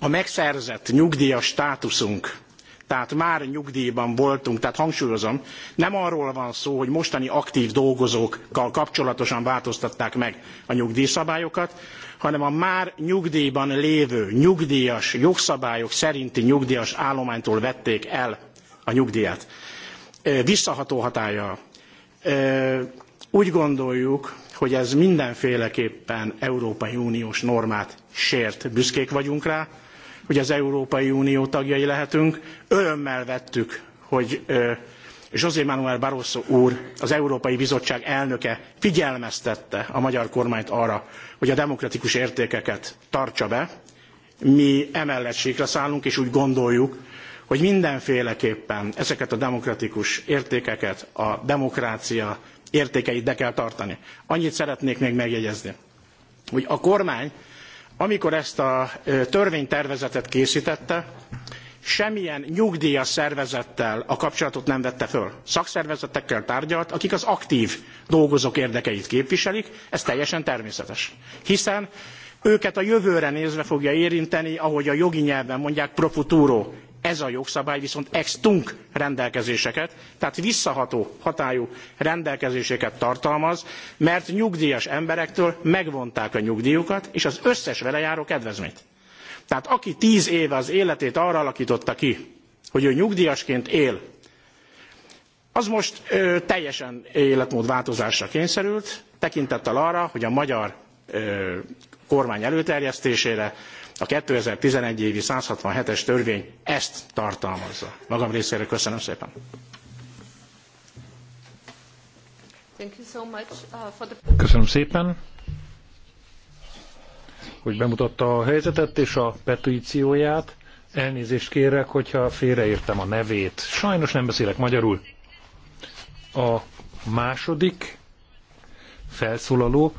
a megszerzett nyugdíjas státuszunk tehát már nyugdíjban voltunk, tehát hangsúlyozom, nem arról van szó, hogy mostani aktív dolgozókkal kapcsolatosan változtatták meg a nyugdíjszabályokat, hanem a már nyugdíjban lévő nyugdíjas jogszabályok szerinti nyugdíjas állománytól vették el a nyugdíjat. Visszaható hatája. Úgy gondoljuk, hogy ez mindenféleképpen Európai Uniós normát sért. Büszkék vagyunk rá, hogy az Európai Unió tagjai lehetünk. Örömmel vettük, hogy José Manuel Barroso úr, az Európai Bizottság elnöke figyelmeztette a magyar kormányt arra, hogy a demokratikus értékeket tartsa be. Mi emellett síkra szállunk, és úgy gondoljuk, hogy mindenféleképpen ezeket a demokratikus értékeket, a demokrácia értékeit be kell tartani. Annyit szeretnék még megjegyezni, hogy a kormány, amikor ezt a törvénytervezetet készítette, semmilyen nyugdíjas szervezettel a kapcsolatot nem vette föl. Szakszervezetekkel tárgyalt, akik az aktív dolgozók érdekeit képviselik, ez teljesen természetes. Hiszen őket a jövőre nézve fogja érinteni, ahogy a jogi nyelven mondják, pro futuro, ez a jogszabály viszont ex tunc rendelkezéseket, tehát visszaható hatályú rendelkezéseket tartalmaz, mert nyugdíjas emberektől megvonták a nyugdíjukat és az összes vele járó kedvezményt. Tehát aki tíz éve az életét arra alakította ki, hogy ő nyugdíjasként él, az most ö, teljesen életmódváltozásra kényszerült, tekintettel arra, hogy a magyar ö, kormány előterjesztésére a 2011 évi 167-es törvény ezt tartalmazza. Magam részéről köszönöm szépen. Uh, köszönöm szépen, hogy bemutatta a helyzetet és a petícióját. Elnézést kérek, hogyha félreértem a nevét. Sajnos nem beszélek magyarul. A második felszólaló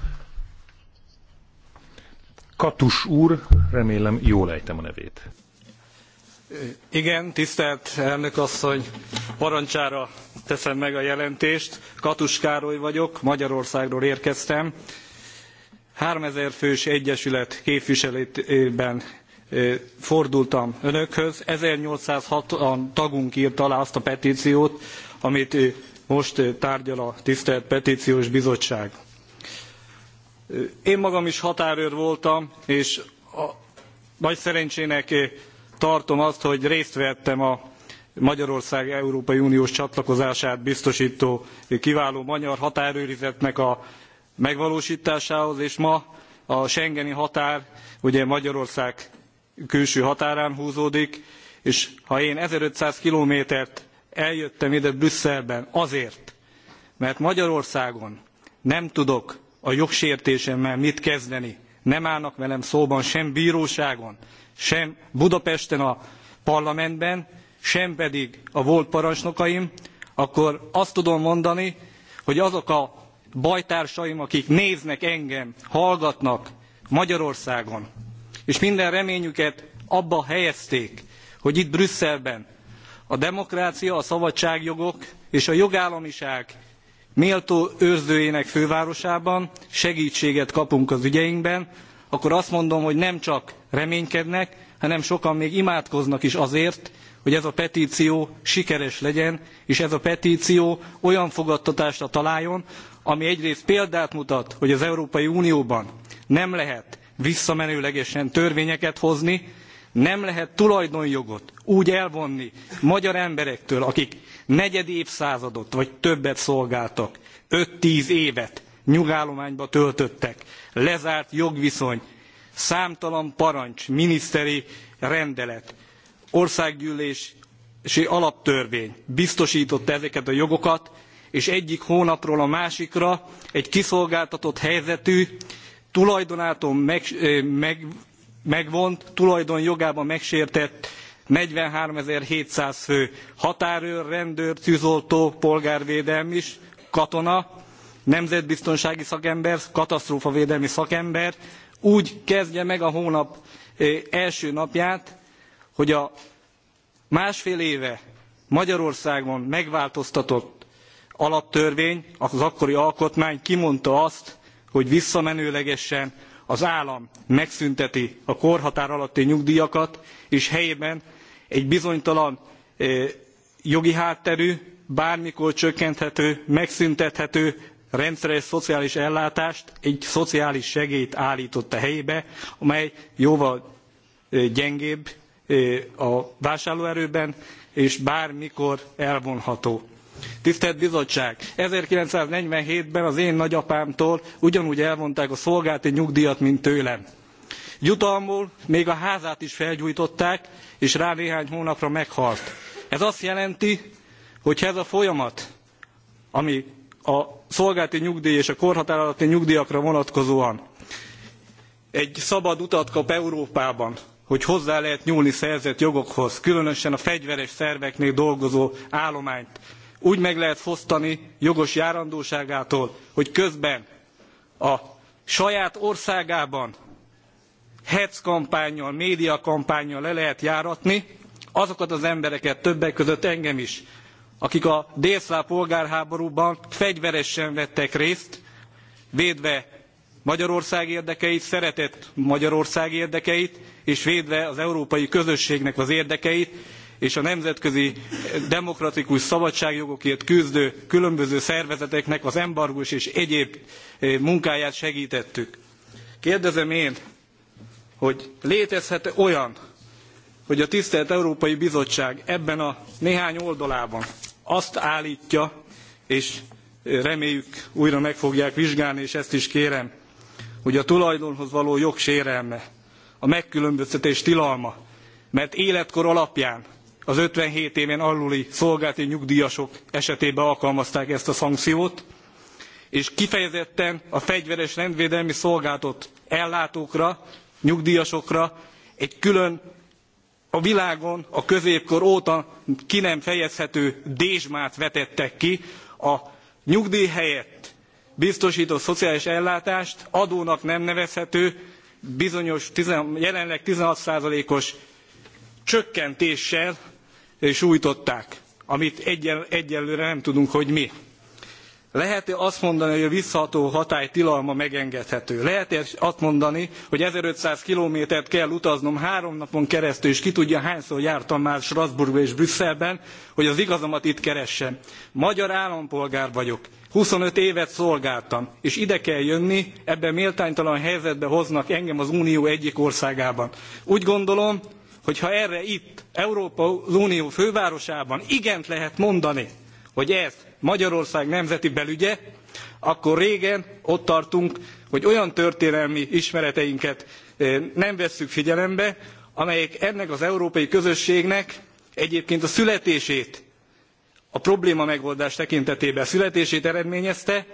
Katus úr, remélem jól ejtem a nevét. Igen, tisztelt elnök asszony, parancsára teszem meg a jelentést. Katus Károly vagyok, Magyarországról érkeztem. 3000 fős egyesület képviseletében fordultam önökhöz. 1860 tagunk írt alá azt a petíciót, amit most tárgyal a tisztelt petíciós bizottság én magam is határőr voltam, és a nagy szerencsének tartom azt, hogy részt vettem a Magyarország Európai Uniós csatlakozását biztosító kiváló magyar határőrizetnek a megvalósításához, és ma a Schengeni határ ugye Magyarország külső határán húzódik, és ha én 1500 kilométert eljöttem ide Brüsszelben azért, mert Magyarországon nem tudok a jogsértésemmel mit kezdeni. Nem állnak velem szóban sem bíróságon, sem Budapesten a parlamentben, sem pedig a volt parancsnokaim, akkor azt tudom mondani, hogy azok a bajtársaim, akik néznek engem, hallgatnak Magyarországon, és minden reményüket abba helyezték, hogy itt Brüsszelben a demokrácia, a szabadságjogok és a jogállamiság méltó őrzőjének fővárosában segtséget kapunk az ügyeinkben akkor azt mondom hogy nem csak reménykednek hanem sokan még imádkoznak is azért hogy ez a petció sikeres legyen és ez a petció olyan fogadtatásra találjon ami egyrészt példát mutat hogy az európai unióban nem lehet visszamenőlegesen törvényeket hozni nem lehet tulajdonjogot úgy elvonni magyar emberektől akik negyed évszázadot vagy többet szolgáltak, öt tíz évet nyugállományba töltöttek, lezárt jogviszony, számtalan parancs, miniszteri rendelet, országgyűlési alaptörvény biztosította ezeket a jogokat, és egyik hónapról a másikra egy kiszolgáltatott helyzetű, tulajdonától meg, meg, megvont, tulajdonjogában megsértett 43.700 fő határőr, rendőr, tűzoltó, polgárvédelm is, katona, nemzetbiztonsági szakember, katasztrófavédelmi szakember úgy kezdje meg a hónap első napját, hogy a másfél éve Magyarországon megváltoztatott alaptörvény, az akkori alkotmány kimondta azt, hogy visszamenőlegesen az állam megszünteti a korhatár alatti nyugdíjakat, és helyében egy bizonytalan jogi hátterű, bármikor csökkenthető, megszüntethető rendszeres szociális ellátást, egy szociális segélyt álltott a helyébe, amely jóval gyengébb a vásárlóerőben, és bármikor elvonható. Tisztelt Bizottság! 1947-ben az én nagyapámtól ugyanúgy elvonták a szolgálati nyugdíjat, mint tőlem Jutalmul még a házát is felgyújtották, és rá néhány hónapra meghalt. Ez azt jelenti, hogy ez a folyamat, ami a szolgálati nyugdíj és a korhatár alatti nyugdíjakra vonatkozóan egy szabad utat kap Európában, hogy hozzá lehet nyúlni szerzett jogokhoz, különösen a fegyveres szerveknél dolgozó állományt. Úgy meg lehet fosztani jogos járandóságától, hogy közben a saját országában hetz kampányjal médiakampányjal le lehet járatni azokat az embereket többek között engem is akik a délszláv polgárháborúban fegyveresen vettek részt védve magyarország érdekeit szeretett magyarország érdekeit és védve az európai közösségnek az érdekeit és a nemzetközi demokratikus szabadságjogokért küzdő különböző szervezeteknek az embargós és egyéb eh, munkáját segtettük. kérdezem én hogy létezhet -e olyan, hogy a tisztelt Európai Bizottság ebben a néhány oldalában azt állítja, és reméljük újra meg fogják vizsgálni, és ezt is kérem, hogy a tulajdonhoz való jog sérelme, a megkülönböztetés tilalma, mert életkor alapján az 57 éven aluli szolgálti nyugdíjasok esetében alkalmazták ezt a szankciót, és kifejezetten a fegyveres rendvédelmi szolgálatot ellátókra nyugdíjasokra egy külön a világon a középkor óta ki nem fejezhető dézsmát vetettek ki a nyugdíj helyett biztostott szociális ellátást adónak nem nevezhető bizonyos jelenleg sixteen os csökkentéssel sújtották amit egyelőre nem tudunk hogy mi. Lehet-e azt mondani, hogy a visszaható hatály tilalma megengedhető? Lehet-e azt mondani, hogy 1500 kilométert kell utaznom három napon keresztül, és ki tudja hányszor jártam már Strasbourgba és Brüsszelben, hogy az igazamat itt keressem. Magyar állampolgár vagyok, 25 évet szolgáltam, és ide kell jönni, ebben méltánytalan helyzetbe hoznak engem az Unió egyik országában. Úgy gondolom, hogy ha erre itt, Európa Unió fővárosában igent lehet mondani, hogy ez Magyarország nemzeti belügye, akkor régen ott tartunk, hogy olyan történelmi ismereteinket eh, nem vesszük figyelembe, amelyek ennek az európai közösségnek egyébként a születését, a probléma megoldás tekintetében a születését eredményezte,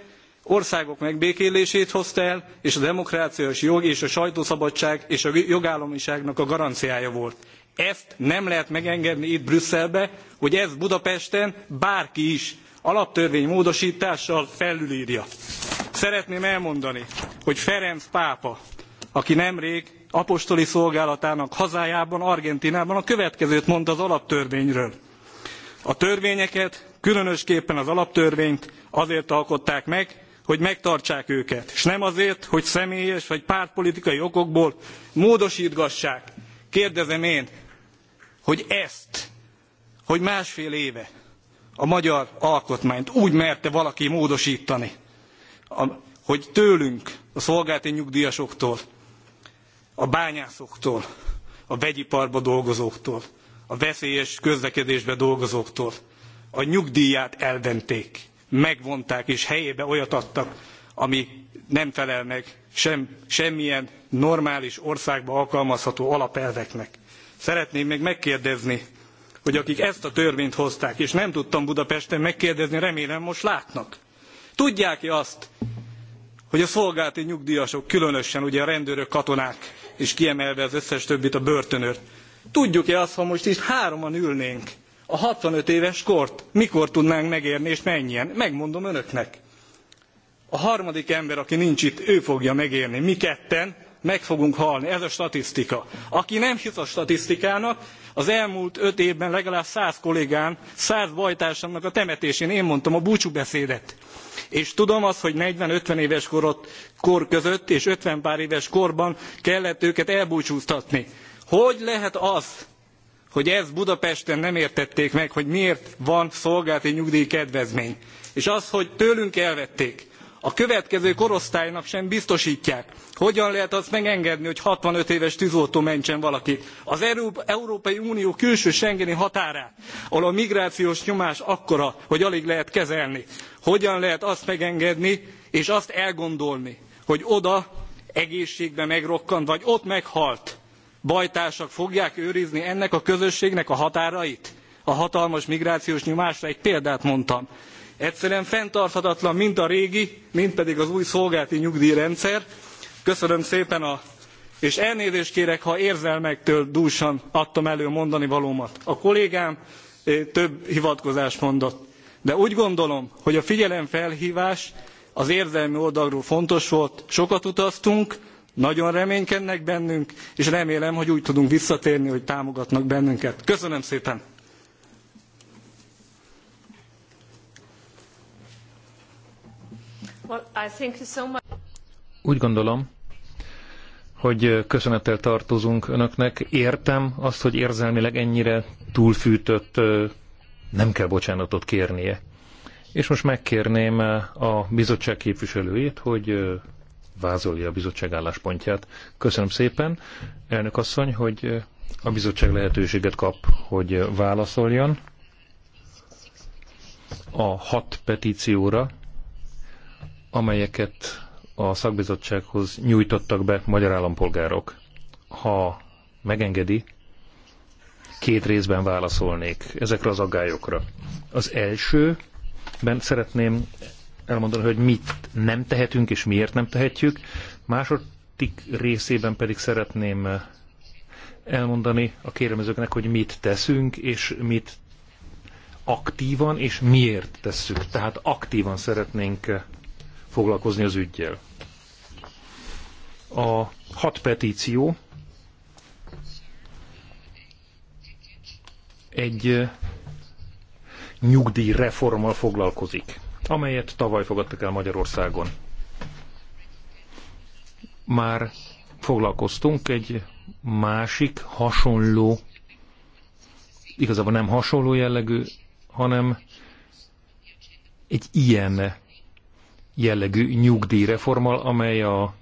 országok megbékélését hozta el, és a demokráciás jog és a sajtószabadság és a jogállamiságnak a garanciája volt. Ezt nem lehet megengedni itt Brüsszelbe, hogy ez Budapesten bárki is alaptörvény módosítással felülírja. Szeretném elmondani, hogy Ferenc pápa, aki nemrég apostoli szolgálatának hazájában, Argentinában a következőt mondta az alaptörvényről. A törvényeket, különösképpen az alaptörvényt azért alkották meg, hogy megtartsák őket, és nem azért, hogy személyes vagy pártpolitikai okokból módosítgassák. Kérdezem én, hogy ezt, hogy másfél éve a magyar alkotmányt úgy merte valaki módostani hogy tőlünk a szolgálati nyugdjasoktól a bányászoktól a vegyiparban dolgozóktól a veszélyes közlekedésben dolgozóktól a nyugdját elventék megvonták és helyébe olyat adtak ami nem felel meg sem, semmilyen normális országban alkalmazható alapelveknek. szeretném még megkérdezni hogy akik ezt a törvényt hozták, és nem tudtam Budapesten megkérdezni, remélem most látnak. Tudják-e azt, hogy a szolgálati nyugdíjasok, különösen ugye a rendőrök, katonák, és kiemelve az összes többit a börtönőrt, tudjuk-e azt, ha most is hároman ülnénk a 65 éves kort, mikor tudnánk megérni, és mennyien? Megmondom önöknek. A harmadik ember, aki nincs itt, ő fogja megérni. Mi ketten, meg fogunk halni. Ez a statisztika. Aki nem hisz a statisztikának, az elmúlt öt évben legalább száz kollégán, száz bajtársamnak a temetésén én mondtam a búcsúbeszédet. És tudom azt, hogy 40-50 éves korot, kor között és 50 pár éves korban kellett őket elbúcsúztatni. Hogy lehet az, hogy ezt Budapesten nem értették meg, hogy miért van szolgálati nyugdíj kedvezmény. És az, hogy tőlünk elvették a következő korosztálynak sem biztostják. hogyan lehet azt megengedni hogy sixty five éves tűzoltó mentsen valakit? az európai unió külső schengeni határát ahol a migrációs nyomás akkora hogy alig lehet kezelni hogyan lehet azt megengedni és azt elgondolni hogy oda egészségben megrokkant vagy ott meghalt bajtársak fogják őrizni ennek a közösségnek a határait? a hatalmas migrációs nyomásra egy példát mondtam. Egyszerűen fenntarthatatlan mind a régi, mind pedig az új szolgálati nyugdíjrendszer. Köszönöm szépen a és elnézést kérek, ha érzelmektől dúsan adtam elő mondani valómat. A kollégám eh, több hivatkozást mondott. De úgy gondolom, hogy a figyelemfelhívás az érzelmi oldalról fontos volt. Sokat utaztunk, nagyon reménykednek bennünk, és remélem, hogy úgy tudunk visszatérni, hogy támogatnak bennünket. Köszönöm szépen! Úgy gondolom, hogy köszönettel tartozunk önöknek. Értem azt, hogy érzelmileg ennyire túlfűtött, nem kell bocsánatot kérnie. És most megkérném a bizottság képviselőjét, hogy vázolja a bizottság álláspontját. Köszönöm szépen, elnök asszony, hogy a bizottság lehetőséget kap, hogy válaszoljon a hat petícióra, amelyeket a szakbizottsághoz nyújtottak be magyar állampolgárok. Ha megengedi, két részben válaszolnék ezekre az aggályokra. Az elsőben szeretném elmondani, hogy mit nem tehetünk és miért nem tehetjük. Második részében pedig szeretném elmondani a kérdezőknek, hogy mit teszünk, és mit aktívan, és miért tesszük. Tehát aktívan szeretnénk foglalkozni az ügyjel. A hat petíció egy eh, nyugdíjreformmal foglalkozik, amelyet tavaly fogadtak el Magyarországon. Már foglalkoztunk egy másik hasonló, igazából nem hasonló jellegű, hanem egy ilyen jellegű nyugdíjreformmal, amely a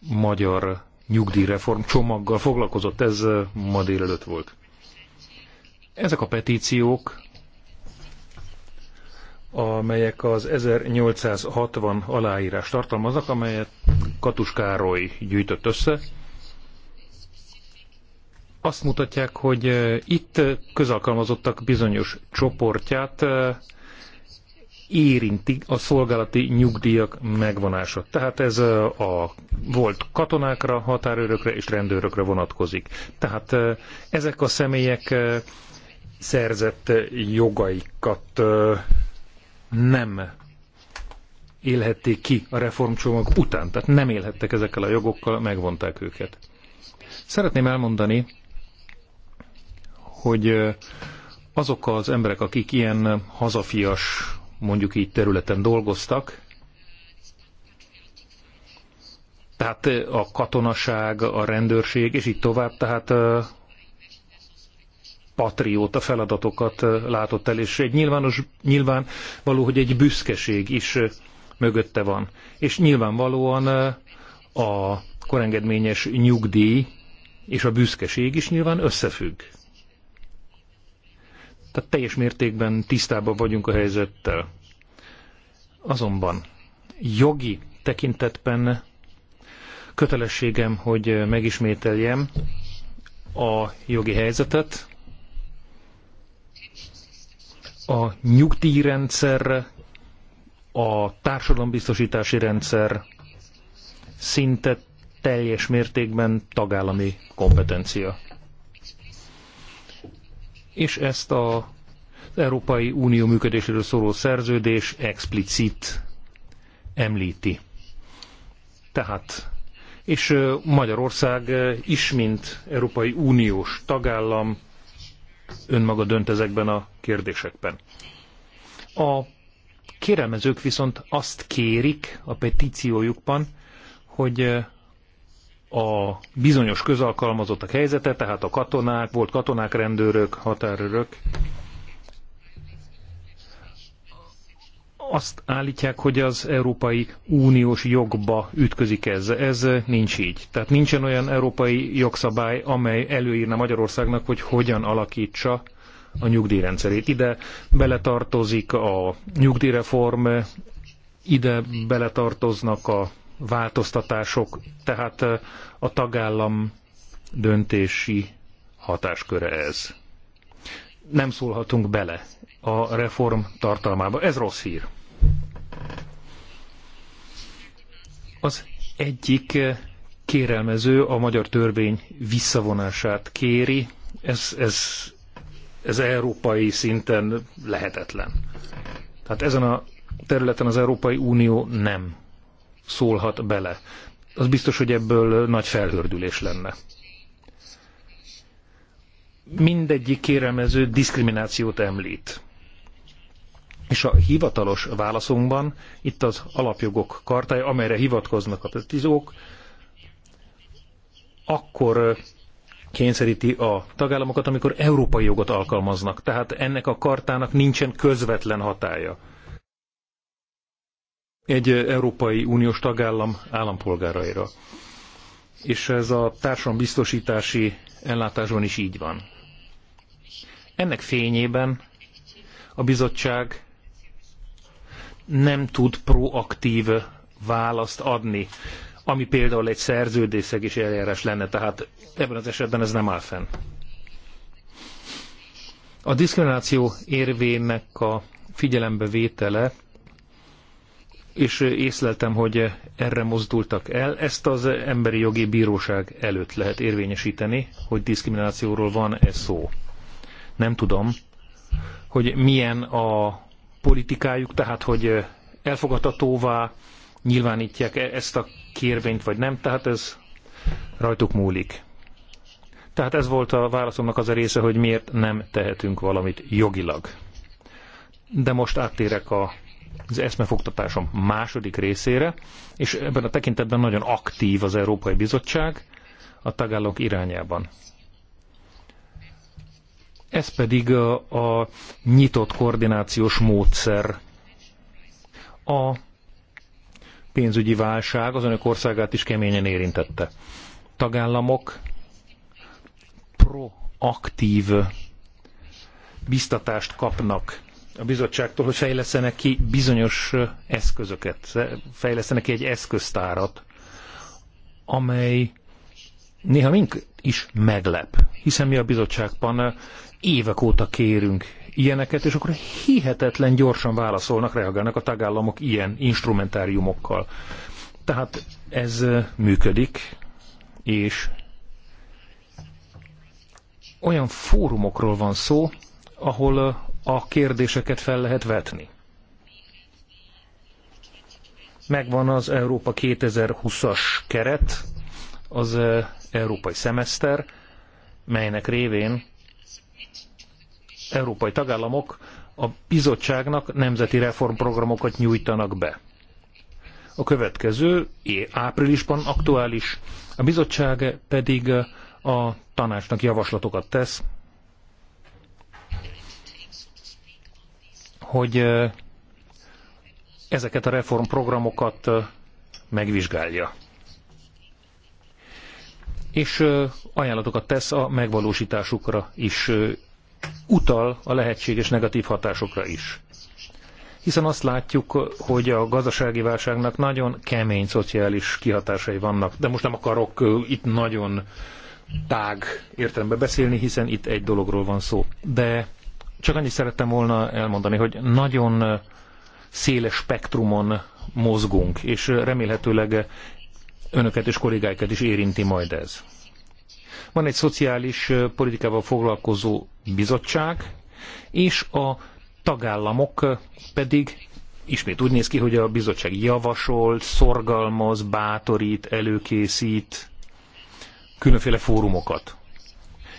magyar nyugdíjreform csomaggal foglalkozott. Ez ma délelőtt volt. Ezek a petíciók, amelyek az 1860 aláírás tartalmaznak, amelyet Katus Károly gyűjtött össze, azt mutatják, hogy itt közalkalmazottak bizonyos csoportját érinti a szolgálati nyugdíjak megvonása. Tehát ez a volt katonákra, határőrökre és rendőrökre vonatkozik. Tehát ezek a személyek szerzett jogaikat nem élhették ki a reformcsomag után, tehát nem élhettek ezekkel a jogokkal, megvonták őket. Szeretném elmondani, hogy azok az emberek, akik ilyen hazafias mondjuk így területen dolgoztak, tehát a katonaság, a rendőrség, és így tovább, tehát patrióta feladatokat látott el, és egy nyilvános, nyilván való, hogy egy büszkeség is mögötte van. És nyilvánvalóan a korengedményes nyugdíj és a büszkeség is nyilván összefügg. Tehát teljes mértékben tisztában vagyunk a helyzettel. Azonban jogi tekintetben kötelességem, hogy megismételjem a jogi helyzetet, a nyugdíjrendszer, a társadalombiztosítási rendszer szinte teljes mértékben tagállami kompetencia és ezt a az Európai Unió működéséről szóló szerződés explicit említi. Tehát, és Magyarország is, mint Európai Uniós tagállam önmaga dönt ezekben a kérdésekben. A kérelmezők viszont azt kérik a petíciójukban, hogy a bizonyos közalkalmazottak helyzete, tehát a katonák, volt katonák, rendőrök, határőrök, azt állítják, hogy az Európai Uniós jogba ütközik ez. Ez nincs így. Tehát nincsen olyan európai jogszabály, amely előírna Magyarországnak, hogy hogyan alakítsa a nyugdíjrendszerét. Ide beletartozik a nyugdíjreform, ide beletartoznak a változtatások, tehát a tagállam döntési hatásköre ez. Nem szólhatunk bele a reform tartalmába. Ez rossz hír. Az egyik kérelmező a magyar törvény visszavonását kéri. Ez, ez, ez európai szinten lehetetlen. Tehát ezen a területen az Európai Unió nem szólhat bele. Az biztos, hogy ebből nagy felhördülés lenne. Mindegyik kéremező diszkriminációt említ. És a hivatalos válaszunkban itt az alapjogok kartája, amelyre hivatkoznak a petizók, akkor kényszeríti a tagállamokat, amikor európai jogot alkalmaznak. Tehát ennek a kartának nincsen közvetlen hatája egy Európai Uniós tagállam állampolgáraira. És ez a társadalombiztosítási ellátásban is így van. Ennek fényében a bizottság nem tud proaktív választ adni, ami például egy is eljárás lenne, tehát ebben az esetben ez nem áll fenn. A diszkrimináció érvének a figyelembevétele és észleltem, hogy erre mozdultak el. Ezt az Emberi Jogi Bíróság előtt lehet érvényesíteni, hogy diszkriminációról van-e szó. Nem tudom, hogy milyen a politikájuk, tehát hogy elfogadhatóvá nyilvánítják -e ezt a kérvényt, vagy nem, tehát ez rajtuk múlik. Tehát ez volt a válaszomnak az a része, hogy miért nem tehetünk valamit jogilag. De most áttérek a az eszmefogtatásom második részére, és ebben a tekintetben nagyon aktív az Európai Bizottság a tagállamok irányában. Ez pedig a, a nyitott koordinációs módszer. A pénzügyi válság az önök országát is keményen érintette. Tagállamok proaktív biztatást kapnak a bizottságtól, hogy fejlesztenek ki bizonyos eszközöket, fejlesztenek ki egy eszköztárat, amely néha mink is meglep, hiszen mi a bizottságban évek óta kérünk ilyeneket, és akkor hihetetlen gyorsan válaszolnak, reagálnak a tagállamok ilyen instrumentáriumokkal. Tehát ez működik, és olyan fórumokról van szó, ahol a kérdéseket fel lehet vetni. Megvan az Európa 2020-as keret, az eh, európai szemeszter, melynek révén európai tagállamok a bizottságnak nemzeti reformprogramokat nyújtanak be. A következő áprilisban aktuális, a bizottság pedig eh, a tanácsnak javaslatokat tesz hogy ezeket a reformprogramokat megvizsgálja. És ajánlatokat tesz a megvalósításukra is, utal a lehetséges negatív hatásokra is. Hiszen azt látjuk, hogy a gazdasági válságnak nagyon kemény szociális kihatásai vannak. De most nem akarok itt nagyon tág értelemben beszélni, hiszen itt egy dologról van szó. De csak annyit szerettem volna elmondani, hogy nagyon széles spektrumon mozgunk, és remélhetőleg önöket és kollégáikat is érinti majd ez. Van egy szociális politikával foglalkozó bizottság, és a tagállamok pedig ismét úgy néz ki, hogy a bizottság javasol, szorgalmaz, bátorít, előkészít különféle fórumokat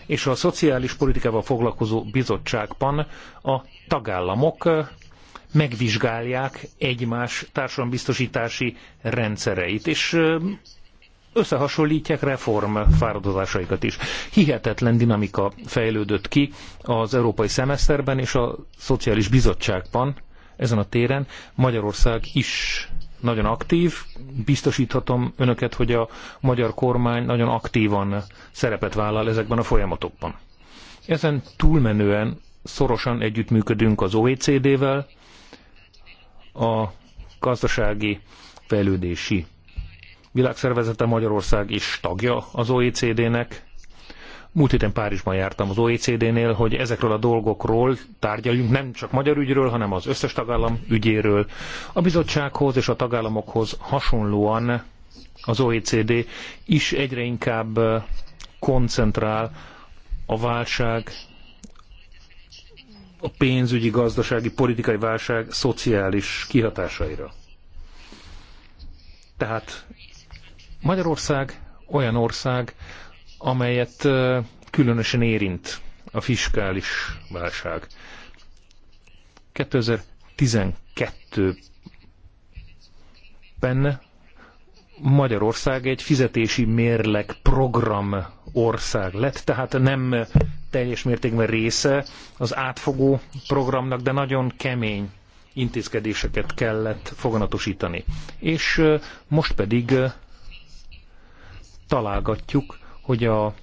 és a Szociális Politikával foglalkozó bizottságban a tagállamok eh, megvizsgálják egymás társadalombiztosítási rendszereit, és eh, összehasonlítják reform fáradozásaikat is. Hihetetlen dinamika fejlődött ki az európai szemeszterben és a Szociális Bizottságban ezen a téren. Magyarország is nagyon aktív, biztosíthatom önöket, hogy a magyar kormány nagyon aktívan szerepet vállal ezekben a folyamatokban. Ezen túlmenően szorosan együttműködünk az OECD-vel, a gazdasági fejlődési világszervezete Magyarország is tagja az OECD-nek, Múlt héten Párizsban jártam az OECD-nél, hogy ezekről a dolgokról tárgyaljunk, nem csak magyar ügyről, hanem az összes tagállam ügyéről. A bizottsághoz és a tagállamokhoz hasonlóan az OECD is egyre inkább koncentrál a válság, a pénzügyi, gazdasági, politikai válság szociális kihatásaira. Tehát Magyarország olyan ország, amelyet különösen érint a fiskális válság. 2012-ben Magyarország egy fizetési mérleg program ország lett, tehát nem teljes mértékben része az átfogó programnak, de nagyon kemény intézkedéseket kellett foganatosítani. És most pedig találgatjuk hogy a,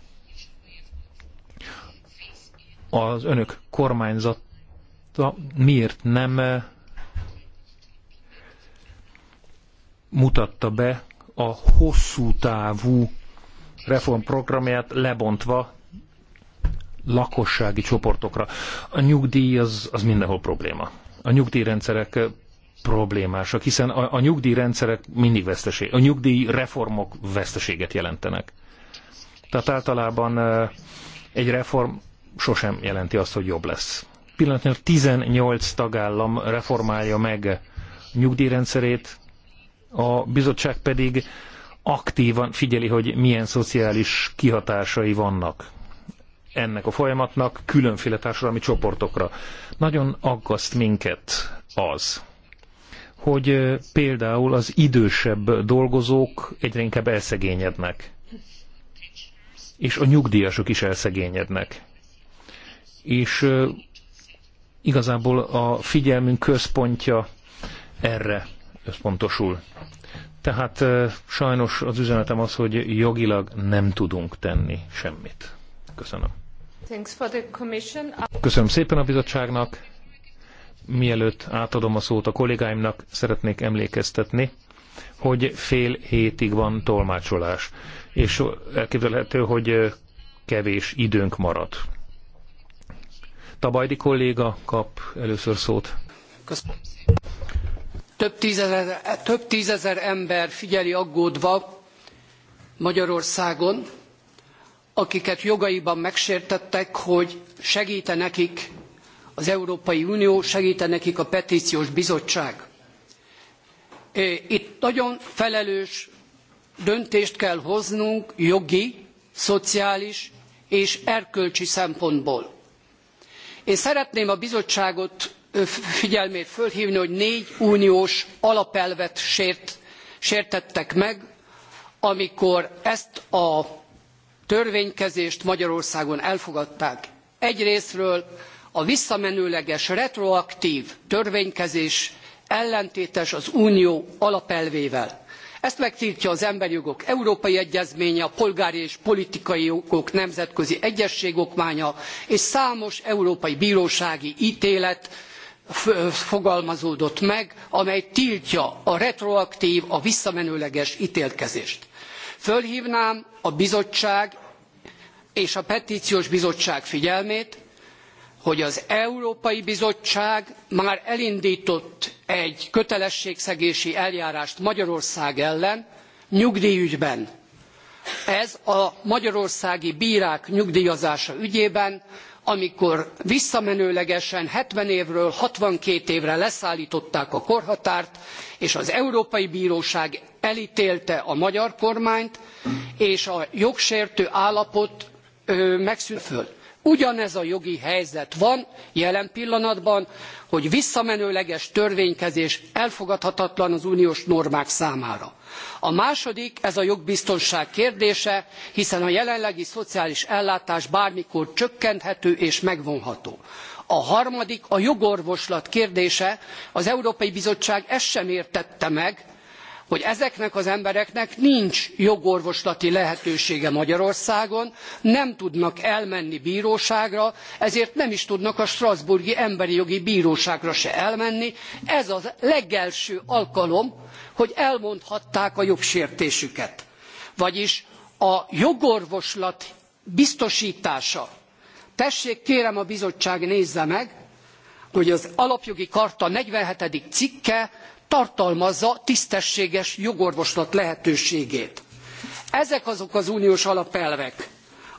az önök kormányzata miért nem eh, mutatta be a hosszú távú reformprogramját lebontva lakossági csoportokra. A nyugdíj az, az mindenhol probléma. A nyugdíjrendszerek eh, problémásak, hiszen a, a nyugdíjrendszerek mindig veszteség, a nyugdíj reformok veszteséget jelentenek. Tehát általában egy reform sosem jelenti azt, hogy jobb lesz. Pillanatnyilag 18 tagállam reformálja meg nyugdíjrendszerét, a bizottság pedig aktívan figyeli, hogy milyen szociális kihatásai vannak ennek a folyamatnak különféle társadalmi csoportokra. Nagyon aggaszt minket az, hogy például az idősebb dolgozók egyre inkább elszegényednek és a nyugdíjasok is elszegényednek. És igazából a figyelmünk központja erre összpontosul. Tehát sajnos az üzenetem az, hogy jogilag nem tudunk tenni semmit. Köszönöm. Köszönöm szépen a bizottságnak. Mielőtt átadom a szót a kollégáimnak, szeretnék emlékeztetni, hogy fél hétig van tolmácsolás, és elképzelhető, hogy kevés időnk marad. Tabajdi kolléga kap először szót. Köszönöm. Több tízezer, több tízezer ember figyeli aggódva Magyarországon, akiket jogaiban megsértettek, hogy segíte nekik az Európai Unió, segíte nekik a petíciós bizottság. Itt nagyon felelős döntést kell hoznunk jogi, szociális és erkölcsi szempontból. Én szeretném a bizottságot figyelmét fölhívni, hogy négy uniós alapelvet sért, sértettek meg, amikor ezt a törvénykezést Magyarországon elfogadták. Egyrésztről a visszamenőleges retroaktív törvénykezés ellentétes az unió alapelvével. ezt megtiltja az emberi jogok európai egyezménye a polgári és politikai jogok nemzetközi egyezségokmánya és számos európai brósági télet fogalmazódott meg amely tiltja a retroaktv a visszamenőleges télkezést. fölhvnám a bizottság és a petciós bizottság figyelmét hogy az Európai Bizottság már elindított egy kötelességszegési eljárást Magyarország ellen nyugdíjügyben. Ez a magyarországi bírák nyugdíjazása ügyében, amikor visszamenőlegesen 70 évről 62 évre leszállították a korhatárt, és az Európai Bíróság elítélte a magyar kormányt, és a jogsértő állapot megszűnt föl ugyanez a jogi helyzet van jelen pillanatban hogy visszamenőleges törvénykezés elfogadhatatlan az uniós normák számára. a második ez a jogbiztonság kérdése hiszen a jelenlegi szociális ellátás bármikor csökkenthető és megvonható. a harmadik a jogorvoslat kérdése az európai bizottság ezt sem értette meg hogy ezeknek az embereknek nincs jogorvoslati lehetősége Magyarországon, nem tudnak elmenni bíróságra, ezért nem is tudnak a Strasbourgi Emberi Jogi Bíróságra se elmenni. Ez a legelső alkalom, hogy elmondhatták a jogsértésüket. Vagyis a jogorvoslat biztosítása. Tessék, kérem a bizottság nézze meg, hogy az alapjogi karta 47. cikke tartalmazza tisztességes jogorvoslat lehetőségét. Ezek azok az uniós alapelvek,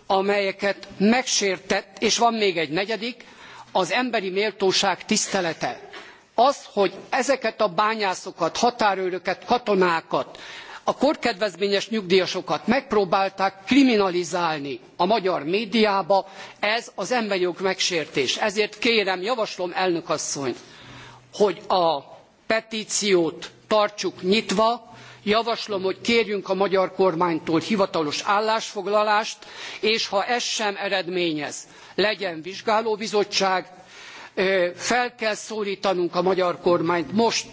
amelyeket megsértett, és van még egy negyedik, az emberi méltóság tisztelete. Az, hogy ezeket a bányászokat, határőröket, katonákat, a korkedvezményes nyugdíjasokat megpróbálták kriminalizálni a magyar médiába, ez az emberi jog megsértés. Ezért kérem, javaslom elnök asszony, hogy a petciót tartsuk nyitva, javaslom, hogy kérjünk a magyar kormánytól hivatalos állásfoglalást, és ha ez sem eredményez, legyen vizsgálóbizottság, fel kell szólítanunk a magyar kormányt most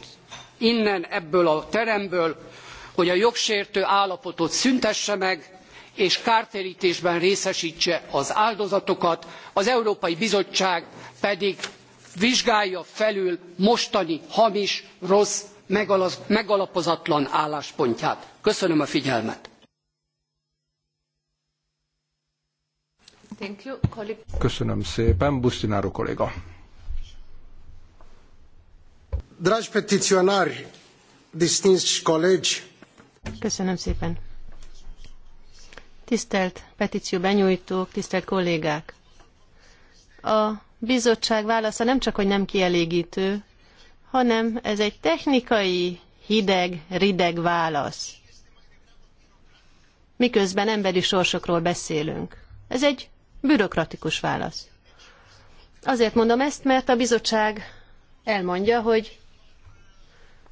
innen ebből a teremből, hogy a jogsértő állapotot szüntesse meg, és kártértésben részestse az áldozatokat, az Európai Bizottság pedig vizsgálja felül mostani hamis rossz megalaz, megalapozatlan álláspontját. köszönöm a figyelmet. Köszönöm szépen, Busztináró kolléga. Dragi petiționari, distinși colegi! Köszönöm szépen. Tisztelt petíció benyújtók, tisztelt kollégák! A bizottság válasza nem csak, hogy nem kielégítő, hanem ez egy technikai, hideg, rideg válasz. Miközben emberi sorsokról beszélünk. Ez egy bürokratikus válasz. Azért mondom ezt, mert a bizottság elmondja, hogy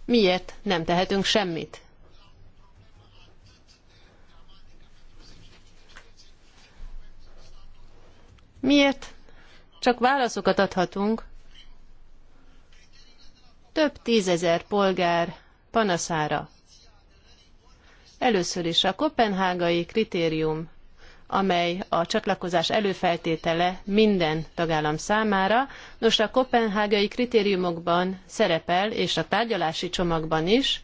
miért nem tehetünk semmit. Miért csak válaszokat adhatunk több tízezer polgár panaszára. Először is a kopenhágai kritérium, amely a csatlakozás előfeltétele minden tagállam számára. Nos, a kopenhágai kritériumokban szerepel, és a tárgyalási csomagban is,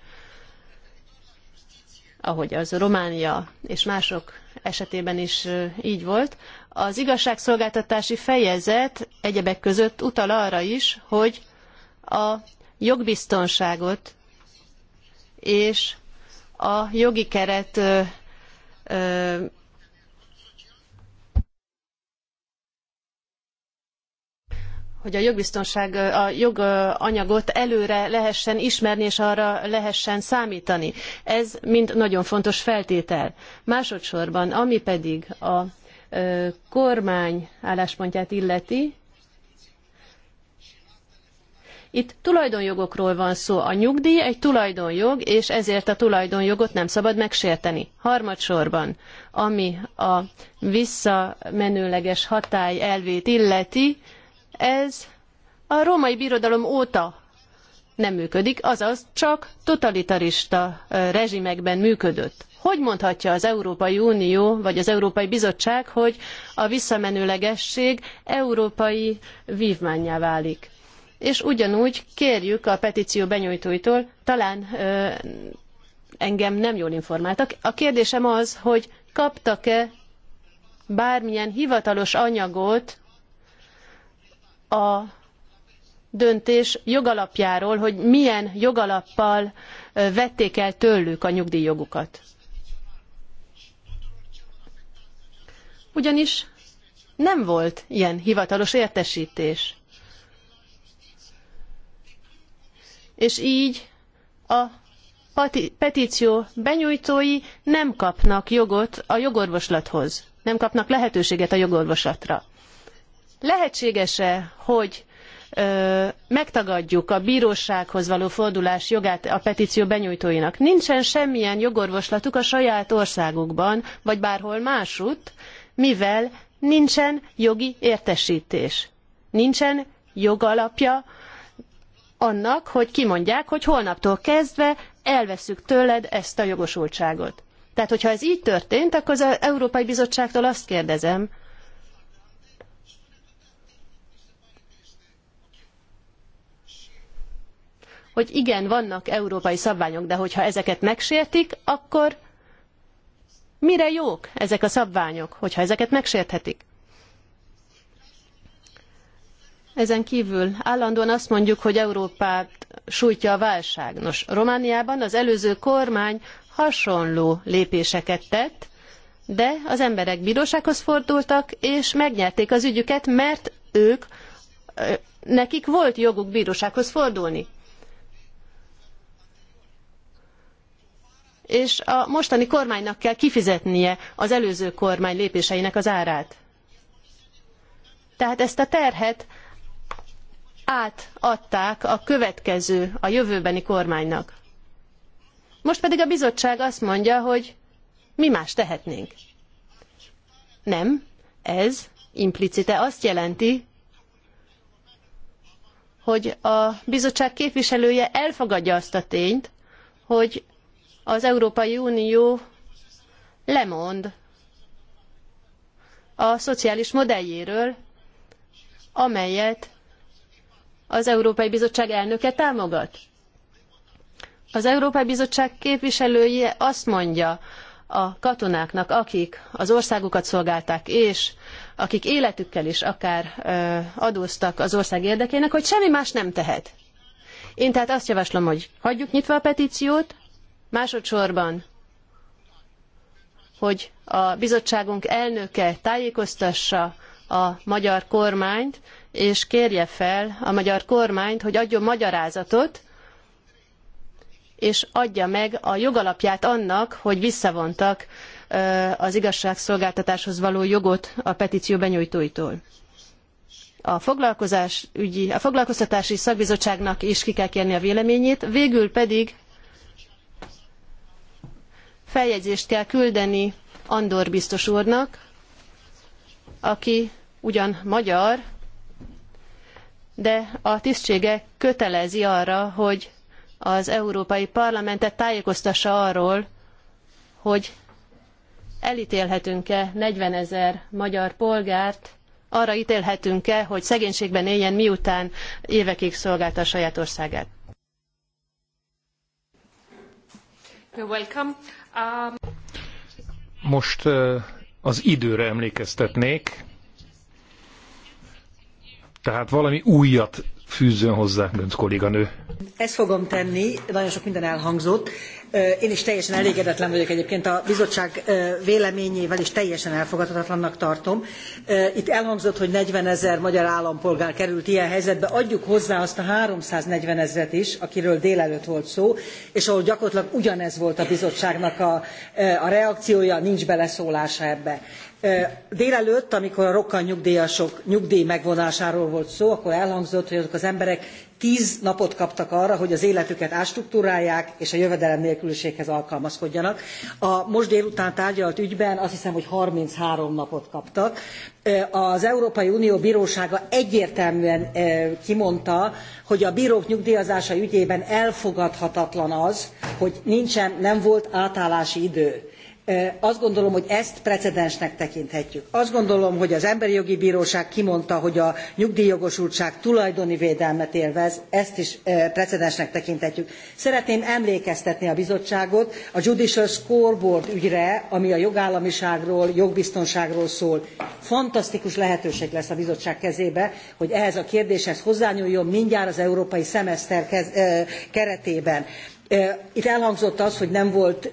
ahogy az Románia és mások esetében is így volt, az igazságszolgáltatási fejezet egyebek között utal arra is, hogy a jogbiztonságot és a jogi keret ö, ö, hogy a jogbiztonság, a joganyagot előre lehessen ismerni, és arra lehessen számítani. Ez mind nagyon fontos feltétel. Másodszorban, ami pedig a kormány álláspontját illeti, itt tulajdonjogokról van szó. A nyugdíj egy tulajdonjog, és ezért a tulajdonjogot nem szabad megsérteni. Harmadsorban, ami a visszamenőleges hatály elvét illeti, ez a római birodalom óta nem működik, azaz csak totalitarista rezsimekben működött. Hogy mondhatja az Európai Unió vagy az Európai Bizottság, hogy a visszamenőlegesség európai vívmánnyá válik? És ugyanúgy kérjük a petíció benyújtóitól, talán ö, engem nem jól informáltak. A kérdésem az, hogy kaptak-e bármilyen hivatalos anyagot a döntés jogalapjáról, hogy milyen jogalappal vették el tőlük a nyugdíjjogukat. ugyanis nem volt ilyen hivatalos értesítés. És így a petíció benyújtói nem kapnak jogot a jogorvoslathoz, nem kapnak lehetőséget a jogorvoslatra. Lehetséges-e, hogy ö, megtagadjuk a bírósághoz való fordulás jogát a petíció benyújtóinak? Nincsen semmilyen jogorvoslatuk a saját országukban, vagy bárhol másutt, mivel nincsen jogi értesítés. Nincsen jogalapja annak, hogy kimondják, hogy holnaptól kezdve elveszük tőled ezt a jogosultságot. Tehát, hogyha ez így történt, akkor az Európai Bizottságtól azt kérdezem, hogy igen, vannak európai szabványok, de hogyha ezeket megsértik, akkor Mire jók ezek a szabványok, hogyha ezeket megsérthetik? Ezen kívül állandóan azt mondjuk, hogy Európát sújtja a válság. Nos, Romániában az előző kormány hasonló lépéseket tett, de az emberek bírósághoz fordultak, és megnyerték az ügyüket, mert ők, nekik volt joguk bírósághoz fordulni. és a mostani kormánynak kell kifizetnie az előző kormány lépéseinek az árát. Tehát ezt a terhet átadták a következő, a jövőbeni kormánynak. Most pedig a bizottság azt mondja, hogy mi más tehetnénk. Nem, ez implicite azt jelenti, hogy a bizottság képviselője elfogadja azt a tényt, hogy az Európai Unió lemond a szociális modelljéről, amelyet az Európai Bizottság elnöke támogat. Az Európai Bizottság képviselője azt mondja a katonáknak, akik az országukat szolgálták, és akik életükkel is akár adóztak az ország érdekének, hogy semmi más nem tehet. Én tehát azt javaslom, hogy hagyjuk nyitva a petíciót, Másodszorban, hogy a bizottságunk elnöke tájékoztassa a magyar kormányt, és kérje fel a magyar kormányt, hogy adjon magyarázatot, és adja meg a jogalapját annak, hogy visszavontak az igazságszolgáltatáshoz való jogot a petíció benyújtóitól. A, foglalkozás ügyi, a foglalkoztatási szakbizottságnak is ki kell kérni a véleményét, végül pedig feljegyzést kell küldeni Andor biztos úrnak, aki ugyan magyar, de a tisztsége kötelezi arra, hogy az Európai Parlamentet tájékoztassa arról, hogy elítélhetünk-e 40 ezer magyar polgárt, arra ítélhetünk-e, hogy szegénységben éljen, miután évekig szolgálta a saját országát. Welcome. Um, most uh, az időre emlékeztetnék, tehát valami újat fűzzön hozzá, Gönc kolléganő. Ezt fogom tenni, nagyon sok minden elhangzott. Én is teljesen elégedetlen vagyok egyébként, a bizottság véleményével is teljesen elfogadhatatlannak tartom. Itt elhangzott, hogy 40 ezer magyar állampolgár került ilyen helyzetbe, adjuk hozzá azt a 340 ezeret is, akiről délelőtt volt szó, és ahol gyakorlatilag ugyanez volt a bizottságnak a, a reakciója, nincs beleszólása ebbe délelőtt amikor a rokkantnyugdjasok nyugdj megvonásáról volt szó akkor elhangzott hogy azok az emberek tz napot kaptak arra hogy az életüket átstruktúrálják és a jövedelem nélküliséghez alkalmazkodjanak. a most délután tárgyalt ügyben azt hiszem hogy thirty three napot kaptak. az európai unió brósága egyértelműen kimondta hogy a brók nyugdjazása ügyében elfogadhatatlan az hogy nincsen nem volt átállási idő azt gondolom, hogy ezt precedensnek tekinthetjük. Azt gondolom, hogy az Emberi Jogi Bíróság kimondta, hogy a nyugdíjjogosultság tulajdoni védelmet élvez, ezt is precedensnek tekinthetjük. Szeretném emlékeztetni a bizottságot a Judicial Scoreboard ügyre, ami a jogállamiságról, jogbiztonságról szól. Fantasztikus lehetőség lesz a bizottság kezébe, hogy ehhez a kérdéshez hozzányúljon mindjárt az európai szemeszter kez, keretében. Itt elhangzott az, hogy nem volt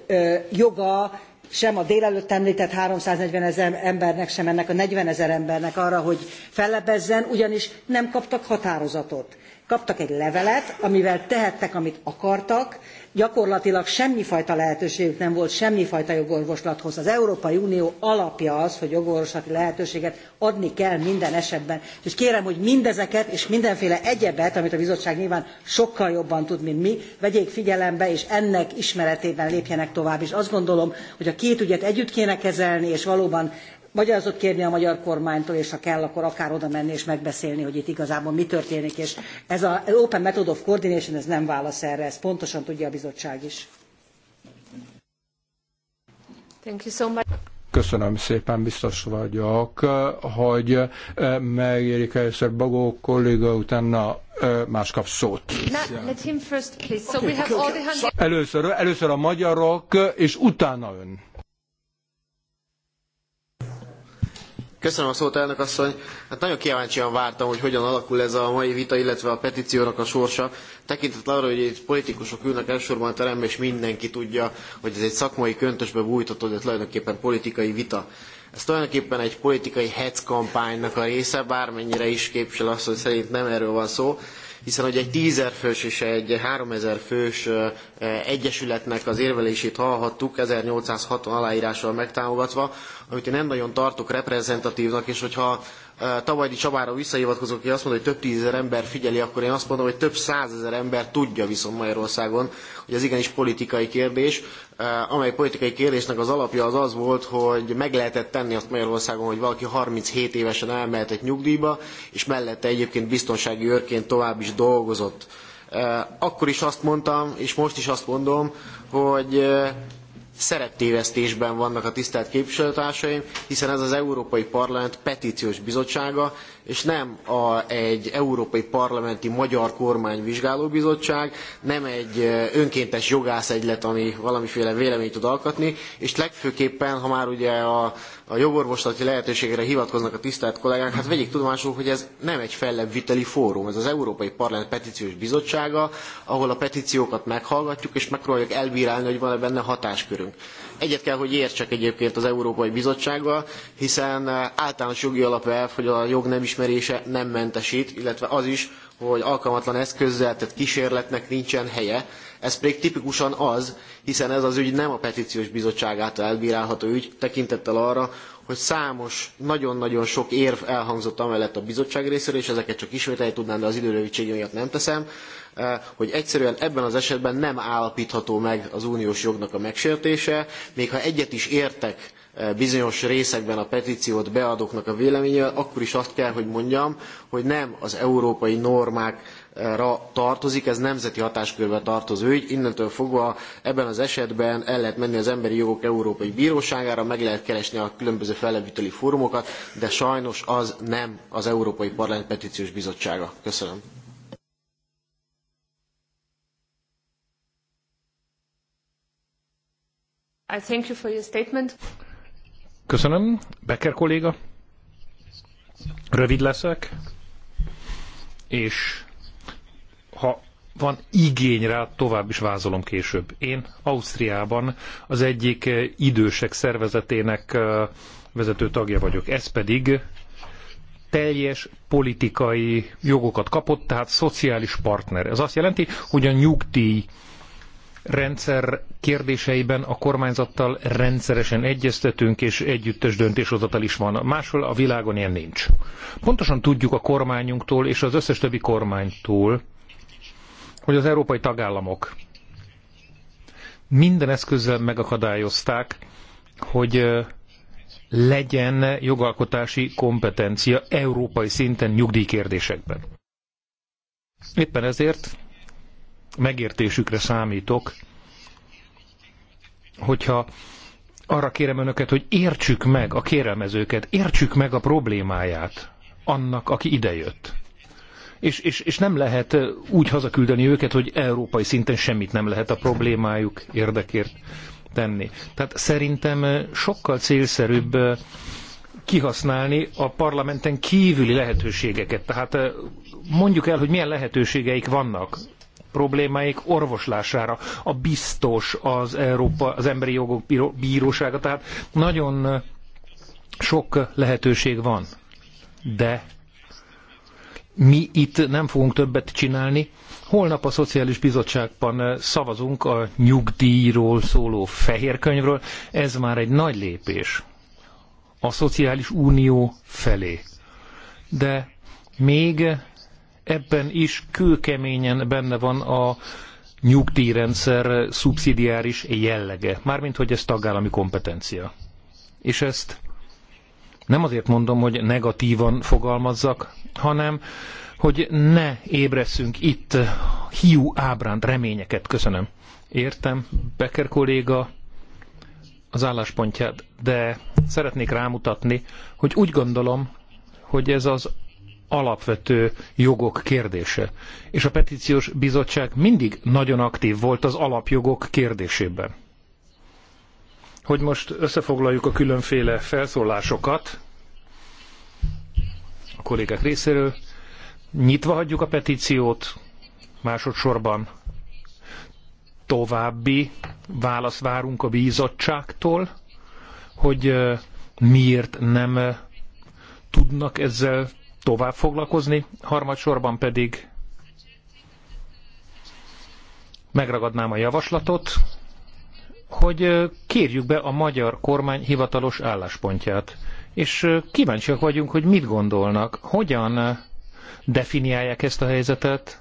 joga sem a délelőtt említett 340 ezer embernek, sem ennek a 40 ezer embernek arra, hogy fellebbezzen, ugyanis nem kaptak határozatot kaptak egy levelet, amivel tehettek, amit akartak, gyakorlatilag semmifajta lehetőségük nem volt semmifajta jogorvoslathoz. Az Európai Unió alapja az, hogy jogorvoslati lehetőséget adni kell minden esetben. És kérem, hogy mindezeket és mindenféle egyebet, amit a bizottság nyilván sokkal jobban tud, mint mi, vegyék figyelembe, és ennek ismeretében lépjenek tovább. És azt gondolom, hogy a két ügyet együtt kéne kezelni, és valóban magyarázatot kérni a magyar kormánytól, és ha kell, akkor akár oda menni és megbeszélni, hogy itt igazából mi történik, és ez az Open Method of Coordination, ez nem válasz erre, ezt pontosan tudja a bizottság is. So Köszönöm szépen, biztos vagyok, hogy eh, megérik először Bagó kolléga, utána eh, más kap szót. Először, először a magyarok, és utána ön. Köszönöm a szót, elnök asszony. Hát nagyon kíváncsian vártam, hogy hogyan alakul ez a mai vita, illetve a petíciónak a sorsa. Tekintettel arra, hogy itt politikusok ülnek elsősorban a teremben, és mindenki tudja, hogy ez egy szakmai köntösbe bújtatott, de tulajdonképpen politikai vita. Ez tulajdonképpen egy politikai hetz kampánynak a része, bármennyire is képvisel azt, hogy szerint nem erről van szó hiszen hogy egy 10 fős és egy 3000 fős egyesületnek az érvelését hallhattuk, 1860 aláírással megtámogatva, amit én nem nagyon tartok reprezentatívnak, és hogyha Tavalyi Csabára visszahivatkozok, aki azt mondta, hogy több tízezer ember figyeli, akkor én azt mondom, hogy több százezer ember tudja viszont Magyarországon, hogy ez igenis politikai kérdés, amely politikai kérdésnek az alapja az az volt, hogy meg lehetett tenni azt Magyarországon, hogy valaki 37 évesen elmehetett nyugdíjba, és mellette egyébként biztonsági őrként tovább is dolgozott. Akkor is azt mondtam, és most is azt mondom, hogy szereptévesztésben vannak a tisztelt képviselőtársaim, hiszen ez az Európai Parlament petíciós bizottsága, és nem a, egy Európai Parlamenti Magyar Kormány Vizsgálóbizottság, nem egy önkéntes jogászegylet, ami valamiféle véleményt tud alkotni, és legfőképpen, ha már ugye a a jogorvoslati lehetőségre hivatkoznak a tisztelt kollégák, hát vegyék tudomásul, hogy ez nem egy fellebbviteli fórum, ez az Európai Parlament Petíciós Bizottsága, ahol a petíciókat meghallgatjuk és megpróbáljuk elbírálni, hogy van-e benne hatáskörünk. Egyet kell, hogy értsek egyébként az Európai Bizottsággal, hiszen általános jogi alapelv, hogy a jog nem ismerése nem mentesít, illetve az is, hogy alkalmatlan eszközzel, tehát kísérletnek nincsen helye ez pedig tipikusan az, hiszen ez az ügy nem a petíciós bizottság által elbírálható ügy, tekintettel arra, hogy számos, nagyon-nagyon sok érv elhangzott amellett a bizottság részéről, és ezeket csak ismételni tudnám, de az időrövidsége miatt nem teszem, eh, hogy egyszerűen ebben az esetben nem állapítható meg az uniós jognak a megsértése, még ha egyet is értek eh, bizonyos részekben a petíciót beadóknak a véleményével, akkor is azt kell, hogy mondjam, hogy nem az európai normák tartozik, ez nemzeti hatáskörbe tartozó ügy, innentől fogva ebben az esetben el lehet menni az Emberi Jogok Európai Bíróságára, meg lehet keresni a különböző felleviteli fórumokat, de sajnos az nem az Európai Parlament Petíciós Bizottsága. Köszönöm. I thank you for your statement. Köszönöm. Becker kolléga. Rövid leszek. És van igény rá, tovább is vázolom később. Én Ausztriában az egyik eh, idősek szervezetének eh, vezető tagja vagyok. Ez pedig teljes politikai jogokat kapott, tehát szociális partner. Ez azt jelenti, hogy a nyugdíj rendszer kérdéseiben a kormányzattal rendszeresen egyeztetünk, és együttes döntéshozatal is van. Máshol a világon ilyen nincs. Pontosan tudjuk a kormányunktól és az összes többi kormánytól, hogy az európai tagállamok minden eszközzel megakadályozták, hogy legyen jogalkotási kompetencia európai szinten nyugdíjkérdésekben. Éppen ezért megértésükre számítok, hogyha arra kérem önöket, hogy értsük meg a kérelmezőket, értsük meg a problémáját annak, aki idejött és, és, és nem lehet úgy hazaküldeni őket, hogy európai szinten semmit nem lehet a problémájuk érdekért tenni. Tehát szerintem sokkal célszerűbb kihasználni a parlamenten kívüli lehetőségeket. Tehát mondjuk el, hogy milyen lehetőségeik vannak problémáik orvoslására. A biztos az Európa, az Emberi Jogok Bírósága, tehát nagyon sok lehetőség van. De mi itt nem fogunk többet csinálni. Holnap a Szociális Bizottságban eh, szavazunk a nyugdíjról szóló fehér könyvről. Ez már egy nagy lépés a Szociális Unió felé. De még ebben is kőkeményen benne van a nyugdíjrendszer szubszidiáris jellege, mármint hogy ez tagállami kompetencia. És ezt nem azért mondom, hogy negatívan fogalmazzak, hanem hogy ne ébreszünk itt hiú ábránt reményeket. Köszönöm. Értem, Becker kolléga az álláspontját, de szeretnék rámutatni, hogy úgy gondolom, hogy ez az alapvető jogok kérdése. És a petíciós bizottság mindig nagyon aktív volt az alapjogok kérdésében hogy most összefoglaljuk a különféle felszólásokat a kollégák részéről. Nyitva hagyjuk a petíciót, másodszorban további választ várunk a bizottságtól, hogy miért nem tudnak ezzel tovább foglalkozni, harmadsorban pedig megragadnám a javaslatot, hogy kérjük be a magyar kormány hivatalos álláspontját. És kíváncsiak vagyunk, hogy mit gondolnak, hogyan definiálják ezt a helyzetet,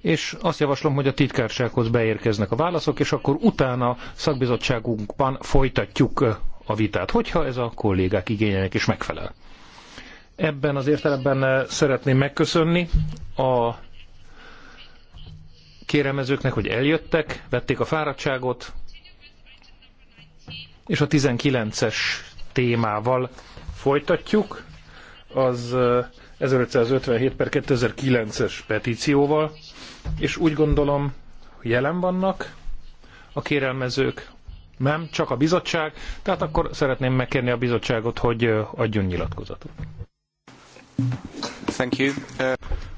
és azt javaslom, hogy a titkársághoz beérkeznek a válaszok, és akkor utána szakbizottságunkban folytatjuk a vitát, hogyha ez a kollégák igényének is megfelel. Ebben az értelemben szeretném megköszönni a kéremezőknek, hogy eljöttek, vették a fáradtságot, és a 19-es témával folytatjuk, az 1557 per 2009-es petícióval, és úgy gondolom, jelen vannak a kérelmezők, nem, csak a bizottság, tehát akkor szeretném megkérni a bizottságot, hogy adjon nyilatkozatot. Thank you.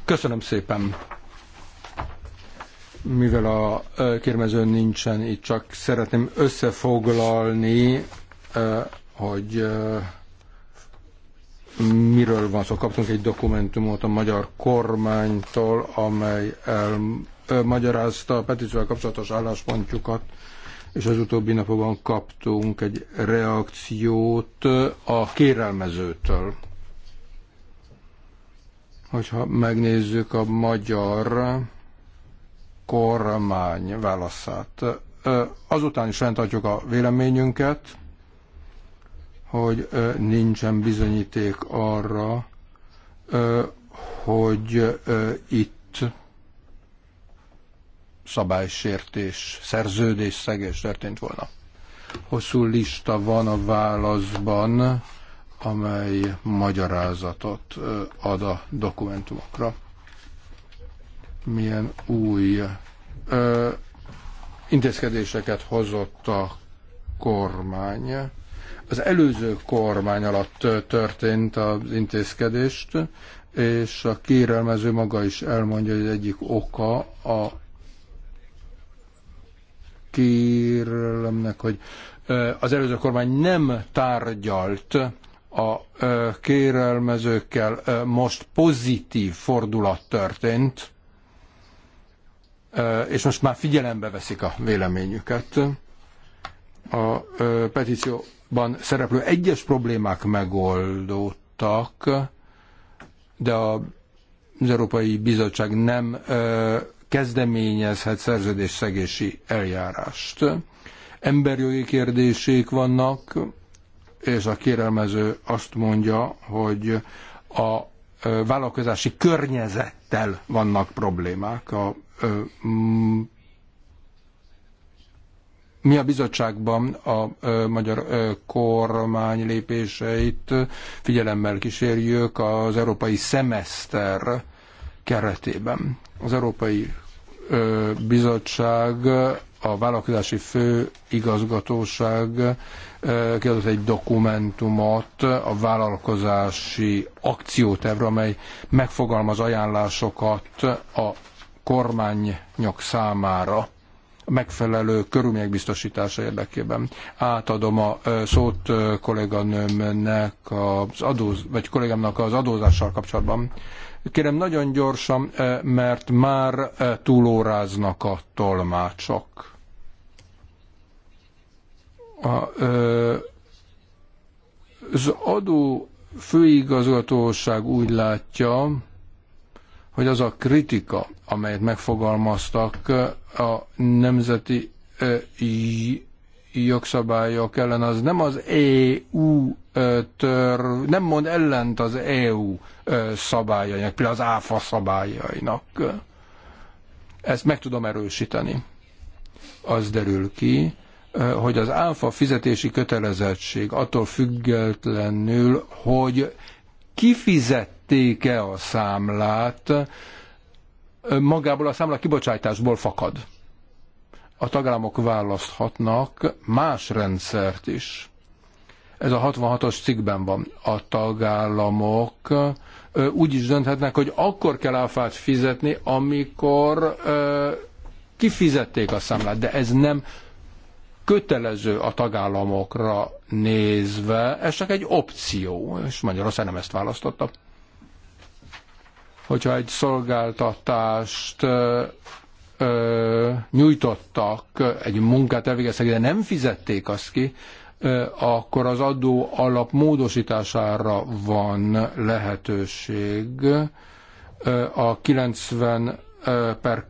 Köszönöm szépen mivel a kérmező nincsen itt, csak szeretném összefoglalni, hogy miről van szó. Kaptunk egy dokumentumot a magyar kormánytól, amely elmagyarázta a petícióval kapcsolatos álláspontjukat, és az utóbbi napokban kaptunk egy reakciót a kérelmezőtől. Hogyha megnézzük a magyar kormány válaszát. Azután is fenntartjuk a véleményünket, hogy nincsen bizonyíték arra, hogy itt szabálysértés, szerződésszegés történt volna. Hosszú lista van a válaszban, amely magyarázatot ad a dokumentumokra milyen új ö, intézkedéseket hozott a kormány. Az előző kormány alatt történt az intézkedést, és a kérelmező maga is elmondja, hogy egyik oka a kérelemnek, hogy az előző kormány nem tárgyalt a kérelmezőkkel, most pozitív fordulat történt, és most már figyelembe veszik a véleményüket. A petícióban szereplő egyes problémák megoldódtak, de a az Európai Bizottság nem kezdeményezhet szerződésszegési eljárást. Emberjogi kérdések vannak, és a kérelmező azt mondja, hogy a vállalkozási környezettel vannak problémák. A Mm, mi a bizottságban a magyar kormány lépéseit figyelemmel kísérjük az európai szemeszter keretében. Az Európai Bizottság, a vállalkozási főigazgatóság kiadott egy dokumentumot a vállalkozási akciótervre, amely megfogalmaz ajánlásokat a kormányok számára megfelelő körülmények biztosítása érdekében. Átadom a szót kolléganőmnek, az adóz, vagy kollégámnak az adózással kapcsolatban. Kérem nagyon gyorsan, mert már túlóráznak a tolmácsok. A, az adó főigazgatóság úgy látja, hogy az a kritika, amelyet megfogalmaztak a nemzeti jogszabályok ellen, az nem az EU tör, nem mond ellent az EU szabályainak, például az ÁFA szabályainak. Ezt meg tudom erősíteni. Az derül ki, hogy az áfa fizetési kötelezettség attól függetlenül, hogy kifizet vették-e a számlát magából a számla kibocsátásból fakad. A tagállamok választhatnak más rendszert is. Ez a 66-os cikkben van. A tagállamok úgy is dönthetnek, hogy akkor kell áfát fizetni, amikor kifizették a számlát, de ez nem kötelező a tagállamokra nézve, ez csak egy opció, és Magyarország nem ezt választotta hogyha egy szolgáltatást ö, nyújtottak, egy munkát elvégeztek, de nem fizették azt ki, ö, akkor az adó alap módosítására van lehetőség ö, a 90 ö, per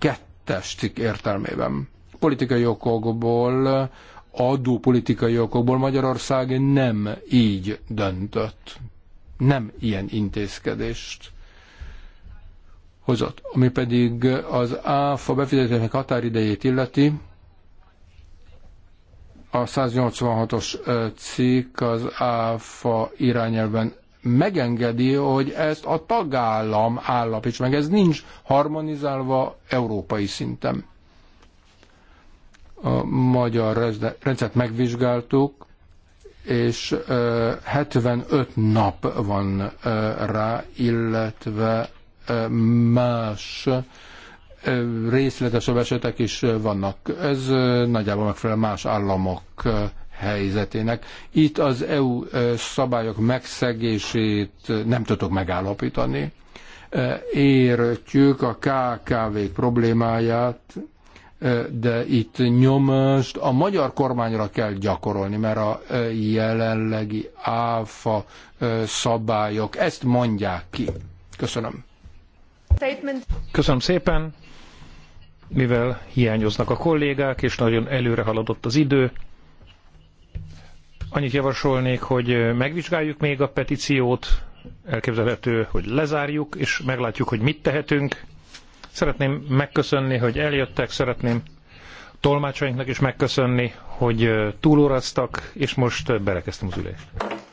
2-es cikk értelmében. Politikai okokból, adó politikai okokból Magyarország nem így döntött. Nem ilyen intézkedést hozott. Ami pedig az ÁFA befizetésének határidejét illeti, a 186-os cikk az ÁFA irányelven megengedi, hogy ezt a tagállam állapíts meg. Ez nincs harmonizálva európai szinten. A magyar rendszert megvizsgáltuk, és 75 nap van rá, illetve más részletesebb esetek is vannak. Ez nagyjából megfelel más államok helyzetének. Itt az EU szabályok megszegését nem tudok megállapítani. Értjük a kkv problémáját, de itt nyomást a magyar kormányra kell gyakorolni, mert a jelenlegi áfa szabályok ezt mondják ki. Köszönöm. Köszönöm szépen, mivel hiányoznak a kollégák, és nagyon előre haladott az idő. Annyit javasolnék, hogy megvizsgáljuk még a petíciót, elképzelhető, hogy lezárjuk, és meglátjuk, hogy mit tehetünk. Szeretném megköszönni, hogy eljöttek, szeretném tolmácsainknak is megköszönni, hogy túlóráztak, és most berekeztem az ülést.